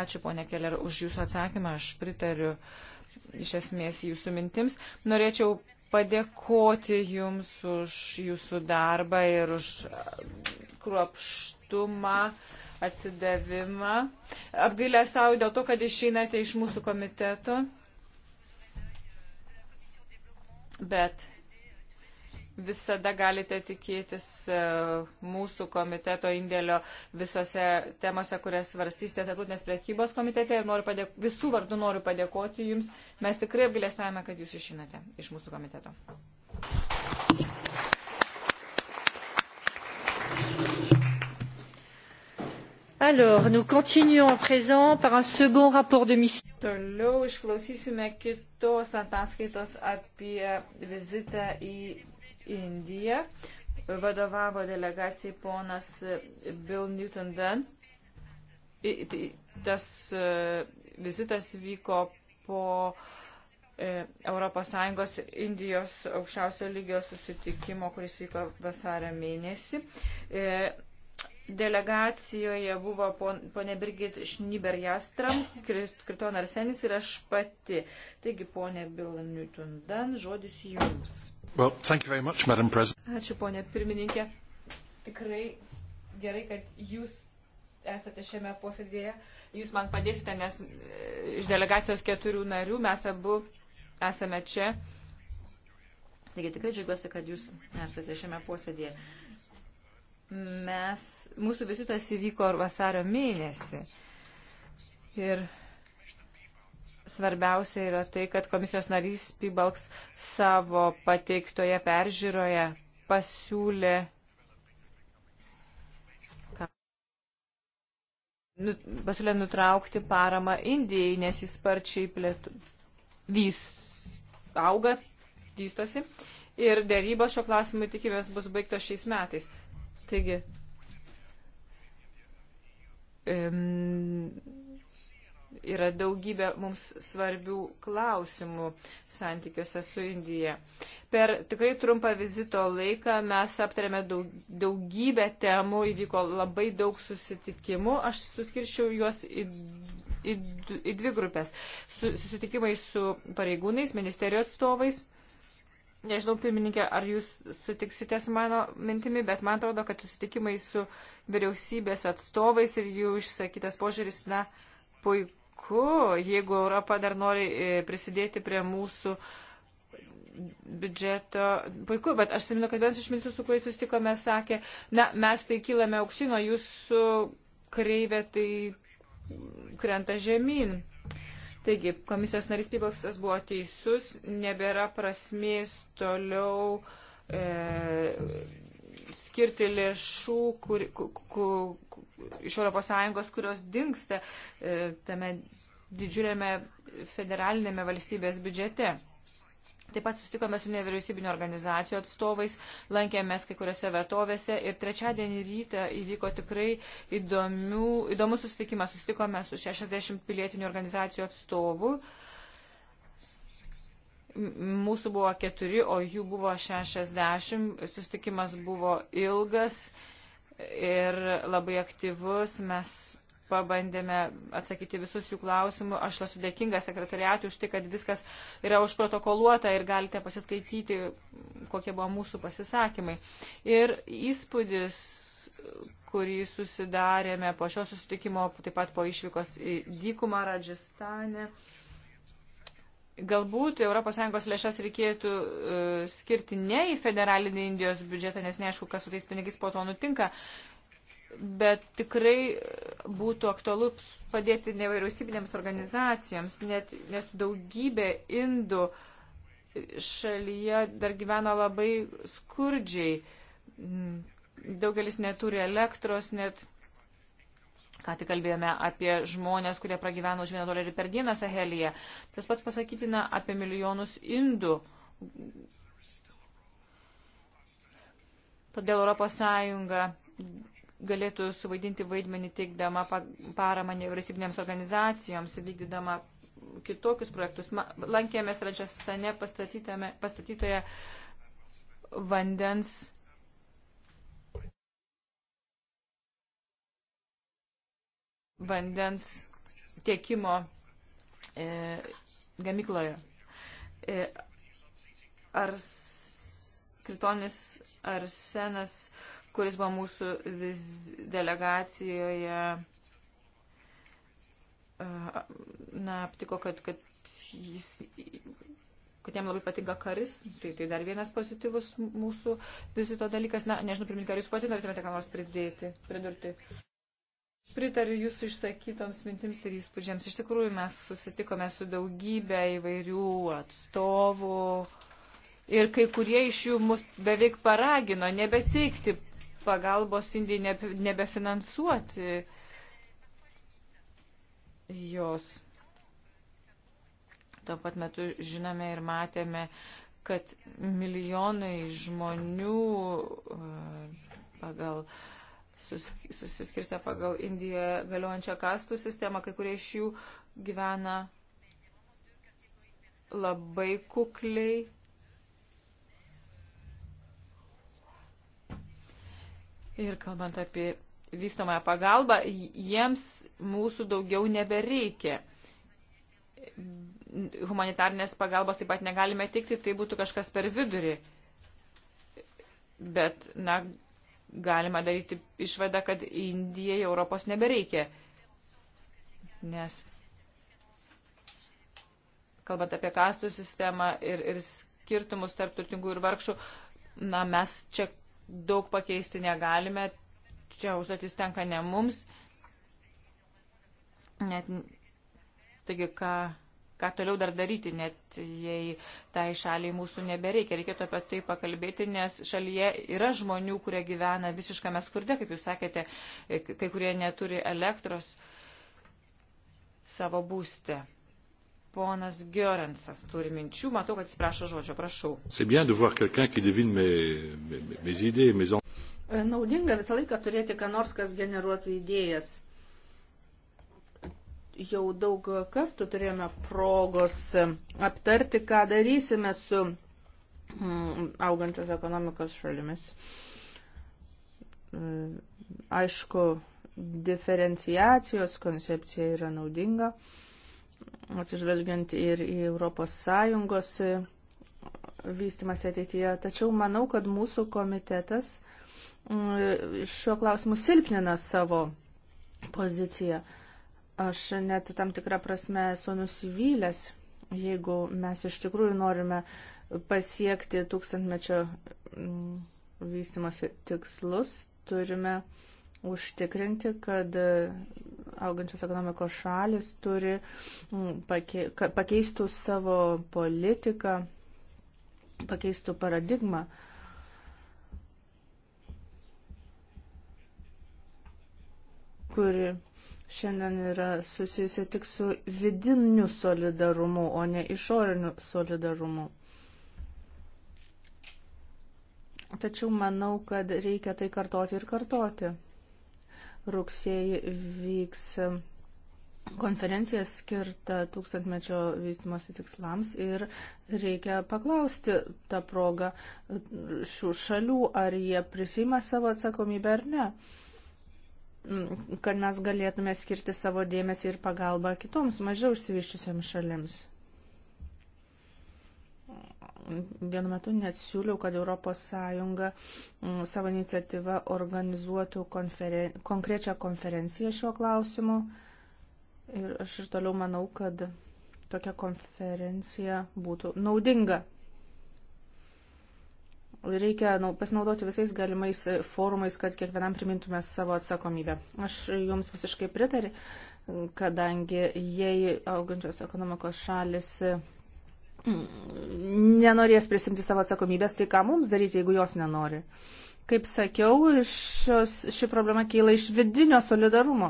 Ačiū, ponė Keller, už Jūsų atsakymą. Aš pritariu iš esmės Jūsų mintims. Norėčiau padėkoti Jums už Jūsų darbą ir už e, kruopštumą, atsidavimą. Apgailę stauju dėl to, kad išeinate iš mūsų komiteto, bet visada galite tikėtis e, mūsų komiteto indėlio visose temose, kurias svarstysite tarptautinės priekybos komitete ir noriu padėk... visų vardų noriu padėkoti Jums. Mes tikrai apgalėstavome, kad Jūs išinate iš mūsų komiteto. Alors, nous continuons à présent par un second rapport de mission. Toliau išklausysime kitos ataskaitos apie vizitą į Indiją. Vadovavo delegacijai ponas Bill Newton Dunn. Tas e, vizitas vyko po ES Indijos aukščiausio lygio susitikimo, kuris vyko vasario mėnesį. E, delegacijoje buvo ponė Birgit Šniberjastram, Kriton Arsenis ir aš pati. Taigi, ponė Bill Newton Dan, žodis jums. Well, much, Ačiū, ponė pirmininkė. Tikrai gerai, kad jūs esate šiame posėdėje. Jūs man padėsite, nes e, iš delegacijos keturių narių mes abu esame čia. Taigi tikrai džiaugiuosi, kad jūs esate šiame posėdėje. Mes, mūsų vizitas įvyko vasario mėnesį. Ir svarbiausia yra tai, kad komisijos narys Pibalks savo pateiktoje peržiūroje pasiūlė nu, pasiūlė nutraukti paramą Indijai, nes jis sparčiai plėtų, vys, auga, vystosi. Ir dėrybos šio klausimu tikimės bus baigtos šiais metais. Taigi, um, yra daugybė mums svarbių klausimų santykiuose su Indija. Per tikrai trumpą vizito laiką mes aptarėme daug, daugybę temų, įvyko labai daug susitikimų. Aš suskirčiau juos į, į, į dvi grupės. Su, susitikimai su pareigūnais, ministerijos atstovais. Nežinau, pirmininkė, ar jūs sutiksite su mano mintimi, bet man atrodo, kad susitikimai su vyriausybės atstovais ir jų išsakytas požiūris, na, puiku puiku, jeigu Europa dar nori e, prisidėti prie mūsų biudžeto. Puiku, bet aš siminu, kad vienas iš miltų, su kuriais sustikome, sakė, na, mes tai kylame aukštino, jūsų kreivė tai krenta žemyn. Taigi, komisijos narys Pibalsas buvo teisus, nebėra prasmės toliau. E, skirti lėšų kur, ku, ku, ku, iš ES, kurios dinksta e, tame didžiulėme federalinėme valstybės biudžete. Taip pat sustikome su nevyriausybinio organizacijų atstovais, lankėmės kai kuriuose vietovėse ir trečiadienį rytą įvyko tikrai įdomių, įdomus susitikimas. Sustikome su 60 pilietinių organizacijų atstovų. E, Mūsų buvo keturi, o jų buvo šešiasdešimt. Sustikimas buvo ilgas ir labai aktyvus. Mes pabandėme atsakyti visus jų klausimus. Aš esu dėkinga sekretoriatui už tai, kad viskas yra užprotokoluota ir galite pasiskaityti, kokie buvo mūsų pasisakymai. Ir įspūdis, kurį susidarėme po šio susitikimo, taip pat po išvykos į dykumą Radžistane. Uh, Galbūt ES lėšas reikėtų uh, skirti ne į federalinį Indijos biudžetą, nes neaišku, kas su tais pinigais po to nutinka, bet tikrai būtų aktualu padėti nevairiausybinėms organizacijoms, net, nes daugybė indų šalyje dar gyvena labai skurdžiai. Daugelis neturi elektros, net Ką tik kalbėjome apie žmonės, kurie pragyveno už vieną dolerį per dieną Sahelyje. Tas pats pasakytina apie milijonus indų. Todėl ES galėtų suvaidinti vaidmenį teikdama paramą nevyriausybinėms organizacijoms, vykdydama kitokius projektus. Lankėmės Radžastane pastatytoje vandens vandens tiekimo e, gamykloje. E, ar kritonis arsenas, kuris buvo mūsų viz, delegacijoje, e, na, aptiko, kad, kad jis kad jam labai patinka karis, tai, tai dar vienas pozityvus mūsų vizito dalykas. Na, nežinau, pirmininkai, ar jūs pati norėtumėte ką nors pridėti, pridurti? Pritariu jūsų išsakytoms mintims ir įspūdžiams. Iš tikrųjų, mes susitikome su daugybė įvairių atstovų ir kai kurie iš jų mus beveik paragino nebeteikti pagalbos Indijai, nebefinansuoti jos. Tuo pat metu žinome ir matėme, kad milijonai žmonių e, pagal uh, susiskirstę pagal Indijoje galiojančią kastų sistemą, kai kurie iš jų gyvena labai kukliai. Ir kalbant apie vystomąją pagalbą, jiems mūsų daugiau nebereikia. Humanitarnės pagalbos taip pat negalime tikti, tai būtų kažkas per vidurį. Bet, na, galima daryti išvadą, kad Indijai Europos nebereikia. Nes kalbant apie kastų sistemą ir, ir skirtumus tarp turtingų ir vargšų, na, mes čia daug pakeisti negalime, čia užduotis tenka ne mums. Net, taigi, ką ką toliau dar daryti, net jei tai šaliai mūsų nebereikia. Reikėtų apie tai pakalbėti, nes šalyje yra žmonių, kurie gyvena visiškame skurde, kaip jūs sakėte, kai kurie neturi elektros savo būste. Ponas Giorensas turi minčių, matau, kad jis prašo žodžio, prašau. Naudinga visą laiką turėti ką nors, kas generuotų idėjas jau daug kartų turėjome progos aptarti, ką darysime su mm, augančios ekonomikos šalimis. E, aišku, diferenciacijos koncepcija yra naudinga, atsižvelgiant ir į ES vystimąsi ateityje. Tačiau manau, kad mūsų komitetas mm, šiuo klausimu silpnina savo poziciją. Aš net tam tikrą prasme esu nusivylęs, jeigu mes iš tikrųjų norime pasiekti tūkstantmečio mm, vystimosi tikslus, turime užtikrinti, kad e, augančios ekonomikos šalis turi mm, pakei, pakeistų savo politiką, pakeistų paradigmą. kuri šiandien yra susijusi tik su vidiniu solidarumu, o ne išoriniu solidarumu. Tačiau manau, kad reikia tai kartoti ir kartoti. Rugsėjai vyks konferencija skirta tūkstantmečio vystimosi tikslams ir reikia paklausti tą progą šių šalių, ar jie prisima savo atsakomybę ar ne. Mm, kad mes galėtume skirti savo dėmesį ir pagalbą kitoms mažiau išsivyščiusiams šalims. Vienu metu net siūliau, kad ES mm, savo iniciatyvą organizuotų konferen konkrečią konferenciją šiuo klausimu. Ir aš ir toliau manau, kad tokia konferencija būtų naudinga. Reikia nu, pasinaudoti visais galimais e, forumais, kad kiekvienam primintume savo atsakomybę. Aš jums visiškai pritariu, kadangi jei augančios ekonomikos šalis e, nenorės prisimti savo atsakomybės, tai ką mums daryti, jeigu jos nenori? Kaip sakiau, šios, ši problema kyla iš vidinio solidarumo.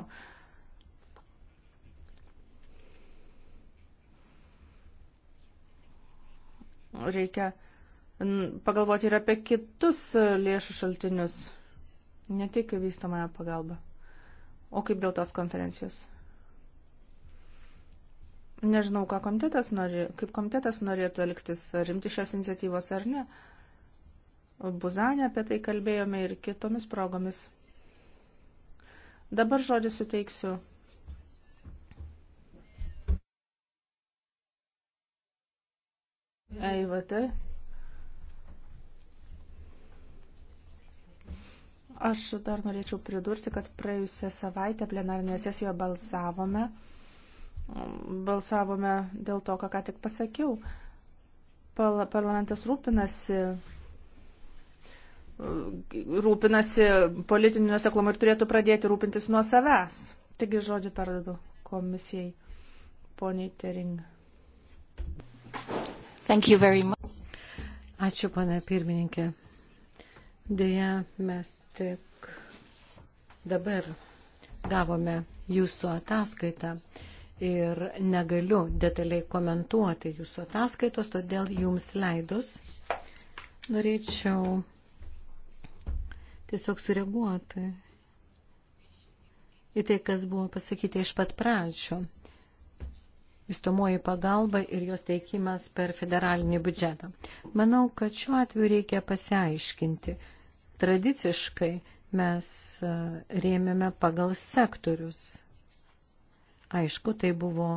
Reikia pagalvoti ir apie kitus e, lėšų šaltinius, ne tik vystamąją pagalbą. O kaip dėl tos konferencijos? Nežinau, ką komitetas nori, kaip komitetas norėtų elgtis, ar rimti šios iniciatyvos ar ne. Buzanė apie tai kalbėjome ir kitomis progomis. Dabar žodį suteiksiu EIVT Aš dar norėčiau pridurti, kad praėjusią savaitę plenarinėje sesijoje balsavome. Balsavome dėl to, ką ką tik pasakiau. Pal parlamentas rūpinasi rūpinasi politiniu nuoseklumu ir turėtų pradėti rūpintis nuo savęs. Taigi žodį perdodu komisijai, poniai Tering. Ačiū, pane pirmininkė. Deja, mes tik dabar gavome jūsų ataskaitą ir negaliu detaliai komentuoti jūsų ataskaitos, todėl jums leidus norėčiau tiesiog sureaguoti į tai, kas buvo pasakyti iš pat pradžio vystomoji pagalba ir jos teikimas per federalinį biudžetą. Manau, kad šiuo atveju reikia pasiaiškinti. Tradiciškai mes e, rėmėme pagal sektorius. Aišku, tai buvo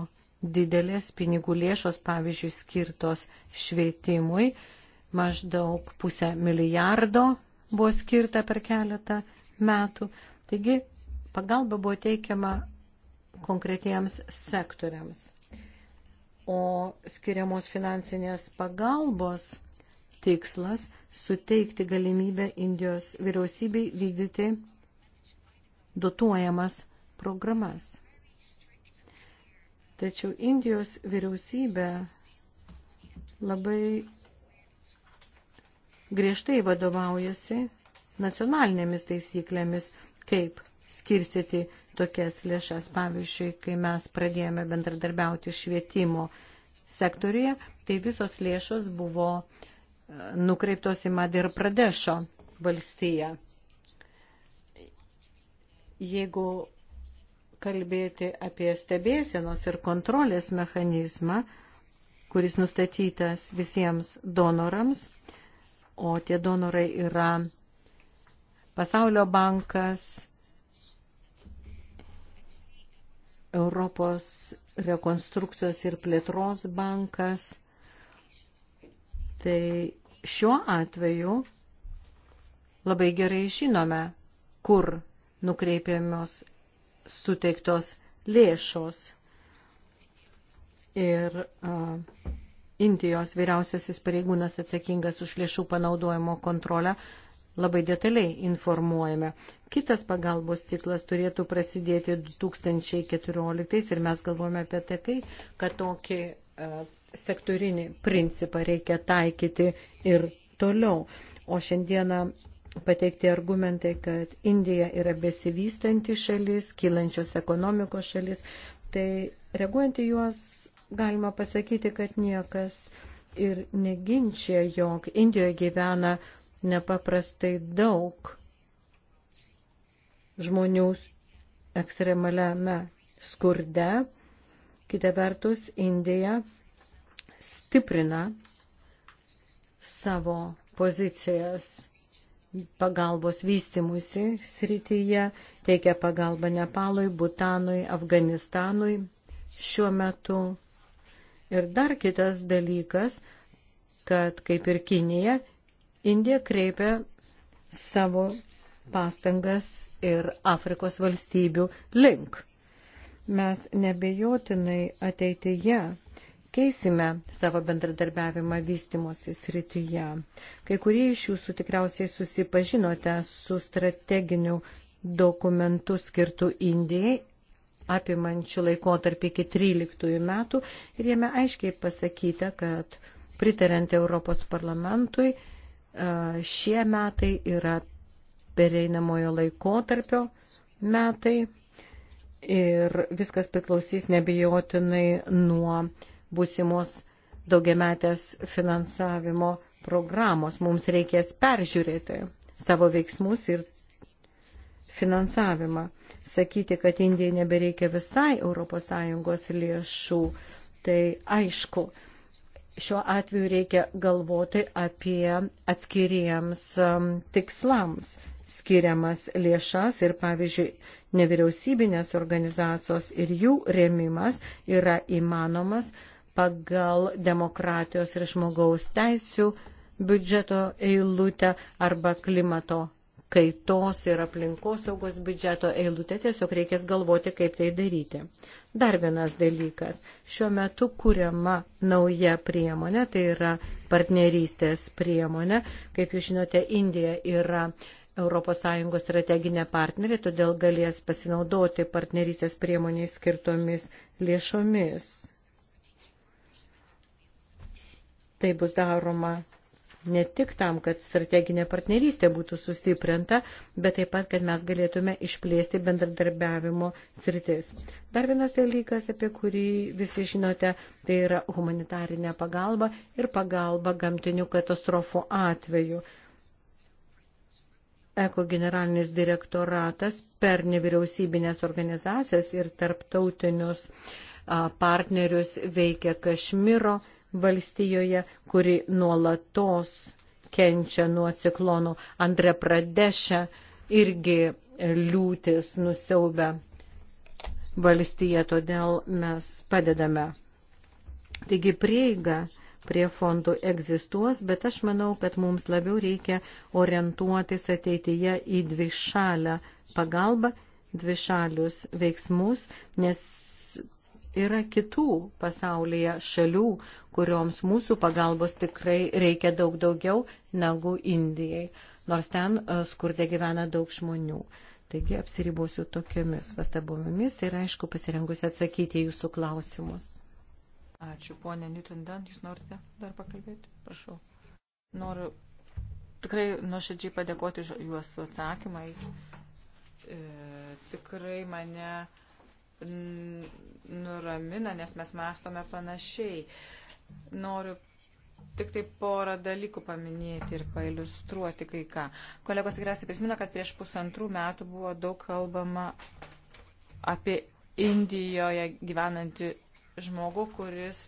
didelės pinigų lėšos, pavyzdžiui, skirtos švietimui. Maždaug pusę milijardo buvo skirta per keletą metų. Taigi, pagalba buvo teikiama konkretiems sektoriams o skiriamos finansinės pagalbos tikslas suteikti galimybę Indijos vyriausybei vykdyti dotuojamas programas. Tačiau Indijos vyriausybė labai griežtai vadovaujasi nacionalinėmis taisyklėmis, kaip skirstyti tokias lėšas. Pavyzdžiui, kai mes pradėjome bendradarbiauti švietimo sektoriuje, tai visos lėšos buvo e, nukreiptos į Madir Pradešo valstiją. Jeigu kalbėti apie stebėsienos ir kontrolės mechanizmą, kuris nustatytas visiems donorams, o tie donorai yra Pasaulio bankas, Europos rekonstrukcijos ir plėtros bankas. Tai šiuo atveju labai gerai žinome, kur nukreipiamos suteiktos lėšos. Ir uh, Indijos vyriausiasis pareigūnas atsakingas už lėšų panaudojimo kontrolę labai detaliai informuojame. Kitas pagalbos ciklas turėtų prasidėti 2014 ir mes galvojame apie tai, kad tokį e, sektorinį principą reikia taikyti ir toliau. O šiandieną pateikti argumentai, kad Indija yra besivystanti šalis, kylančios ekonomikos šalis, tai reaguojant į juos galima pasakyti, kad niekas ir neginčia, jog Indijoje gyvena nepaprastai daug žmonių ekstremaliame skurde. Kita vertus, Indija stiprina savo pozicijas pagalbos vystimusi srityje, teikia pagalbą Nepalui, Butanui, Afganistanui šiuo metu. Ir dar kitas dalykas, kad kaip ir Kinija, Indija kreipia savo pastangas ir Afrikos valstybių link. Mes nebejotinai ateityje keisime savo bendradarbiavimą vystimosi srityje. Kai kurie iš jūsų tikriausiai susipažinote su strateginiu dokumentu skirtu Indijai apimančių laikotarpį iki 13 metų ir jame aiškiai pasakyta, kad pritarant Europos parlamentui šie metai yra pereinamojo laikotarpio metai ir viskas priklausys nebijotinai nuo būsimos daugiametės finansavimo programos. Mums reikės peržiūrėti savo veiksmus ir finansavimą. Sakyti, kad Indijai nebereikia visai ES lėšų, tai aišku, šiuo atveju reikia galvoti apie atskiriems um, tikslams skiriamas lėšas ir, pavyzdžiui, nevyriausybinės organizacijos ir jų rėmimas yra įmanomas pagal demokratijos ir žmogaus teisų biudžeto eilutę arba klimato kaitos ir aplinkosaugos biudžeto eilutę, tiesiog reikės galvoti, kaip tai daryti. Dar vienas dalykas. Šiuo metu kuriama nauja priemonė, tai yra partnerystės priemonė. Kaip jūs žinote, Indija yra ES strateginė partnerė, todėl galės pasinaudoti partnerystės priemoniai skirtomis lėšomis. Tai bus daroma ne tik tam, kad strateginė partnerystė būtų sustiprinta, bet taip pat, kad mes galėtume išplėsti bendradarbiavimo sritis. Dar vienas dalykas, apie kurį visi žinote, tai yra humanitarinė pagalba ir pagalba gamtinių katastrofų atveju. Eko generalinis direktoratas per nevyriausybinės organizacijas ir tarptautinius partnerius veikia Kašmiro valstijoje, kuri nuolatos kenčia nuo ciklonų. Andrė Pradeše irgi liūtis nusiaubę valstiją, todėl mes padedame. Taigi prieiga prie fondų egzistuos, bet aš manau, kad mums labiau reikia orientuotis ateityje į dvišalę pagalbą, dvišalius veiksmus, nes Yra kitų pasaulyje šalių, kurioms mūsų pagalbos tikrai reikia daug daugiau negu Indijai, nors ten e, skurdė gyvena daug žmonių. Taigi apsiribosiu tokiamis pastabomis ir aišku pasirengusi atsakyti jūsų klausimus. Ačiū, ponė Newton-Dan, jūs norite dar pakalbėti? Prašau. Noriu tikrai nuoširdžiai padėkoti už jūsų atsakymais. E, tikrai mane e, nuramina, nes mes mąstome panašiai. Noriu tik tai porą dalykų paminėti ir pailustruoti kai ką. Kolegos tikriausiai prisimena, kad prieš pusantrų metų buvo daug kalbama apie Indijoje gyvenantį žmogų, kuris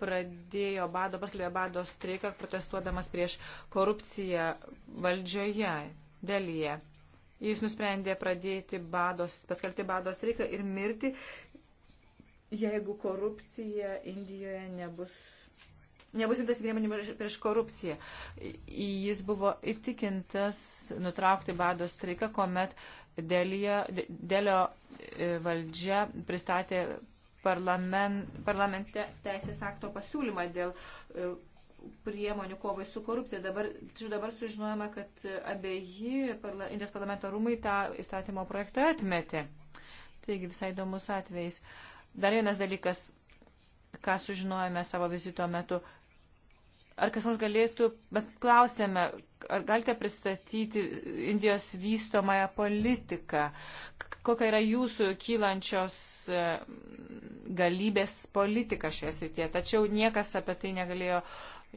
pradėjo bado, paskelbė bado streiką protestuodamas prieš korupciją valdžioje, dalyje. Jis nusprendė pradėti bados, paskelbti bados reiką ir mirti, jeigu korupcija Indijoje nebus. Nebus imtas priemonių prieš korupciją. Jis buvo įtikintas nutraukti bado streiką, kuomet Delio, Delio valdžia pristatė parlament, parlamente teisės akto pasiūlymą dėl e, priemonių kovai su korupcija. Dabar, dabar sužinojame, kad abieji parla, Indijos parlamento rūmai tą įstatymo projektą atmetė. Taigi visai įdomus atvejais. Dar vienas dalykas, ką sužinojame savo vizito metu. Ar kas nors galėtų, mes klausėme, ar galite pristatyti Indijos vystomąją politiką, kokia yra jūsų kylančios e, galybės politika šioje srityje. Tačiau niekas apie tai negalėjo uh,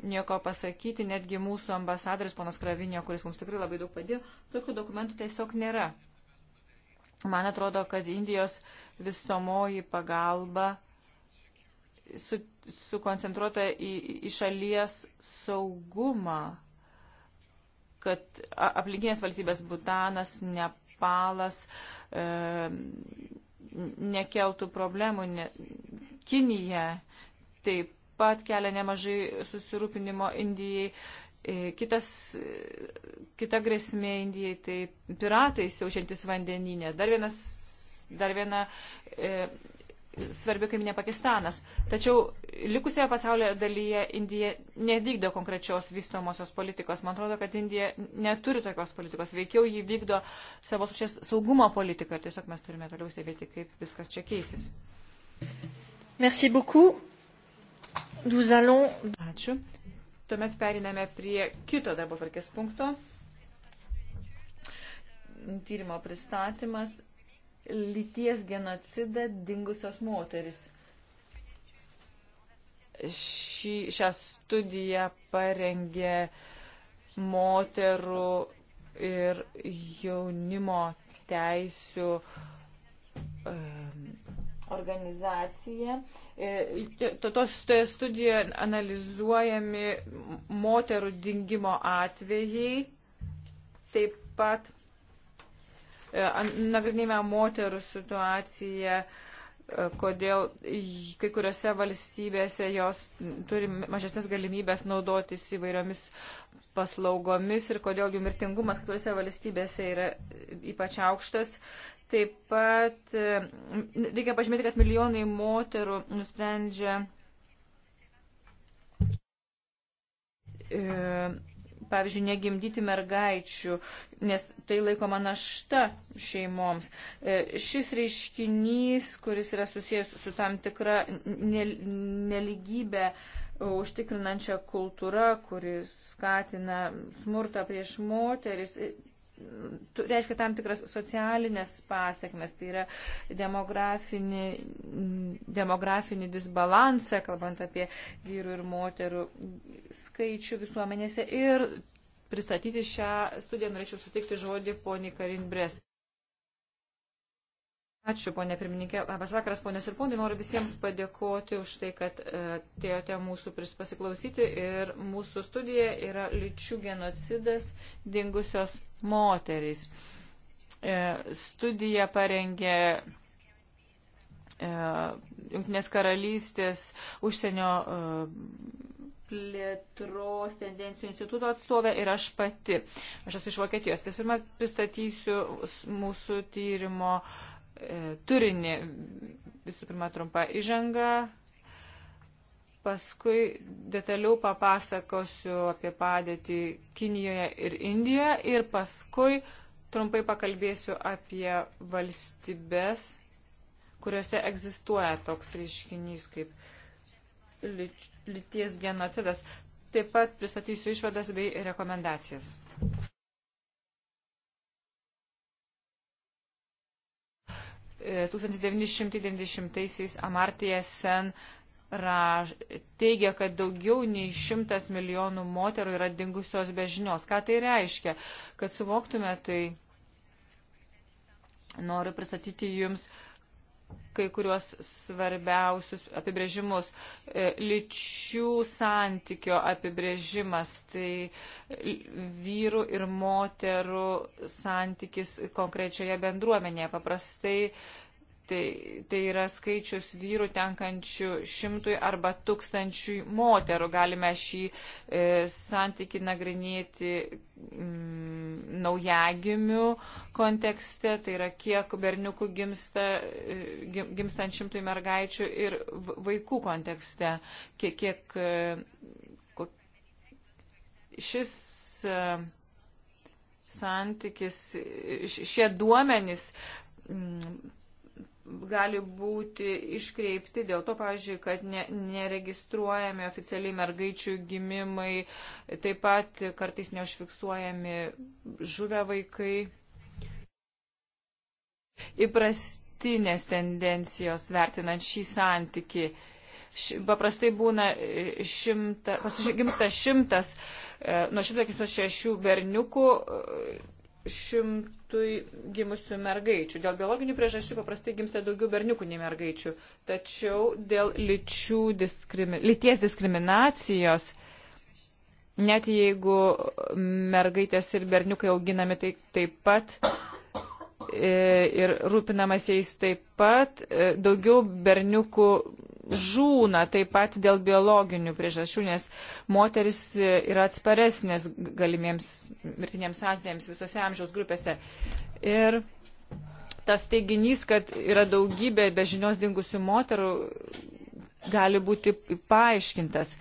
nieko pasakyti, netgi mūsų ambasadoris ponas Kravinio, kuris mums tikrai labai daug padėjo, tokių dokumentų tiesiog nėra. Man atrodo, kad Indijos visomoji pagalba su, sukoncentruota į, į šalies saugumą, kad aplinkinės valstybės Butanas, Nepalas e, nekeltų problemų. Ne, Kinija taip pat kelia nemažai susirūpinimo Indijai. E, kitas, kita grėsmė Indijai tai piratai siaučiantis vandeninė. Dar, vienas, dar viena e, svarbi kaiminė Pakistanas. Tačiau likusioje pasaulio dalyje Indija nevykdo konkrečios vystomosios politikos. Man atrodo, kad Indija neturi tokios politikos. Veikiau jį vykdo savo sušės saugumo politiką ir tiesiog mes turime toliau stebėti, kaip viskas čia keisis. Merci beaucoup. Ačiū. Tuomet periname prie kito darbo tvarkės punkto. Tyrimo pristatymas lyties genocidą dingusios moteris. Šį, šią studiją parengė moterų ir jaunimo teisių uh, organizacija. E, tos studijoje analizuojami moterų dingimo atvejai, taip pat e, nagrinėjame moterų situaciją, e, kodėl kai kuriuose valstybėse jos turi mažesnės galimybės naudotis įvairiomis paslaugomis ir kodėl jų mirtingumas kai kuriuose valstybėse yra ypač aukštas. Taip pat e, reikia pažymėti, kad milijonai moterų nusprendžia, e, pavyzdžiui, negimdyti mergaičių, nes tai laikoma našta šeimoms. E, šis reiškinys, kuris yra susijęs su tam tikra neligybė, užtikrinančia kultūra, kuri skatina smurtą prieš moteris, reiškia tam tikras socialinės pasiekmes, tai yra demografinį, demografinį disbalansą, kalbant apie vyrų ir moterų skaičių visuomenėse. Ir pristatyti šią studiją norėčiau sutikti žodį poniai Karin Bres. Ačiū, ponė pirmininkė. Labas vakaras, ponės ir ponai. Noriu visiems padėkoti už tai, kad e, atėjote mūsų pasiklausyti. Ir mūsų studija yra lyčių genocidas dingusios moterys. E, studija parengė e, Junktinės karalystės užsienio plėtros tendencijų instituto atstovė ir aš pati. Aš esu iš Vokietijos. Vis pirma, pristatysiu mūsų tyrimo uh, E, turinį. Visų pirma, trumpa įžanga. Paskui detaliau papasakosiu apie padėtį Kinijoje ir Indijoje ir paskui trumpai pakalbėsiu apie valstybės, kuriuose egzistuoja toks reiškinys kaip lyties genocidas. Taip pat pristatysiu išvadas bei rekomendacijas. 1990 e, Amartija Sen raž, teigia, kad daugiau nei šimtas milijonų moterų yra dingusios be žinios. Ką tai reiškia? Kad suvoktume, tai noriu pristatyti jums uh, kai kuriuos svarbiausius apibrėžimus. E, lyčių santykio apibrėžimas, tai vyrų ir moterų santykis konkrečioje bendruomenėje. Paprastai Tai, tai yra skaičius vyrų tenkančių šimtui arba tūkstančiui moterų. Galime šį e, santyki nagrinėti mm, naujagimių kontekste, tai yra kiek berniukų gimsta, e, gimstant šimtui mergaičių ir vaikų kontekste, kiek, kiek e, ko, šis. E, Santykis, šie duomenys mm, gali būti iškreipti dėl to, pavyzdžiui, kad ne, neregistruojami oficialiai mergaičių gimimai, taip pat kartais neužfiksuojami žuvę vaikai. Įprastinės tendencijos vertinant šį santyki. Ši, paprastai būna e, šimta, gimsta šimtas, e, nuo 106 berniukų e, šimtui gimusių mergaičių. Dėl biologinių priežasčių paprastai gimsta daugiau berniukų nei mergaičių. Tačiau dėl diskrimi, lyties diskriminacijos, net jeigu mergaitės ir berniukai auginami, tai taip pat E, ir rūpinamas jais taip pat, e, daugiau berniukų žūna taip pat dėl biologinių priežasčių, nes moteris e, yra atsparesnės galimiems mirtiniams atvejams visose amžiaus grupėse. Ir tas teiginys, kad yra daugybė be žinios dingusių moterų, gali būti paaiškintas.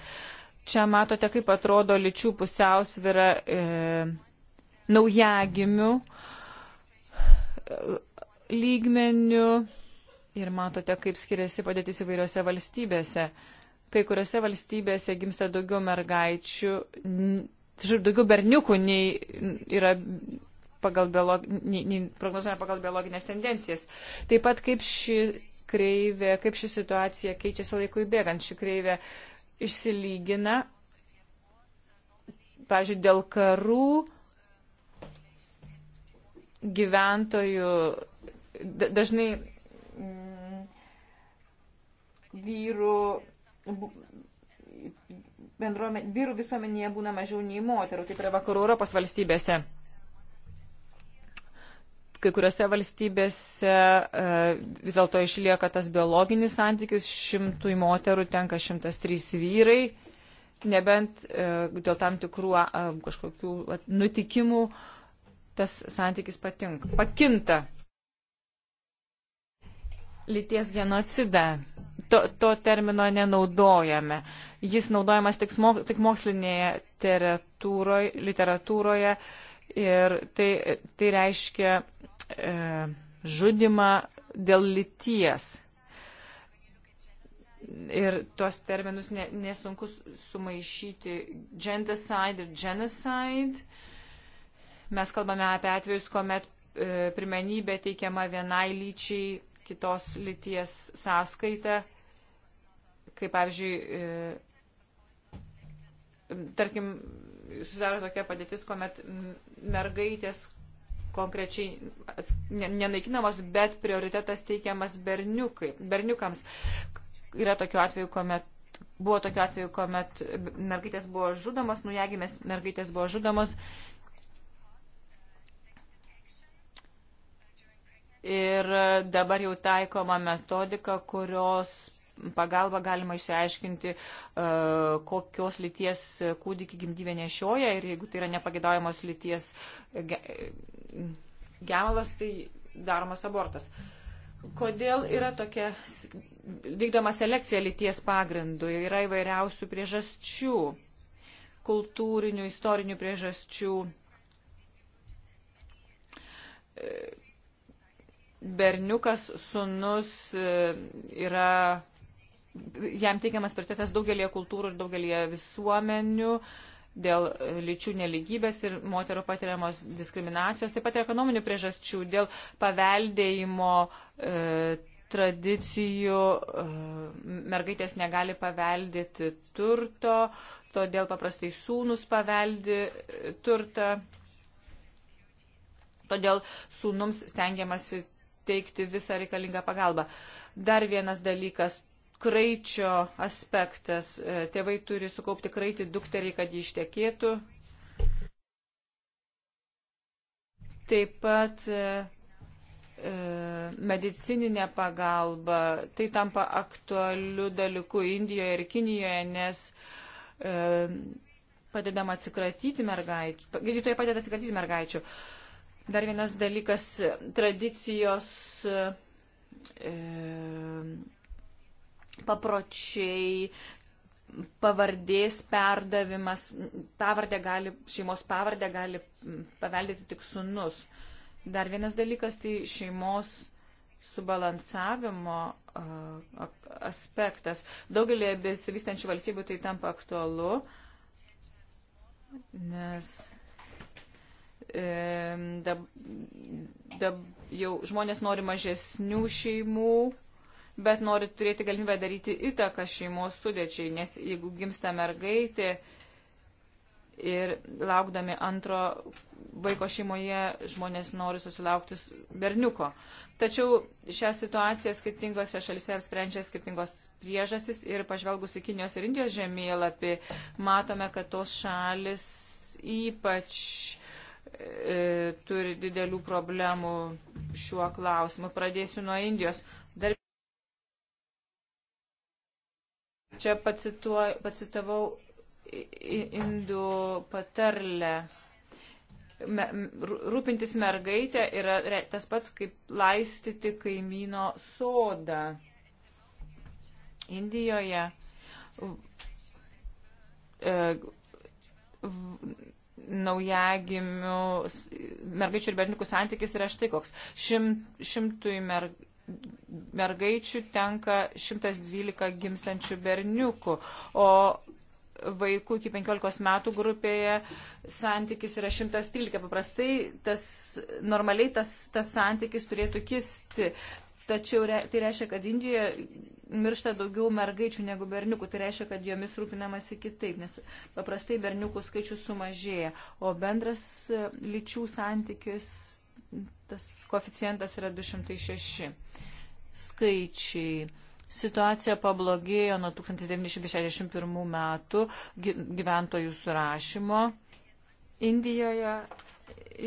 Čia matote, kaip atrodo lyčių pusiausvyrą e, naujagimių lygmenių ir matote, kaip skiriasi padėtis įvairiose valstybėse. Kai kuriuose valstybėse gimsta daugiau mergaičių, tačiau daugiau berniukų nei yra pagal biolog, nei, nei prognozuojama pagal biologinės tendencijas. Taip pat kaip ši kreivė, kaip ši situacija keičiasi laikui bėgant, ši kreivė išsilygina, pažiūrėjau, dėl karų gyventojų dažnai mm, vyrų bendruomenė, vyrų visuomenėje būna mažiau nei moterų, kaip yra vakarų Europos valstybėse. Kai kuriuose valstybėse e, vis dėlto išlieka tas biologinis santykis, šimtui moterų tenka šimtas trys vyrai, nebent e, dėl tam tikrų e, kažkokių at, nutikimų e, tas santykis patinka, pakinta. Lyties genocidą. To, to termino nenaudojame. Jis naudojamas tik, smok, tik mokslinėje literatūroje ir tai, tai reiškia e, žudimą dėl lyties ir tuos terminus ne, nesunku sumaišyti gendercide ir genocide. Mes kalbame apie atvejus, kuomet e, pirmenybė teikiama vienai lyčiai kitos lyties sąskaita, kaip pavyzdžiui, e, tarkim, susidaro tokia padėtis, kuomet mergaitės konkrečiai nenaikinamos, bet prioritetas teikiamas berniukai, berniukams. Yra tokių atvejų, kuomet buvo tokių atvejų, kuomet mergaitės buvo žudomos, nujagimės mergaitės buvo žudomos ir dabar jau taikoma metodika, kurios pagalba galima išsiaiškinti, e, kokios lyties kūdikį gimdyvė nešioja ir jeigu tai yra nepagėdaujamos lyties gemalas, tai daromas abortas. Kodėl yra tokia vykdoma selekcija lyties pagrindų? Yra įvairiausių priežasčių, kultūrinių, istorinių priežasčių e, berniukas, sunus e, yra, jam teikiamas prioritetas daugelie kultūrų ir daugelie visuomenių dėl lyčių neligybės ir moterų patiriamos diskriminacijos, taip pat ir ekonominių priežasčių, dėl paveldėjimo e, tradicijų, e, mergaitės negali paveldėti turto, todėl paprastai sūnus paveldi e, turtą. Todėl sūnums stengiamasi teikti visą reikalingą pagalbą. Dar vienas dalykas - kraičio aspektas. E, tėvai turi sukaupti kraitį dukteriai, kad jį ištekėtų. Taip pat e, e, medicininė pagalba, tai tampa aktualiu dalyku Indijoje ir Kinijoje, nes e, padedama atsikratyti mergaičių, gydytojai padeda atsikratyti mergaičių. E, Dar vienas dalykas - tradicijos, e, papročiai, pavardės perdavimas. Pavardę gali, šeimos pavardę gali paveldėti tik sunus. Dar vienas dalykas - tai šeimos subalansavimo e, aspektas. Daugelį besivystančių valstybių tai tampa aktualu, nes dab, dab, jau žmonės nori mažesnių šeimų, bet nori turėti galimybę daryti įtaką šeimos sudėčiai, nes jeigu gimsta mergaitė ir laukdami antro vaiko šeimoje žmonės nori susilaukti berniuko. Tačiau šią situaciją skirtingose šalise sprendžia skirtingos priežastys ir pažvelgus į Kinijos ir Indijos žemėlapį matome, kad tos šalis ypač E, turi didelių problemų šiuo klausimu. Pradėsiu nuo Indijos. Dar čia pacituoju, pacitavau indų patarlę. Rūpintis mergaitę yra tas pats kaip laistyti kaimyno sodą. Indijoje e, naujagimių mergaičių ir berniukų santykis yra štai koks. Šim, šimtui mer, mergaičių tenka 112 gimstančių berniukų, o vaikų iki 15 metų grupėje santykis yra 113. Paprastai tas, normaliai tas, tas santykis turėtų kisti, Tačiau re, tai reiškia, kad Indijoje miršta daugiau mergaičių negu berniukų. Tai reiškia, kad jomis rūpinamasi kitaip, nes paprastai berniukų skaičius sumažėja, o bendras e, lyčių santykis, tas koficijantas yra 206 skaičiai. Situacija pablogėjo nuo 1961 metų gyventojų surašymo Indijoje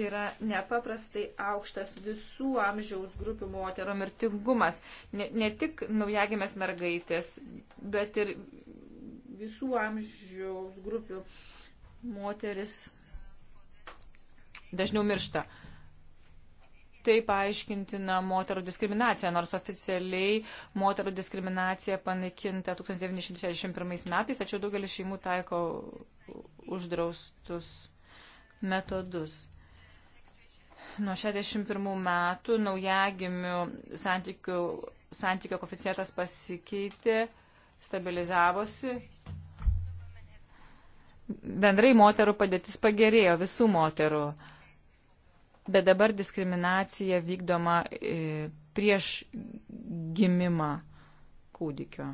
yra nepaprastai aukštas visų amžiaus grupių moterų mirtingumas. Ne, ne tik naujagimės mergaitės, bet ir visų amžiaus grupių moteris dažniau miršta. Tai paaiškintina moterų diskriminacija, nors oficialiai moterų diskriminacija panaikinta 1961 metais, tačiau daugelis šeimų taiko uždraustus metodus. Nuo 61 metų naujagimių santykių, santykio koficijatas pasikeitė, stabilizavosi. Bendrai moterų padėtis pagerėjo, visų moterų. Bet dabar diskriminacija vykdoma e, prieš gimimą kūdikio.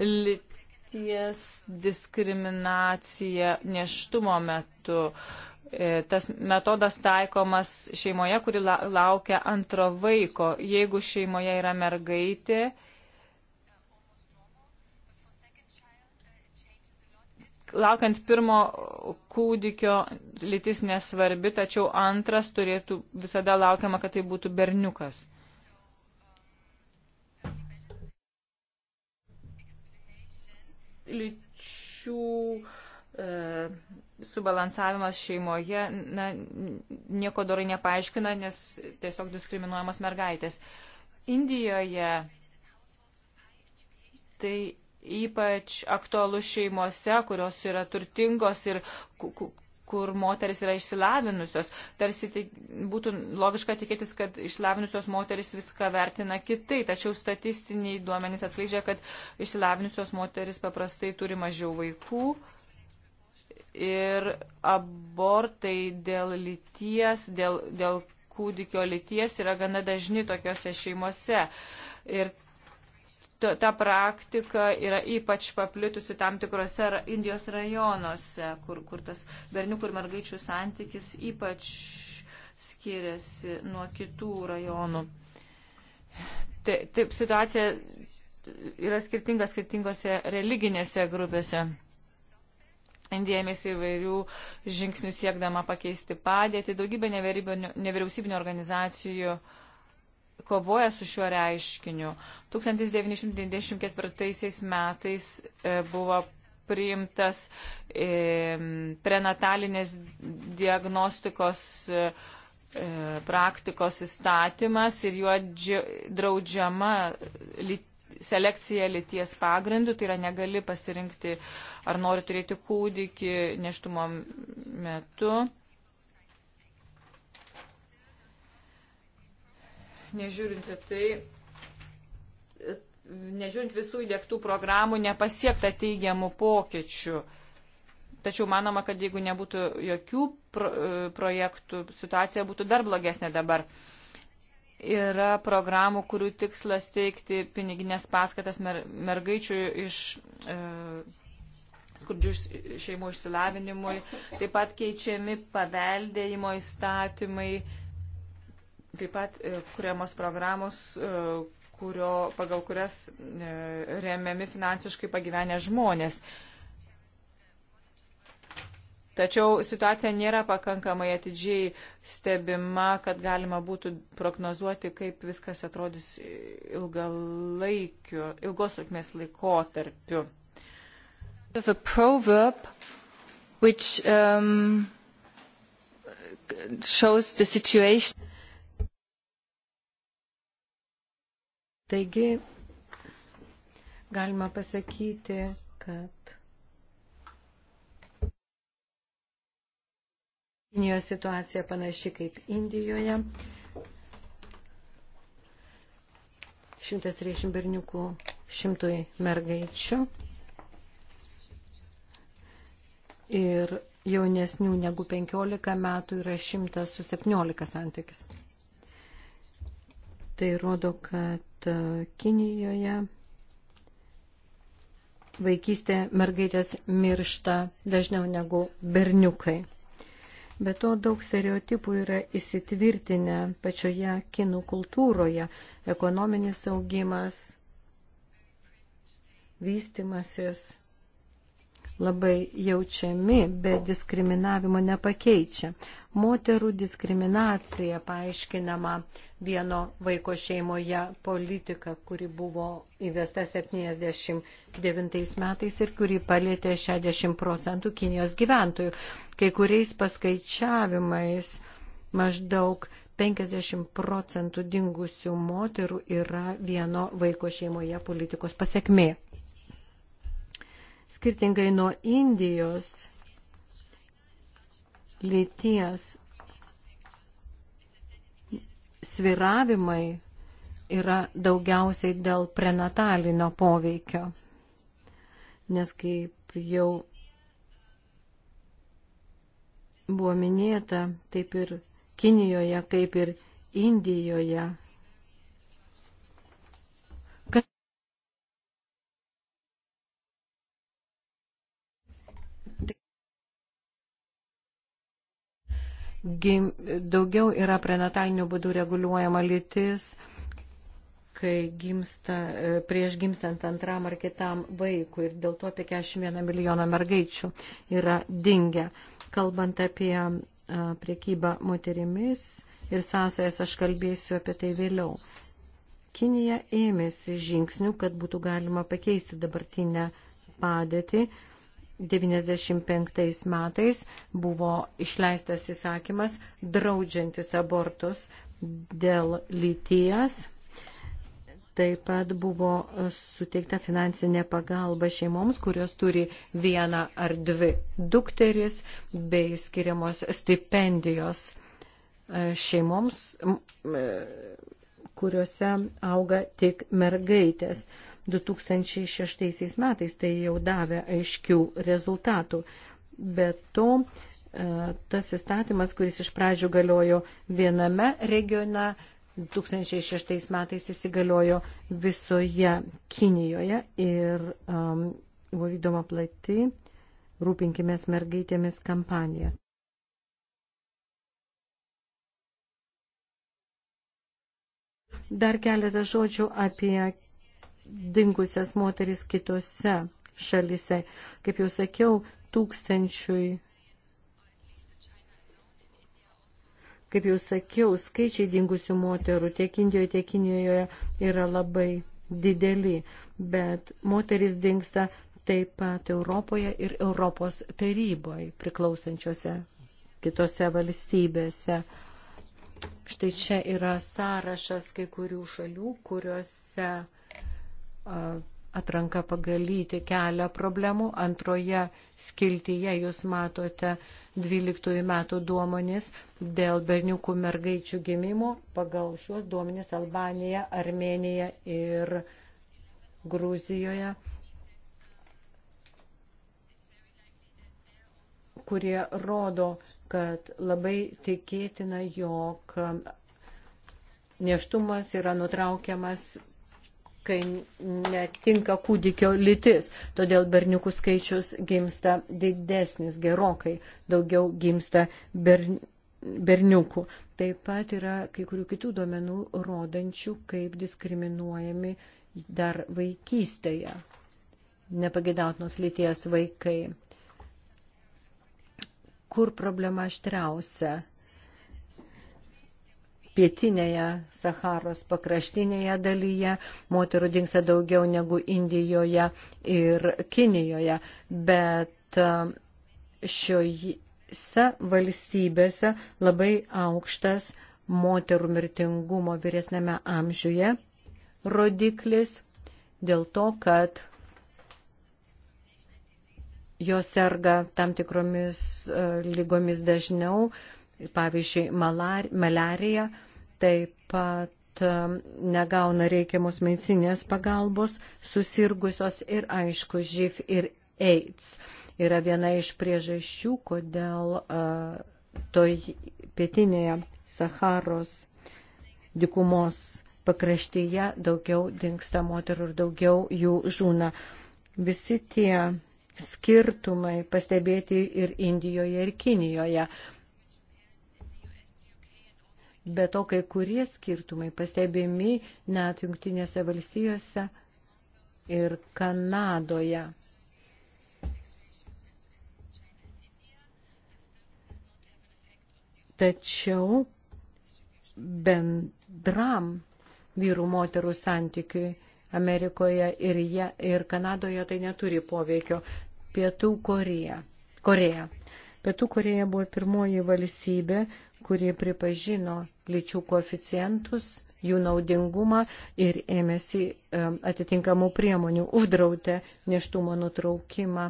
lyties diskriminacija neštumo metu. E, tas metodas taikomas šeimoje, kuri laukia antro vaiko. Jeigu šeimoje yra mergaitė, laukiant pirmo kūdikio lytis nesvarbi, tačiau antras turėtų visada laukiama, kad tai būtų berniukas. lyčių e, subalansavimas šeimoje na, nieko dorai nepaaiškina, nes tiesiog diskriminuojamos mergaitės. Indijoje tai ypač aktualu šeimose, kurios yra turtingos ir kur moteris yra išsilavinusios. Tarsi tai būtų logiška tikėtis, kad išsilavinusios moteris viską vertina kitai, tačiau statistiniai duomenys atskleidžia, kad išsilavinusios moteris paprastai turi mažiau vaikų. Ir abortai dėl lyties, dėl, dėl kūdikio lyties yra gana dažni tokiuose šeimuose. Ir ta praktika yra ypač paplitusi tam tikrose Indijos rajonuose, kur, kur tas berniukų ir mergaičių santykis ypač skiriasi nuo kitų rajonų. Taip, taip situacija yra skirtinga skirtingose religinėse grupėse. Indija ėmėsi įvairių žingsnių siekdama pakeisti padėtį. Daugybė nevyriausybinio organizacijų uh, kovoja su šiuo reiškiniu. 1994 metais e, buvo priimtas e, prenatalinės diagnostikos e, praktikos įstatymas ir juo draudžiama selekcija lities pagrindų, tai yra negali pasirinkti, ar nori turėti kūdikį neštumo metu. nežiūrint tai, nežiūrint visų įdėktų programų, nepasiekta teigiamų pokyčių. Tačiau manoma, kad jeigu nebūtų jokių pro, e, projektų, situacija būtų dar blogesnė dabar. Yra programų, kurių tikslas teikti piniginės paskatas mer, mergaičių iš e, skurdžių šeimų išsilavinimui. Taip pat keičiami paveldėjimo įstatymai. E, Taip pat e, kuriamos programos, e, kurio, pagal kurias e, remiami finansiškai pagyvenę žmonės. Tačiau situacija nėra pakankamai atidžiai stebima, kad galima būtų prognozuoti, kaip viskas atrodys ilgalaikiu, ilgos trukmės laikotarpiu. Proverb, which, um, shows the situation. Taigi, galima pasakyti, kad Kinijos situacija panaši kaip Indijoje. 130 berniukų, 100 mergaičių ir jaunesnių negu 15 metų yra 100 su 17 santykis. Tai rodo, kad e, Kinijoje vaikystė mergaitės miršta dažniau negu berniukai. Be to daug stereotipų yra įsitvirtinę pačioje kinų kultūroje. Ekonominis augimas, vystimasis labai jaučiami, bet diskriminavimo nepakeičia. Moterų diskriminacija paaiškinama vieno vaiko šeimoje politika, kuri buvo įvesta 79 metais ir kuri palėtė 60 procentų Kinijos gyventojų. Kai kuriais paskaičiavimais maždaug 50 procentų dingusių moterų yra vieno vaiko šeimoje politikos pasiekmė skirtingai nuo Indijos lyties sviravimai yra daugiausiai dėl prenatalinio poveikio. Nes kaip jau buvo minėta, taip ir Kinijoje, kaip ir Indijoje gim, daugiau yra prenatalinių būdų reguliuojama lytis, kai gimsta, e, prieš gimstant antram ar kitam vaikui ir dėl to apie 41 milijoną mergaičių yra dingę. Kalbant apie e, priekybą moterimis ir sąsajas, aš kalbėsiu apie tai vėliau. Kinija ėmėsi žingsnių, kad būtų galima pakeisti dabartinę padėtį, 95 metais buvo išleistas įsakymas draudžiantis abortus dėl lyties. Taip pat buvo suteikta finansinė pagalba šeimoms, kurios turi vieną ar dvi dukteris, bei skiriamos stipendijos e, šeimoms, kuriuose auga tik mergaitės. 2006 metais, tai jau davė aiškių rezultatų. Be to, e, tas įstatymas, kuris iš pradžių galiojo viename regione, 2006 metais įsigaliojo visoje Kinijoje ir um, buvo vykdoma plati rūpinkimės mergaitėmis kampanija. Dar keletą žodžių apie dingusias moteris kitose šalise. Kaip jau sakiau, tūkstančiui. Kaip jau sakiau, skaičiai dingusių moterų tiek Indijoje, tiek Kinijoje yra labai dideli, bet moteris dinksta taip pat Europoje ir Europos taryboje priklausančiose kitose valstybėse. Štai čia yra sąrašas kai kurių šalių, kuriuose atranka pagalyti kelia problemų. Antroje skiltyje jūs matote 12 metų duomenys dėl berniukų mergaičių gimimo. Pagal šiuos duomenys Albanija, Armenija ir Gruzijoje, kurie rodo, kad labai tikėtina, jog neštumas yra nutraukiamas kai netinka kūdikio lytis. Todėl berniukų skaičius gimsta didesnis, gerokai daugiau gimsta berniukų. Taip pat yra kai kurių kitų duomenų rodančių, kaip diskriminuojami dar vaikystėje nepagėdautinos lyties vaikai. Kur problema aštriausia? pietinėje Saharos pakraštinėje dalyje, moterų dinksa daugiau negu Indijoje ir Kinijoje, bet um, šiuose valstybėse labai aukštas moterų mirtingumo vyresnėme amžiuje rodiklis dėl to, kad jos serga tam tikromis uh, lygomis dažniau, pavyzdžiui, malarija, taip pat um, negauna reikiamos medicinės pagalbos, susirgusios ir aišku, živ ir AIDS yra viena iš priežasčių, kodėl uh, toj pietinėje Saharos dikumos pakraštyje daugiau dinksta moterų ir daugiau jų žūna. Visi tie skirtumai pastebėti ir Indijoje, ir Kinijoje. Be to, kai kurie skirtumai pastebimi net jungtinėse valstijose ir Kanadoje. Tačiau bendram vyrų moterų santykiui Amerikoje ir, ja, ir Kanadoje tai neturi poveikio. Pietų Koreja. Koreja. Pietų Koreja buvo pirmoji valstybė, kurie pripažino lyčių koeficientus, jų naudingumą ir ėmėsi e, atitinkamų priemonių, uždrautė neštumo nutraukimą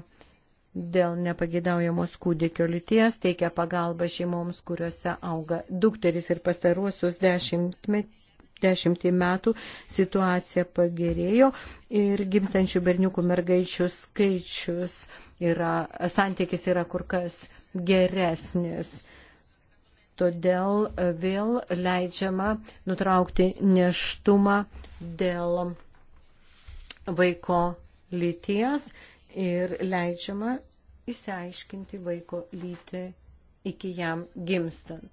dėl nepageidaujamos kūdikio lyties, teikia pagalbą šeimoms, kuriuose auga dukteris ir pastaruosius dešimtmetį. Dešimtį metų situacija pagerėjo ir gimstančių berniukų mergaičių skaičius yra, santykis yra kur kas geresnis. Todėl e, vėl leidžiama nutraukti neštumą dėl vaiko lyties ir leidžiama išsiaiškinti vaiko lytį iki jam gimstant.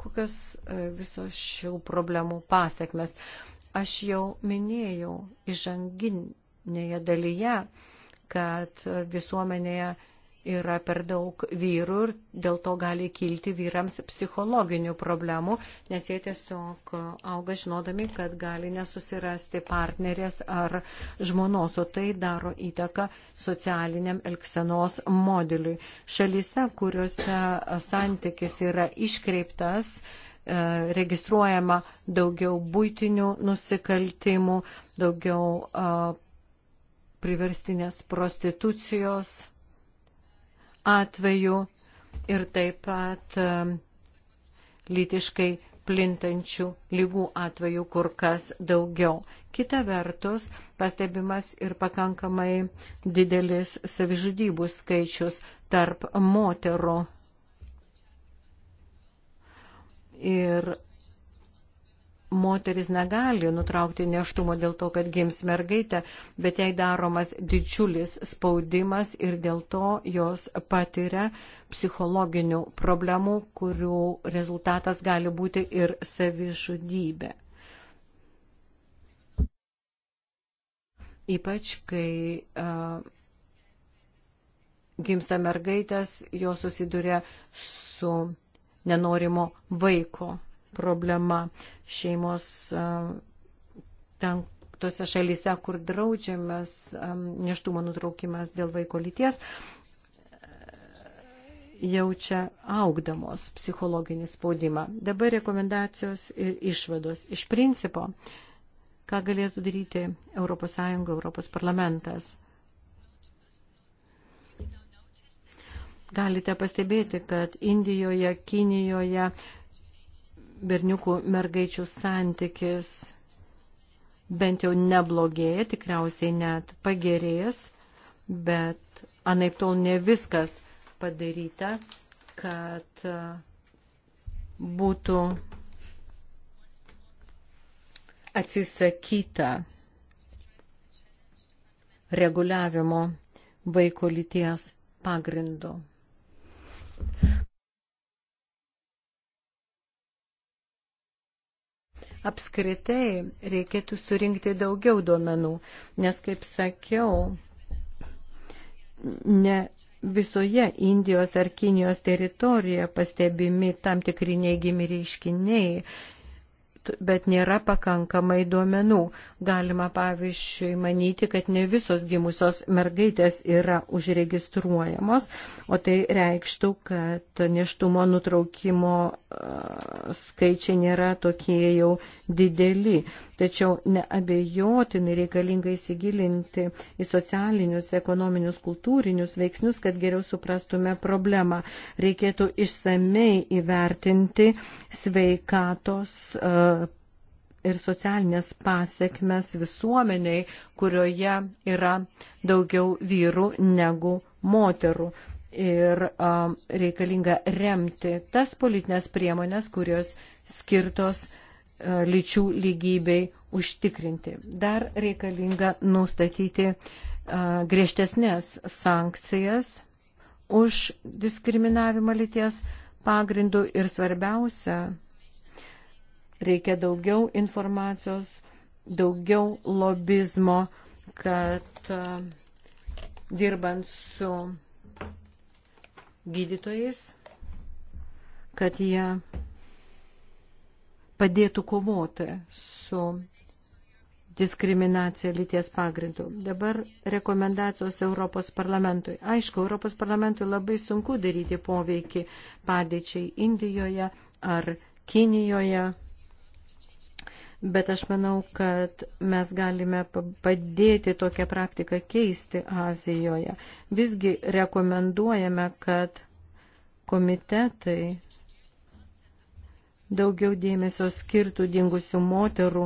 Kokios e, visos šių problemų pasiekmes? Aš jau minėjau įžanginėje dalyje, kad visuomenėje yra per daug vyrų ir dėl to gali kilti vyrams psichologinių problemų, nes jie tiesiog auga žinodami, kad gali nesusirasti partnerės ar žmonos, o tai daro įtaką socialiniam elksenos modeliui. Šalyse, kuriuose santykis yra iškreiptas, e, registruojama daugiau būtinių nusikaltimų, daugiau e, priverstinės prostitucijos atveju ir taip pat um, lytiškai plintančių lygų atveju kur kas daugiau. Kita vertus, pastebimas ir pakankamai didelis savižudybų skaičius tarp moterų. Ir moteris negali nutraukti neštumo dėl to, kad gims mergaitė, bet jai daromas didžiulis spaudimas ir dėl to jos patiria psichologinių problemų, kurių rezultatas gali būti ir savižudybė. Ypač, kai uh, gimsta mergaitės, jos susiduria su nenorimo vaiko problema. Šeimos ten tose šalyse, kur draudžiamas neštumo nutraukimas dėl vaiko lyties, jaučia augdamos psichologinį spaudimą. Dabar rekomendacijos ir išvados. Iš principo, ką galėtų daryti ES, ES parlamentas. Galite pastebėti, kad Indijoje, Kinijoje, berniukų mergaičių santykis bent jau neblogėja, tikriausiai net pagerės, bet anaip tol ne viskas padaryta, kad e, būtų atsisakyta reguliavimo vaiko lyties pagrindu. Apskritai reikėtų surinkti daugiau duomenų, nes, kaip sakiau, ne visoje Indijos ar Kinijos teritorijoje pastebimi tam tikri neigiami reiškiniai bet nėra pakankamai duomenų. Galima, pavyzdžiui, manyti, kad ne visos gimusios mergaitės yra užregistruojamos, o tai reikštų, kad neštumo nutraukimo skaičiai nėra tokie jau dideli. Tačiau neabejotinai reikalinga įsigilinti į socialinius, ekonominius, kultūrinius veiksnius, kad geriau suprastume problemą. Reikėtų išsamei įvertinti sveikatos uh, ir socialinės pasiekmes visuomeniai, kurioje yra daugiau vyrų negu moterų. Ir um, reikalinga remti tas politinės priemonės, kurios skirtos uh, lyčių lygybei užtikrinti. Dar reikalinga nustatyti uh, griežtesnės sankcijas už diskriminavimą lyties pagrindų ir svarbiausia Reikia daugiau informacijos, daugiau lobizmo, kad e, dirbant su gydytojais, kad jie padėtų kovoti su diskriminacija lyties pagrindų. Dabar rekomendacijos Europos parlamentui. Aišku, Europos parlamentui labai sunku daryti poveikį padėčiai Indijoje ar Kinijoje bet aš manau, kad mes galime padėti tokią praktiką keisti Azijoje. Visgi rekomenduojame, kad komitetai daugiau dėmesio skirtų dingusių moterų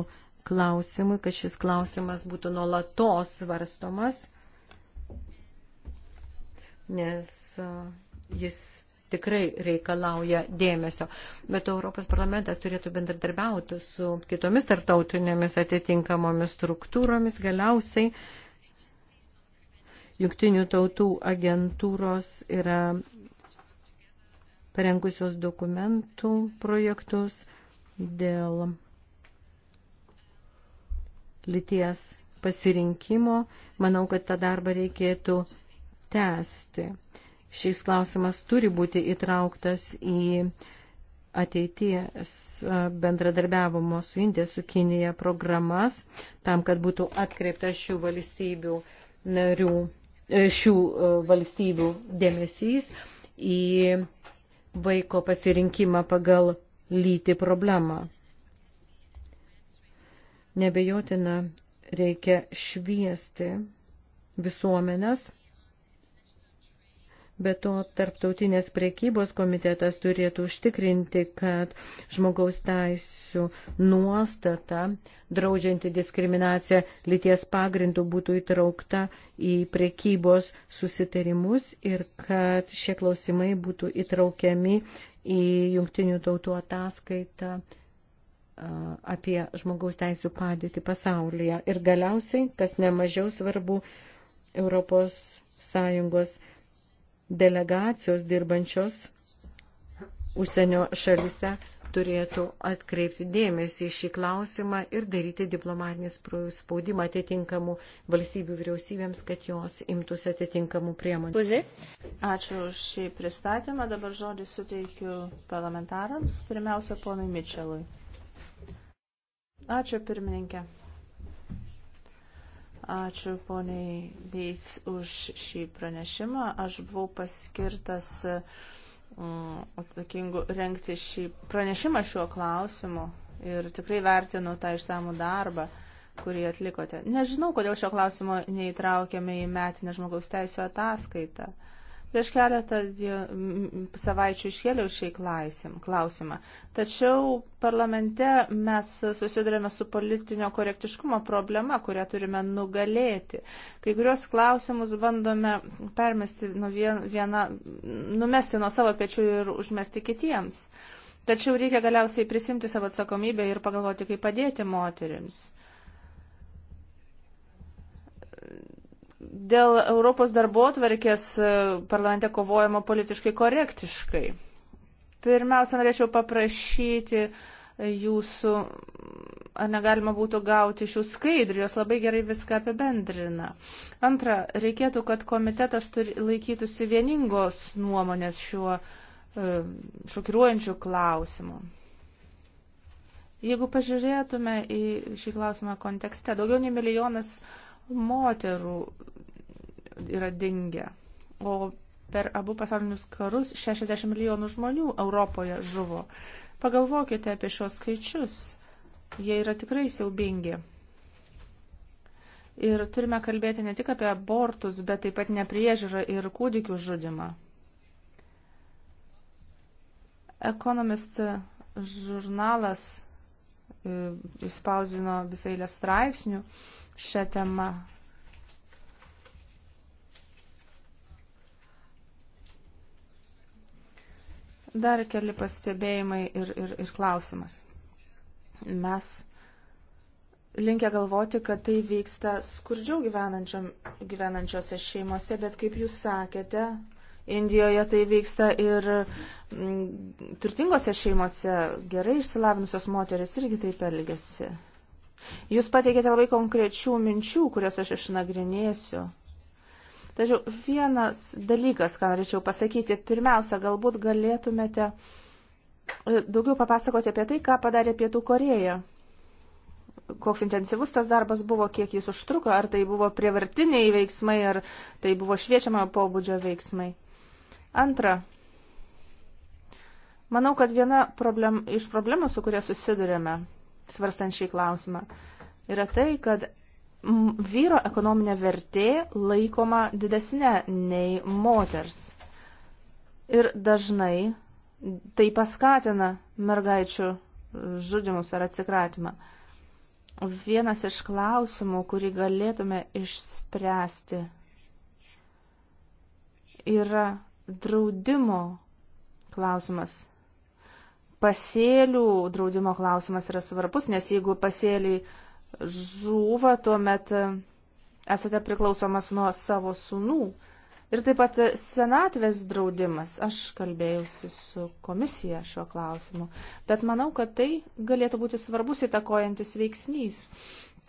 klausimui, kad šis klausimas būtų nuolatos svarstomas, nes jis tikrai reikalauja dėmesio. Bet Europos parlamentas turėtų bendradarbiauti su kitomis tarptautinėmis atitinkamomis struktūromis. Galiausiai jungtinių tautų agentūros yra parengusios dokumentų projektus dėl lyties pasirinkimo. Manau, kad tą darbą reikėtų tęsti šis klausimas turi būti įtrauktas į ateities e, bendradarbiavimo su Indija, su Kinija programas, tam, kad būtų atkreiptas šių valstybių narių, e, šių e, valstybių dėmesys į vaiko pasirinkimą pagal lyti problemą. Nebejotina reikia šviesti visuomenės Be to, tarptautinės priekybos komitetas turėtų užtikrinti, kad žmogaus teisų nuostata, draudžianti diskriminaciją lyties pagrindų, būtų įtraukta į priekybos susitarimus ir kad šie klausimai būtų įtraukiami į jungtinių tautų ataskaitą apie žmogaus teisų padėtį pasaulyje. Ir galiausiai, kas nemažiau svarbu, Europos Sąjungos delegacijos dirbančios užsienio šalise turėtų atkreipti dėmesį į šį klausimą ir daryti diplomatinį spaudimą atitinkamų valstybių vyriausybėms, kad jos imtųsi atitinkamų priemonių. Ačiū už šį pristatymą. Dabar žodį suteikiu parlamentarams. Pirmiausia, ponui Mičelui. Ačiū pirmininkė ačiū poniai Beis už šį pranešimą. Aš buvau paskirtas mm, atsakingu renkti šį pranešimą šiuo klausimu ir tikrai vertinu tą išsamų darbą, kurį atlikote. Nežinau, kodėl šio klausimo neįtraukėme į metinę žmogaus teisų ataskaitą. Uh, Prieš keletą savaičių iškėliau šį klausimą. Tačiau parlamente mes susidurėme su politinio korektiškumo problema, kurią turime nugalėti. Kai kurios klausimus bandome permesti nuo vieną, numesti nuo savo pečių ir užmesti kitiems. Tačiau reikia galiausiai prisimti savo atsakomybę ir pagalvoti, kaip padėti moterims. dėl Europos darbo atvarkės e, parlamente kovojama politiškai korektiškai. Pirmiausia, norėčiau paprašyti jūsų, ar negalima būtų gauti šių skaidrių, jos labai gerai viską apibendrina. Antra, reikėtų, kad komitetas turi, laikytųsi vieningos nuomonės šiuo e, šokiruojančiu klausimu. Jeigu pažiūrėtume į šį klausimą kontekste, daugiau nei milijonas uh, moterų yra dingę, o per abu pasaulinius karus 60 milijonų žmonių Europoje žuvo. Pagalvokite apie šios skaičius. Jie yra tikrai siaubingi. Ir turime kalbėti ne tik apie abortus, bet taip pat nepriežiūrą ir kūdikių žudimą. Economist žurnalas e, išspausdino visą eilę straipsnių, šią temą. Dar keli pastebėjimai ir, ir, ir klausimas. Mes linkę galvoti, kad tai vyksta skurdžiau gyvenančiose šeimose, bet kaip jūs sakėte, Indijoje tai vyksta ir mm, turtingose šeimose, gerai išsilavinusios moteris irgi taip elgesi. Jūs pateikėte labai konkrečių minčių, kurias aš išnagrinėsiu. Tačiau vienas dalykas, ką norėčiau pasakyti, pirmiausia, galbūt galėtumėte e, daugiau papasakoti apie tai, ką padarė Pietų Koreja. Koks intensyvus tas darbas buvo, kiek jis užtruko, ar tai buvo prievartiniai veiksmai, ar tai buvo šviečiamojo pobūdžio veiksmai. Antra, manau, kad viena problem, iš problemų, su kuria susidurėme, svarstant šį klausimą, yra tai, kad vyro ekonominė vertė laikoma didesnė nei moters. Ir dažnai tai paskatina mergaičių žudimus ar atsikratymą. Vienas iš klausimų, kurį galėtume išspręsti, yra draudimo klausimas pasėlių draudimo klausimas yra svarbus, nes jeigu pasėliai žūva, tuomet e, esate priklausomas nuo savo sunų. Ir taip pat senatvės draudimas. Aš kalbėjausi su komisija šiuo klausimu, bet manau, kad tai galėtų būti svarbus įtakojantis veiksnys.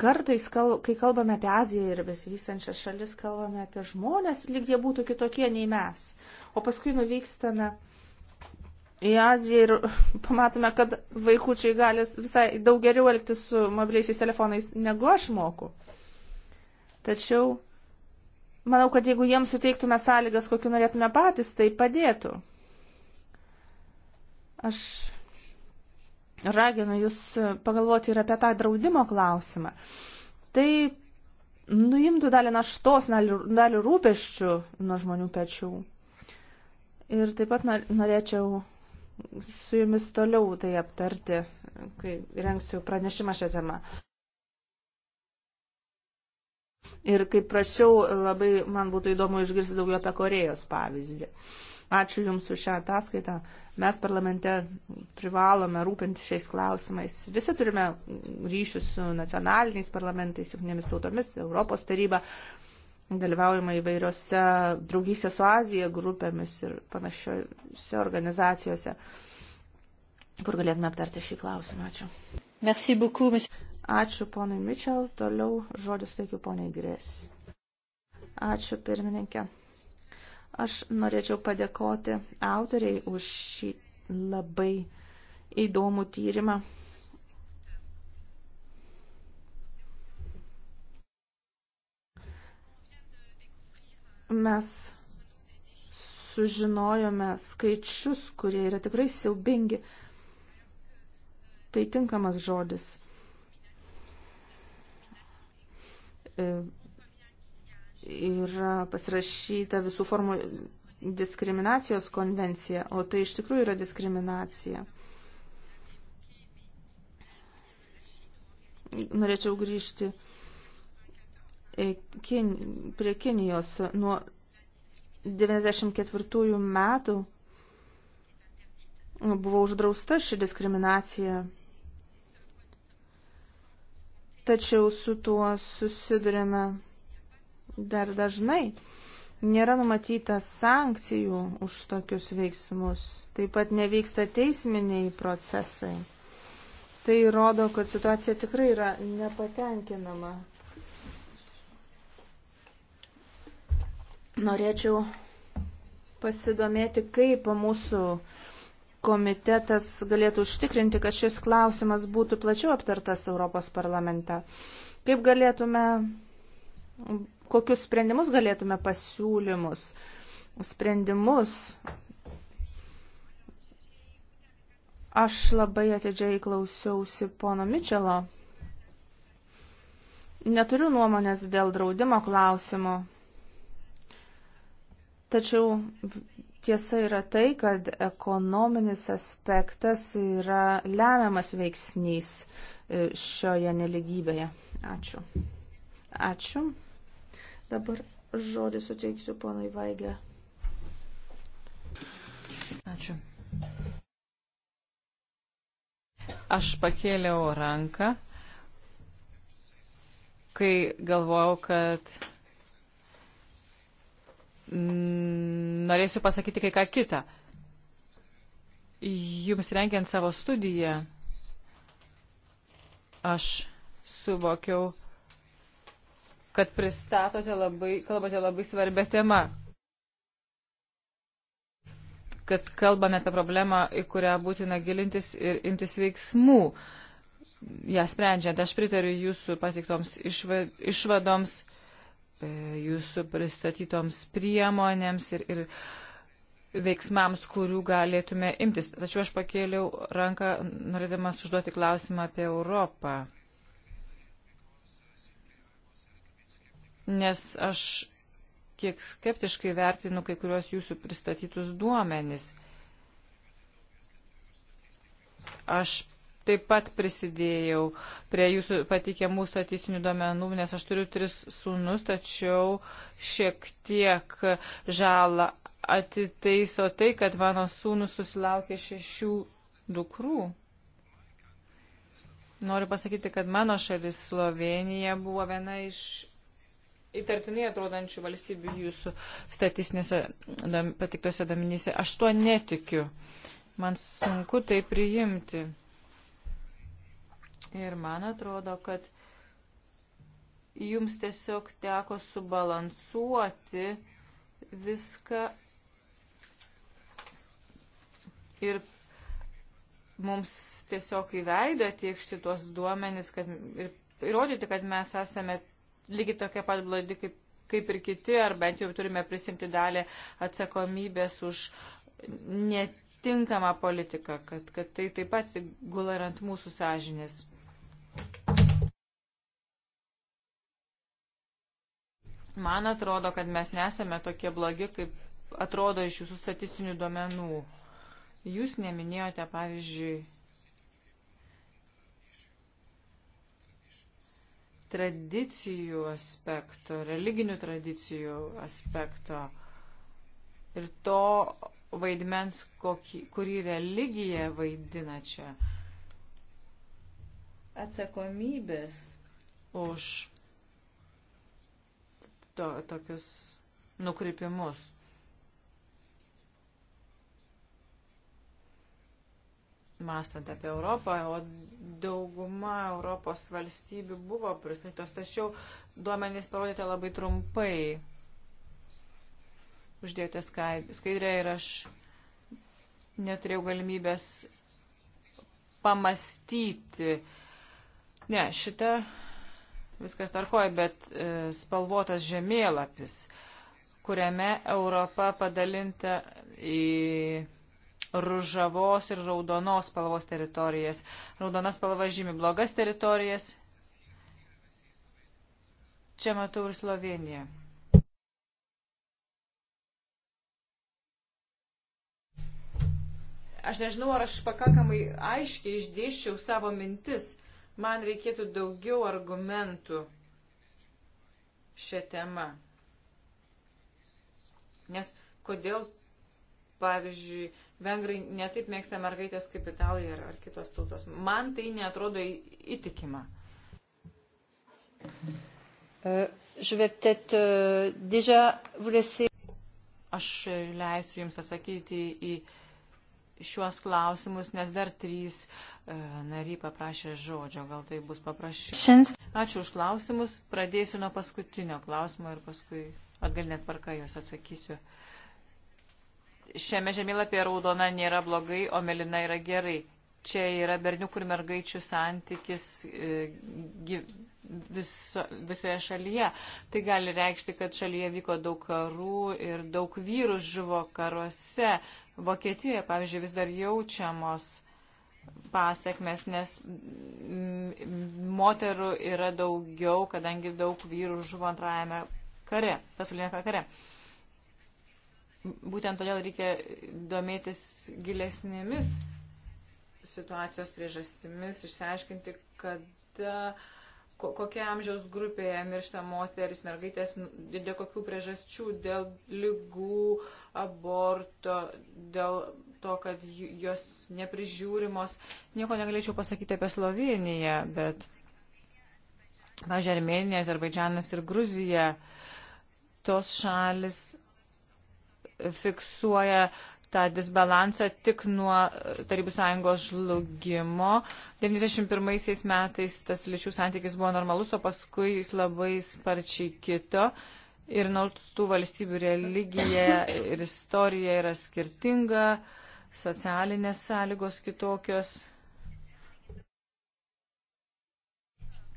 Kartais, kai kalbame apie Aziją ir besivystančias šalis, kalbame apie žmonės, lyg jie būtų kitokie nei mes. O paskui nuvykstame į Aziją ir pamatome, kad vaikučiai gali visai daug geriau elgtis su mobiliaisiais telefonais negu aš moku. Tačiau manau, kad jeigu jiems suteiktume sąlygas, kokiu norėtume patys, tai padėtų. Aš raginu jūs pagalvoti ir apie tą draudimo klausimą. Tai nuimtų dalį naštos, dalį rūpeščių nuo žmonių pečių. Ir taip pat norėčiau su jumis toliau tai aptarti, kai rengsiu pranešimą šią temą. Ir kaip prašiau, labai man būtų įdomu išgirsti daugiau apie Korejos pavyzdį. Ačiū Jums už šią ataskaitą. Mes parlamente privalome rūpinti šiais klausimais. Visi turime ryšius su nacionaliniais parlamentais, jungtinėmis tautomis, Europos taryba dalyvaujama įvairiose draugysė su Azija grupėmis ir panašiose organizacijose, kur galėtume aptarti šį klausimą. Ačiū. Merci beaucoup, monsieur. Ačiū ponui Mitchell, toliau žodis teikiu poniai Grės. Ačiū pirmininkė. Aš norėčiau padėkoti autoriai už šį labai įdomų tyrimą. Mes sužinojome skaičius, kurie yra tikrai siaubingi. Tai tinkamas žodis. E, yra pasirašyta visų formų diskriminacijos konvencija, o tai iš tikrųjų yra diskriminacija. Norėčiau grįžti E, kin, prie Kinijos nuo 94 metų buvo uždrausta ši diskriminacija. Tačiau su tuo susidurime dar dažnai. Nėra numatyta sankcijų už tokius veiksmus. Taip pat nevyksta teisminiai procesai. Tai rodo, kad situacija tikrai yra nepatenkinama. Norėčiau pasidomėti, kaip mūsų komitetas galėtų užtikrinti, kad šis klausimas būtų plačiau aptartas Europos parlamente. Kaip galėtume, kokius sprendimus galėtume pasiūlymus, sprendimus. Aš labai atidžiai klausiausi pono Mičelo. Neturiu nuomonės dėl draudimo klausimo. Tačiau tiesa yra tai, kad ekonominis aspektas yra lemiamas veiksnys e, šioje neligybėje. Ačiū. Ačiū. Dabar žodį suteiksiu ponui Vaigė. Ačiū. Aš pakėliau ranką, kai galvojau, kad Mm, norėsiu pasakyti kai ką kitą. Jums rengiant savo studiją, aš suvokiau, kad pristatote labai, kalbate labai svarbę temą. Kad kalbame apie problemą, į kurią būtina gilintis ir imtis veiksmų. Ja sprendžiant, aš pritariu jūsų patiktoms išvadoms. Išva E, jūsų pristatytoms priemonėms ir, ir veiksmams, kurių galėtume imtis. Tačiau aš pakėliau ranką, norėdamas užduoti klausimą apie Europą. Nes aš kiek skeptiškai vertinu kai kuriuos jūsų pristatytus duomenys. Aš taip pat prisidėjau prie jūsų pateikiamų statistinių duomenų, nes aš turiu tris sūnus, tačiau šiek tiek žalą atitaiso tai, kad mano sūnus susilaukė šešių dukrų. Noriu pasakyti, kad mano šalis Slovenija buvo viena iš įtartinai atrodančių valstybių jūsų statistinėse patiktose domenyse. Aš tuo netikiu. Man sunku tai priimti. Ir man atrodo, kad jums tiesiog teko subalansuoti viską ir mums tiesiog įveidę tiek šitos duomenys, kad ir įrodyti, kad mes esame lygiai tokia pat blodi kaip, kaip ir kiti, ar bent jau turime prisimti dalį atsakomybės už netinkamą politiką, kad, kad tai taip pat gula ir ant mūsų sąžinės. Man atrodo, kad mes nesame tokie blogi, kaip atrodo iš jūsų statistinių duomenų. Jūs neminėjote, pavyzdžiui, tradicijų aspekto, religinių tradicijų aspekto ir to vaidmens, kokį, kurį religija vaidina čia. Atsakomybės už to, tokius nukrypimus. Mąstant apie Europą, o dauguma Europos valstybių buvo pristatytos, tačiau duomenys parodėte labai trumpai. Uždėjote skaidrę ir aš neturėjau galimybės pamastyti. Ne, šita viskas tarkoja, bet e, spalvotas žemėlapis, kuriame Europa padalinta į ružavos ir raudonos spalvos teritorijas. Raudona spalva žymi blogas teritorijas. Čia matau ir Sloveniją. Aš nežinau, ar aš pakankamai aiškiai išdėščiau savo mintis. Man reikėtų daugiau argumentų šią temą. Nes kodėl, pavyzdžiui, vengrai netaip mėgsta mergaitės kaip italai ar, ar kitos tautos. Man tai netrodo įtikima. Euh, euh, Aš leisiu Jums atsakyti į šiuos klausimus, nes dar trys e, nariai paprašė žodžio, gal tai bus paprašyta. Ačiū už klausimus, pradėsiu nuo paskutinio klausimo ir paskui atgalinėt parką juos atsakysiu. Šiame žemėlapyje raudona nėra blogai, o melina yra gerai čia yra berniukų ir mergaičių santykis e, viso, visoje šalyje. Tai gali reikšti, kad šalyje vyko daug karų ir daug vyrų žuvo karuose. Vokietijoje, pavyzdžiui, vis dar jaučiamos pasiekmes, nes moterų yra daugiau, kadangi daug vyrų žuvo antrajame kare, pasaulinėme kare. Būtent todėl reikia domėtis gilesnėmis situacijos priežastimis, išsiaiškinti, kada, ko, kokia amžiaus grupėje miršta moteris, mergaitės, nu, dėl kokių priežasčių, dėl lygų, aborto, dėl to, kad jos neprižiūrimos. Nieko negalėčiau pasakyti apie Sloveniją, bet, pažiūrėjau, Armenija, Azerbaidžianas ir Gruzija, tos šalis fiksuoja uh, tą disbalansą tik nuo e, Tarybų sąjungos žlugimo. 91 metais tas lyčių santykis buvo normalus, o paskui jis labai sparčiai kito. Ir nors tų valstybių religija ir istorija yra skirtinga, socialinės sąlygos kitokios.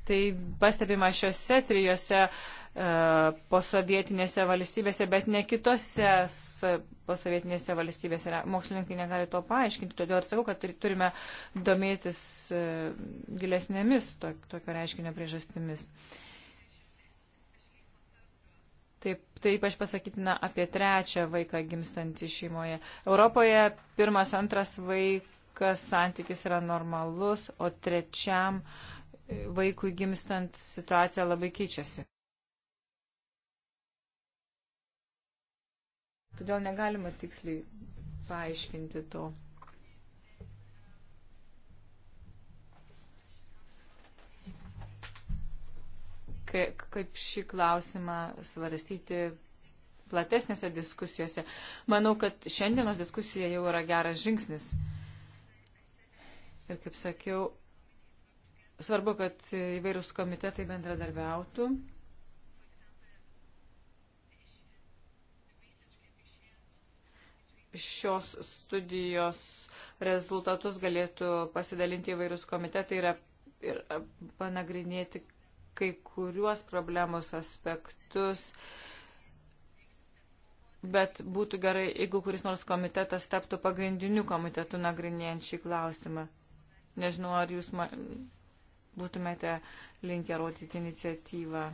Tai pastebima šiuose trijose E, posovietinėse valstybėse, bet ne kitose posovietinėse valstybėse. Mokslininkai negali to paaiškinti, todėl ir sakau, kad turime domėtis e, gilesnėmis to, tokio reiškinio priežastimis. Taip, taip aš pasakytina apie trečią vaiką gimstantį šeimoje. Europoje pirmas, antras vaikas santykis yra normalus, o trečiam vaikui gimstant situacija labai keičiasi. Todėl negalima tiksliai paaiškinti to. Kaip šį klausimą svarstyti platesnėse diskusijose. Manau, kad šiandienos diskusija jau yra geras žingsnis. Ir kaip sakiau, svarbu, kad įvairūs komitetai bendradarbiautų šios studijos rezultatus galėtų pasidalinti įvairius komitetai ir, ir panagrinėti kai kuriuos problemos aspektus. Bet būtų gerai, jeigu kuris nors komitetas taptų pagrindiniu komitetu nagrinėjant šį klausimą. Nežinau, ar jūs ma... būtumėte linkę rodyti iniciatyvą.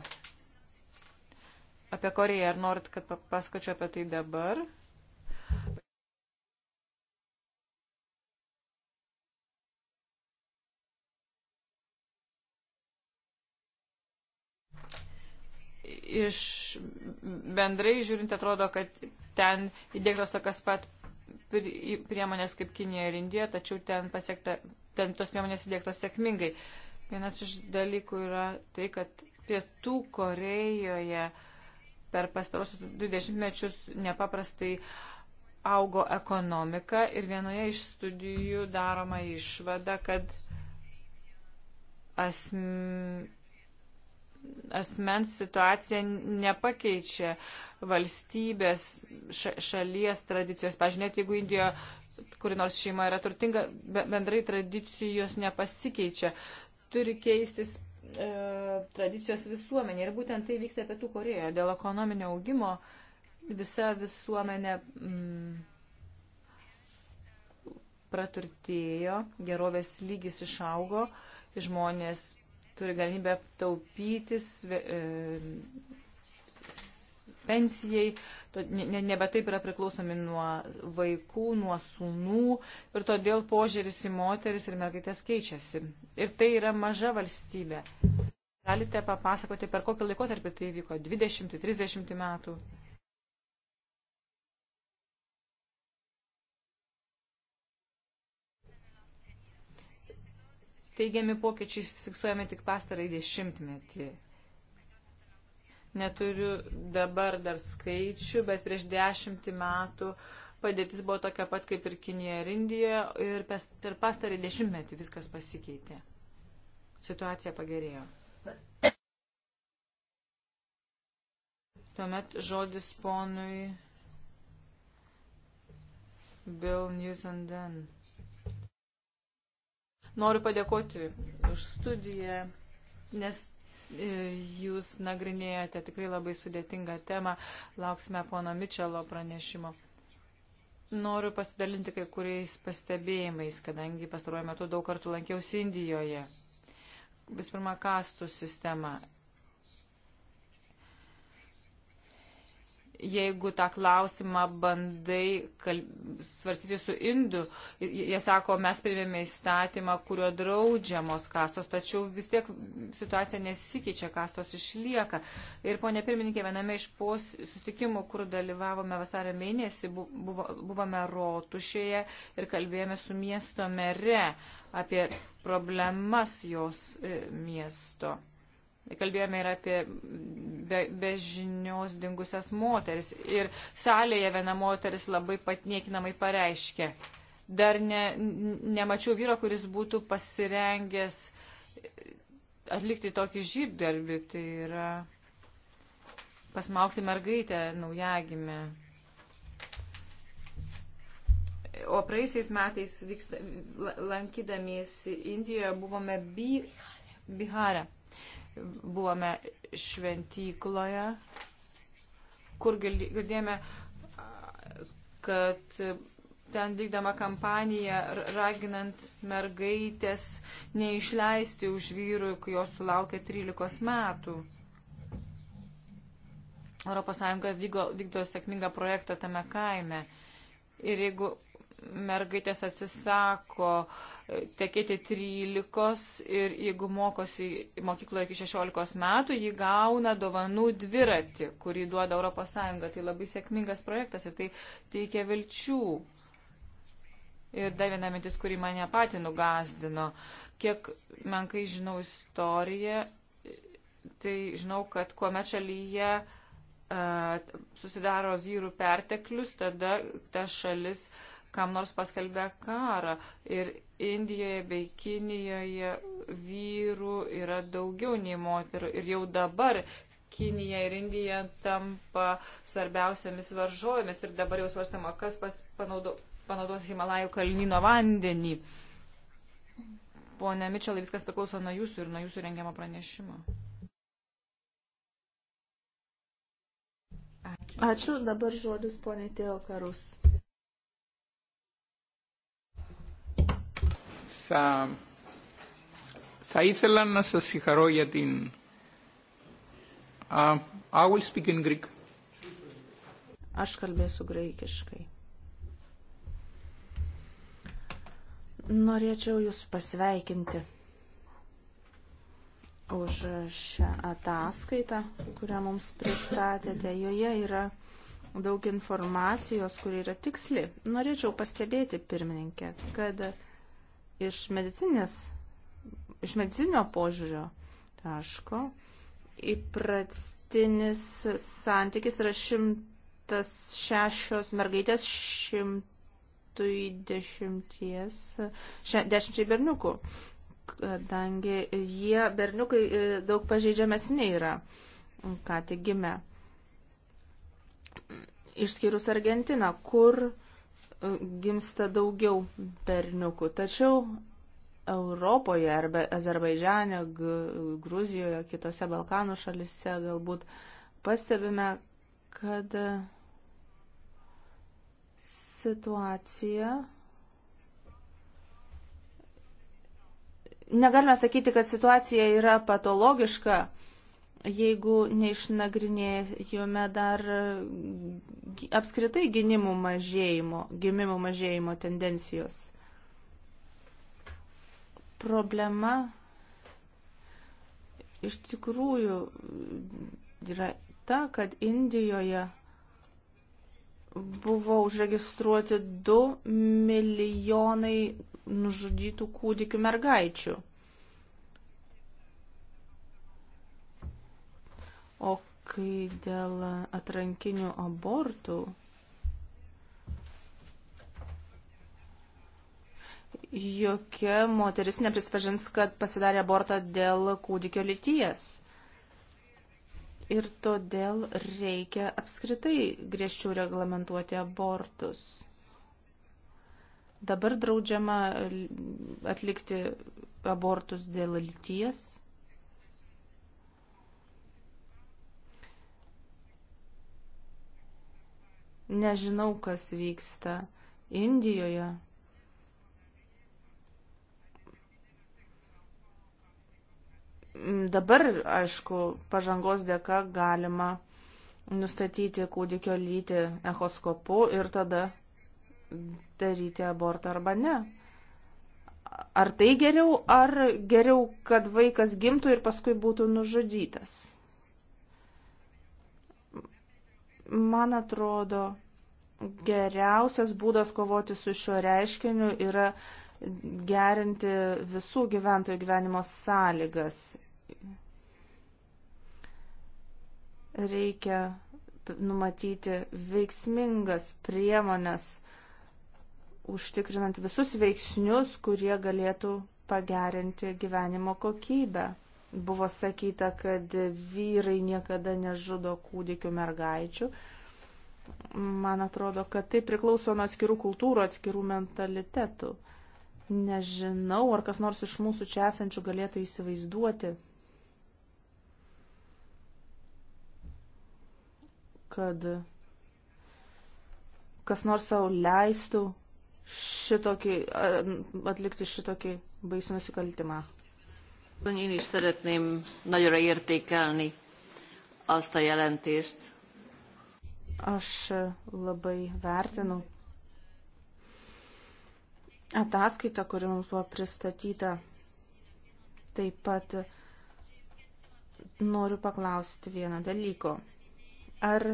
Apie Koreją, ar norit, kad pasakočiau apie tai dabar? iš bendrai žiūrint atrodo, kad ten įdėktos tokias pat priemonės kaip Kinija ir Indija, tačiau ten, pasiekta, ten tos priemonės įdėktos sėkmingai. Vienas iš dalykų yra tai, kad Pietų Korejoje per pastarosius 20 mečius nepaprastai augo ekonomika ir vienoje iš studijų daroma išvada, kad asm asmens situacija nepakeičia valstybės, šalies tradicijos. Pažinėt, jeigu Indijoje kuri nors šeima yra turtinga, bendrai tradicijos nepasikeičia. Turi keistis e, tradicijos visuomenė. Ir būtent tai vyksta Pietų Korejoje. Dėl ekonominio augimo visa visuomenė mm, praturtėjo, gerovės lygis išaugo, žmonės turi galimybę taupytis e, pensijai, nebe taip yra priklausomi nuo vaikų, nuo sunų ir todėl požiūris į moteris ir mergaitės keičiasi. Ir tai yra maža valstybė. Galite papasakoti, per kokį laikotarpį tai vyko - 20-30 metų. Teigiami pokyčiai fiksuojami tik pastarai dešimtmetį. Neturiu dabar dar skaičių, bet prieš dešimtį metų padėtis buvo tokia pat kaip ir Kinijoje ir Indijoje ir per pastarį dešimtmetį viskas pasikeitė. Situacija pagerėjo. Tuomet žodis ponui Bill News and Then. Noriu padėkoti už studiją, nes e, jūs nagrinėjate tikrai labai sudėtingą temą. Lauksime pono Mičelo pranešimo. Noriu pasidalinti kai kuriais pastebėjimais, kadangi pastaruoju metu daug kartų lankiausi Indijoje. Vis pirma, kastų sistema. jeigu tą klausimą bandai kalb... svarstyti su Indu, jie sako, mes priėmėme įstatymą, kurio draudžiamos kastos, tačiau vis tiek situacija nesikeičia, kastos išlieka. Ir ponė pirmininkė, viename iš pos sustikimų, kur dalyvavome vasario mėnesį, buvo, buvome rotušėje ir kalbėjome su miesto mere apie problemas jos e, miesto. Kalbėjome ir apie be, bežinios dingusias moteris. Ir salėje viena moteris labai patniekinamai pareiškė. Dar ne, nemačiau vyro, kuris būtų pasirengęs atlikti tokį žygdarbį. Tai yra pasmaukti mergaitę naujagimę. O praeisiais metais vyksta, lankydamiesi Indijoje buvome bi, Bihare buvome šventykloje, kur girdėjome, kad ten vykdama kampanija, raginant mergaitės neišleisti už vyrų, kai jos sulaukia 13 metų. ES vykdo, vykdo sėkmingą projektą tame kaime. Ir jeigu mergaitės atsisako e, tekėti 13 ir jeigu mokosi mokykloje iki 16 metų, ji gauna dovanų dviratį, kurį duoda ES. Tai labai sėkmingas projektas ir tai teikia vilčių. Ir dar viena mintis, kuri mane pati nugazdino. Kiek menkai žinau istoriją, tai žinau, kad kuomet šalyje uh, susidaro vyrų perteklius, tada ta šalis uh, kam nors paskelbė karą. Ir Indijoje bei Kinijoje vyrų yra daugiau nei moterų. Ir jau dabar Kinija ir Indija tampa svarbiausiamis varžovėmis. Ir dabar jau svarstama, kas pas, panaudo, panaudos Himalajų kalnyno vandenį. Pone Mičelai, viskas priklauso nuo jūsų ir nuo jūsų rengiamo pranešimo. Ačiū. Ačiū. Dabar žodis ponė Teo Karus. Θα, θα ήθελα να σας συγχαρώ για την... Uh, I will speak in Greek. Aš kalbėsiu graikiškai. Norėčiau Jūs pasveikinti už šią ataskaitą, kurią mums pristatėte. Joje yra daug informacijos, kuri yra tiksli. Norėčiau pastebėti, pirmininkė, kad iš medicinės, iš medicinio požiūrio taško įprastinis santykis yra šimtas šešios mergaitės šimtui dešimties, še, dešimčiai berniukų, kadangi jie berniukai e, daug pažeidžiamesni yra, ką tik gimė. Išskyrus Argentiną, kur gimsta daugiau berniukų. Tačiau Europoje arba Azerbaidžiane, Gruzijoje, kitose Balkanų šalise galbūt pastebime, kad situacija. Negalime sakyti, kad situacija yra patologiška, jeigu neišnagrinėjome dar e, apskritai gimimų mažėjimo, gimimų mažėjimo tendencijos. Problema iš tikrųjų yra ta, kad Indijoje buvo užregistruoti 2 milijonai nužudytų kūdikių mergaičių. O kai dėl atrankinių abortų jokia moteris neprisipažins, kad pasidarė abortą dėl kūdikio lyties. Ir todėl reikia apskritai griežčiau reglamentuoti abortus. Dabar draudžiama atlikti abortus dėl lyties. Nežinau, kas vyksta Indijoje. Dabar, aišku, pažangos dėka galima nustatyti kūdikio lytį echoskopu ir tada daryti abortą arba ne. Ar tai geriau, ar geriau, kad vaikas gimtų ir paskui būtų nužudytas? Man atrodo, geriausias būdas kovoti su šiuo reiškiniu yra gerinti visų gyventojų gyvenimo sąlygas. Reikia numatyti veiksmingas priemonės, užtikrinant visus veiksnius, kurie galėtų pagerinti gyvenimo kokybę. Buvo sakyta, kad vyrai niekada nežudo kūdikių mergaičių. Man atrodo, kad tai priklauso nuo atskirų kultūrų, atskirų mentalitetų. Nežinau, ar kas nors iš mūsų čia esančių galėtų įsivaizduoti, kad kas nors savo leistų šitokį, atlikti šitokį baisų nusikaltimą. Én is szeretném nagyra értékelni azt a jelentést. Aš labai vertinu ataskaitą, kuri mums buvo pristatyta. Taip pat noriu paklausti vieną dalyko. Ar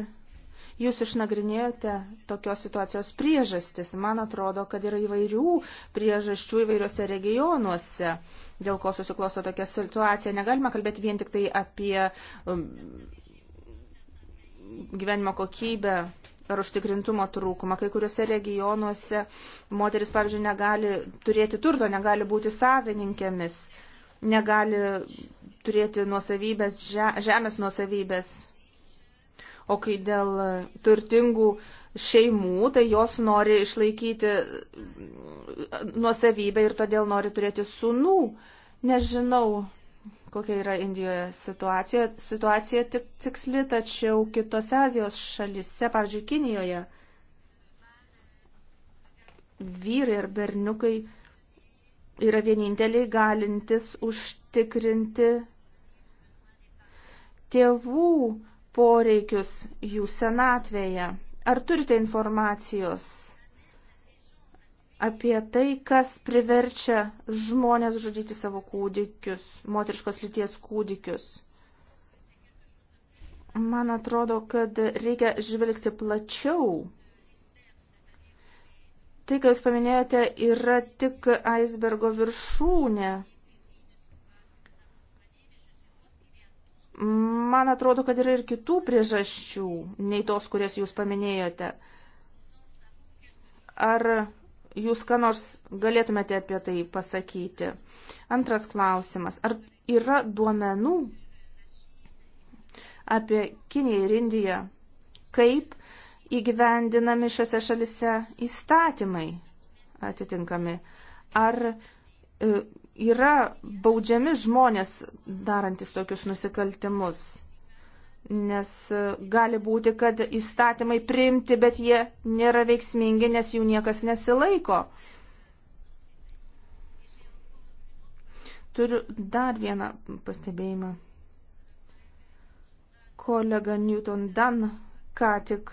jūs išnagrinėjote tokios situacijos priežastis? Man atrodo, kad yra įvairių priežasčių įvairiose regionuose dėl ko susiklosto tokia situacija. Negalime kalbėti vien tik tai apie um, gyvenimo kokybę ar užtikrintumo trūkumą. Kai kuriuose regionuose moteris, pavyzdžiui, negali turėti turto, negali būti savininkėmis, negali turėti nuosavybės, žemės nuosavybės. O kai dėl turtingų uh, šeimų, tai jos nori išlaikyti nuosavybę ir todėl nori turėti sunų. Nežinau, kokia yra Indijoje situacija, situacija tik tiksli, tačiau kitose Azijos šalise, pavyzdžiui, Kinijoje, vyrai ir berniukai yra vieninteliai galintis užtikrinti tėvų poreikius jų senatvėje. Ar turite informacijos apie tai, kas priverčia žmonės žudyti savo kūdikius, moteriškos lyties kūdikius? Man atrodo, kad reikia žvelgti plačiau. Tai, ką Jūs paminėjote, yra tik aisbergo viršūnė. Man atrodo, kad yra ir kitų priežasčių, nei tos, kurias jūs paminėjote. Ar jūs ką nors galėtumėte apie tai pasakyti? Antras klausimas. Ar yra duomenų apie Kiniją ir Indiją, kaip įgyvendinami šiuose šalise įstatymai atitinkami? Ar e, yra baudžiami žmonės darantis tokius nusikaltimus. Nes e, gali būti, kad įstatymai priimti, bet jie nėra veiksmingi, nes jų niekas nesilaiko. Turiu dar vieną pastebėjimą. Kolega Newton Dan ką tik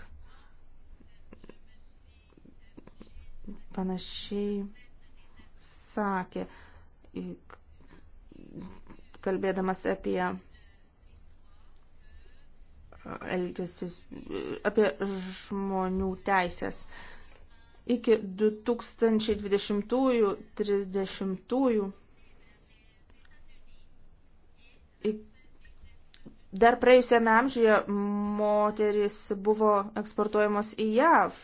panašiai sakė, kalbėdamas apie elgesis, apie žmonių teisės. Iki 2020-30 dar praėjusiame amžiuje moteris buvo eksportuojamos į JAV.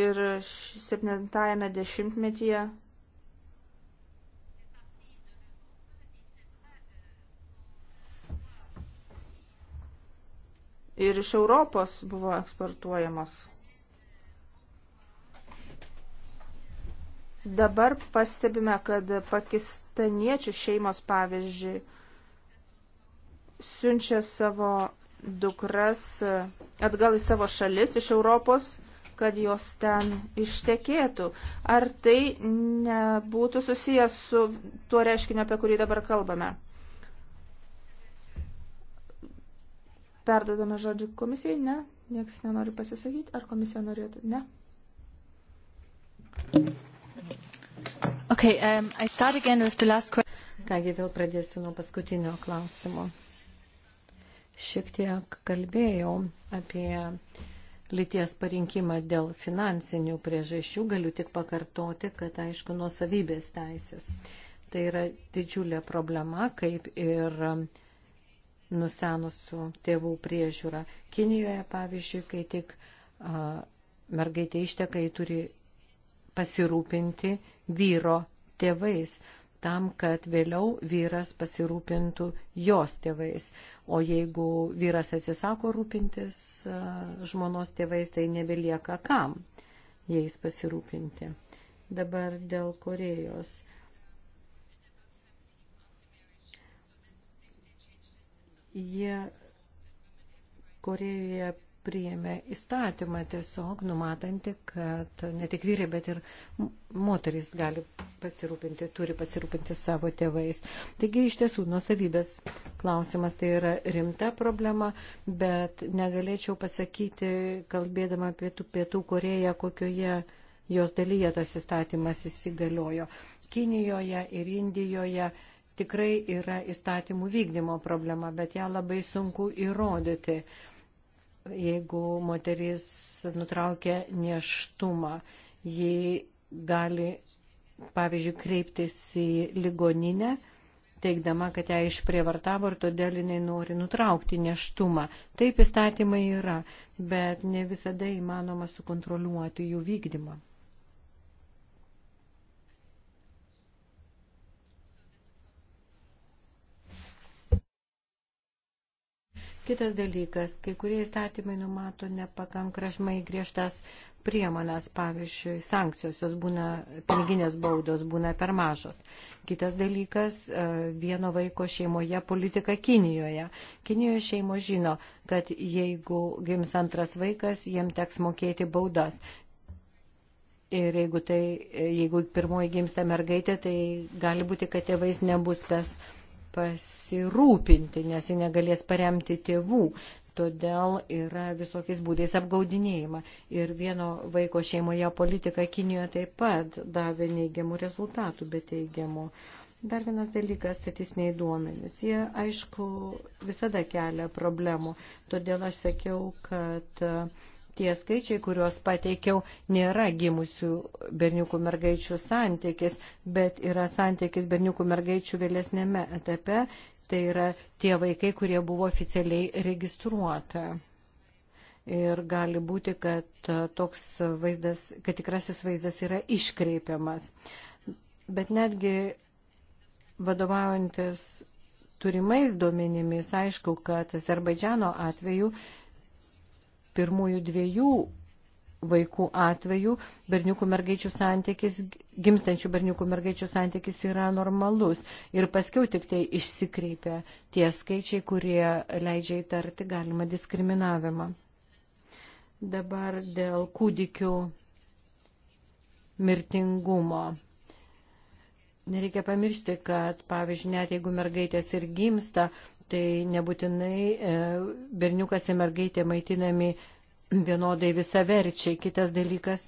Ir 70-ame dešimtmetyje ir iš Europos buvo eksportuojamos. Dabar pastebime, kad pakistaniečių šeimos, pavyzdžiui, siunčia savo dukras atgal į savo šalis iš Europos, kad jos ten ištekėtų. Ar tai nebūtų susijęs su tuo reiškiniu, apie kurį dabar kalbame? Perdodame žodį komisijai, ne, nieks nenori pasisakyti, ar komisija norėtų, ne. Okay, um, I start again with the last question. Kągi vėl pradėsiu nuo paskutinio klausimo. Šiek tiek kalbėjau apie lyties parinkimą dėl finansinių priežasčių, galiu tik pakartoti, kad aišku, nuo savybės teisės. Tai yra didžiulė problema, kaip ir uh, nusenusių tėvų priežiūra. Kinijoje, pavyzdžiui, kai tik a, mergaitė išteka, ji turi pasirūpinti vyro tėvais tam, kad vėliau vyras pasirūpintų jos tėvais. O jeigu vyras atsisako rūpintis a, žmonos tėvais, tai nebelieka kam jais pasirūpinti. Dabar dėl Korejos. A, Jie Korejoje priėmė įstatymą tiesiog numatanti, kad ne tik vyrai, bet ir moterys gali pasirūpinti, turi pasirūpinti savo tėvais. Taigi iš tiesų nusavybės klausimas tai yra rimta problema, bet negalėčiau pasakyti, kalbėdama apie pietų, pietų Koreją, kokioje jos dalyje tas įstatymas įsigaliojo. Kinijoje ir Indijoje tikrai yra įstatymų vykdymo problema, bet ją labai sunku įrodyti, jeigu moteris nutraukia neštumą. Ji gali, pavyzdžiui, kreiptis į ligoninę, teikdama, kad ją išprievartavo ir todėl jinai nori nutraukti neštumą. Taip įstatymai yra, bet ne visada įmanoma sukontroliuoti jų vykdymą. Kitas dalykas, kai kurie įstatymai numato nepakankamai griežtas priemonės, pavyzdžiui, sankcijos, jos būna, piniginės baudos būna per mažos. Kitas dalykas, e, vieno vaiko šeimoje politika Kinijoje. Kinijoje šeimo žino, kad jeigu gims antras vaikas, jiem teks mokėti baudas. Ir jeigu, tai, jeigu pirmoji gimsta mergaitė, tai gali būti, kad tėvais nebus tas pasirūpinti, nes jie negalės paremti tėvų. Todėl yra visokiais būdais apgaudinėjama. Ir vieno vaiko šeimoje politika Kinijoje taip pat davė neigiamų rezultatų, bet teigiamų. Dar vienas dalykas - statistiniai duomenys. Jie, aišku, visada kelia problemų. Todėl aš sakiau, kad uh, tie skaičiai, kuriuos pateikiau, nėra gimusių berniukų mergaičių santykis, bet yra santykis berniukų mergaičių vėlesnėme etape, tai yra tie vaikai, kurie buvo oficialiai registruoti. Ir gali būti, kad e, toks vaizdas, kad tikrasis vaizdas yra iškreipiamas. Bet netgi vadovaujantis turimais duomenimis, aišku, kad Azerbaidžiano atveju pirmųjų dviejų vaikų atveju berniukų mergaičių santykis, gimstančių berniukų mergaičių santykis yra normalus. Ir paskiau tik tai išsikreipia tie skaičiai, kurie leidžia įtarti galimą diskriminavimą. Dabar dėl kūdikių mirtingumo. Nereikia pamiršti, kad, pavyzdžiui, net jeigu mergaitės ir gimsta, tai nebūtinai e, berniukas ir mergaitė maitinami vienodai visaverčiai. Kitas dalykas,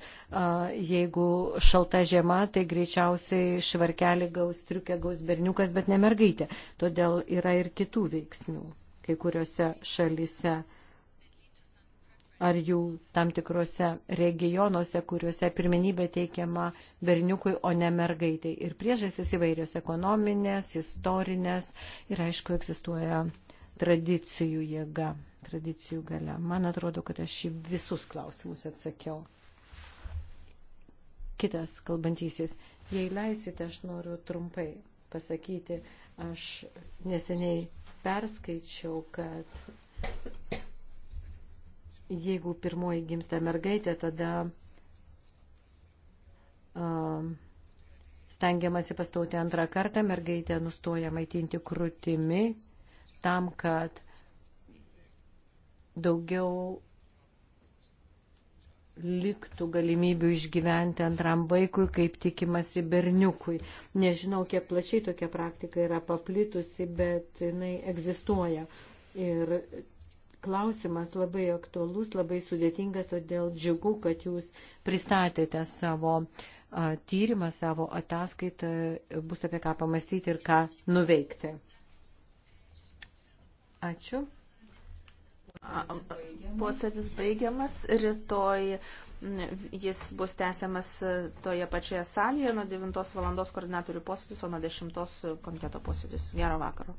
jeigu šalta žiema, tai greičiausiai švarkelį gaus triukę, gaus berniukas, bet ne mergaitė. Todėl yra ir kitų veiksnių kai kuriuose šalise ar jų tam tikrose regionuose, kuriuose pirmenybė teikiama berniukui, o ne mergaitai. Ir priežastis įvairios ekonominės, istorinės ir aišku egzistuoja tradicijų jėga, tradicijų gale. Man atrodo, kad aš į visus klausimus atsakiau. Kitas kalbantysis, jei leisite, aš noriu trumpai pasakyti, aš neseniai perskaičiau, kad jeigu pirmoji gimsta mergaitė, tada um, stengiamasi pastauti antrą kartą, mergaitė nustoja maitinti krūtimi tam, kad daugiau liktų galimybių išgyventi antram vaikui, kaip tikimasi berniukui. Nežinau, kiek plačiai tokia praktika yra paplitusi, bet jinai egzistuoja. Ir Klausimas labai aktualus, labai sudėtingas, todėl džiugu, kad jūs pristatėte savo tyrimą, savo ataskaitą, bus apie ką pamastyti ir ką nuveikti. Ačiū. Posėdis baigiamas. Rytoj jis bus tęsiamas e, toje pačioje salėje nuo 9 val. koordinatorių posėdis, o nuo 10 komiteto posėdis. Gero vakaro.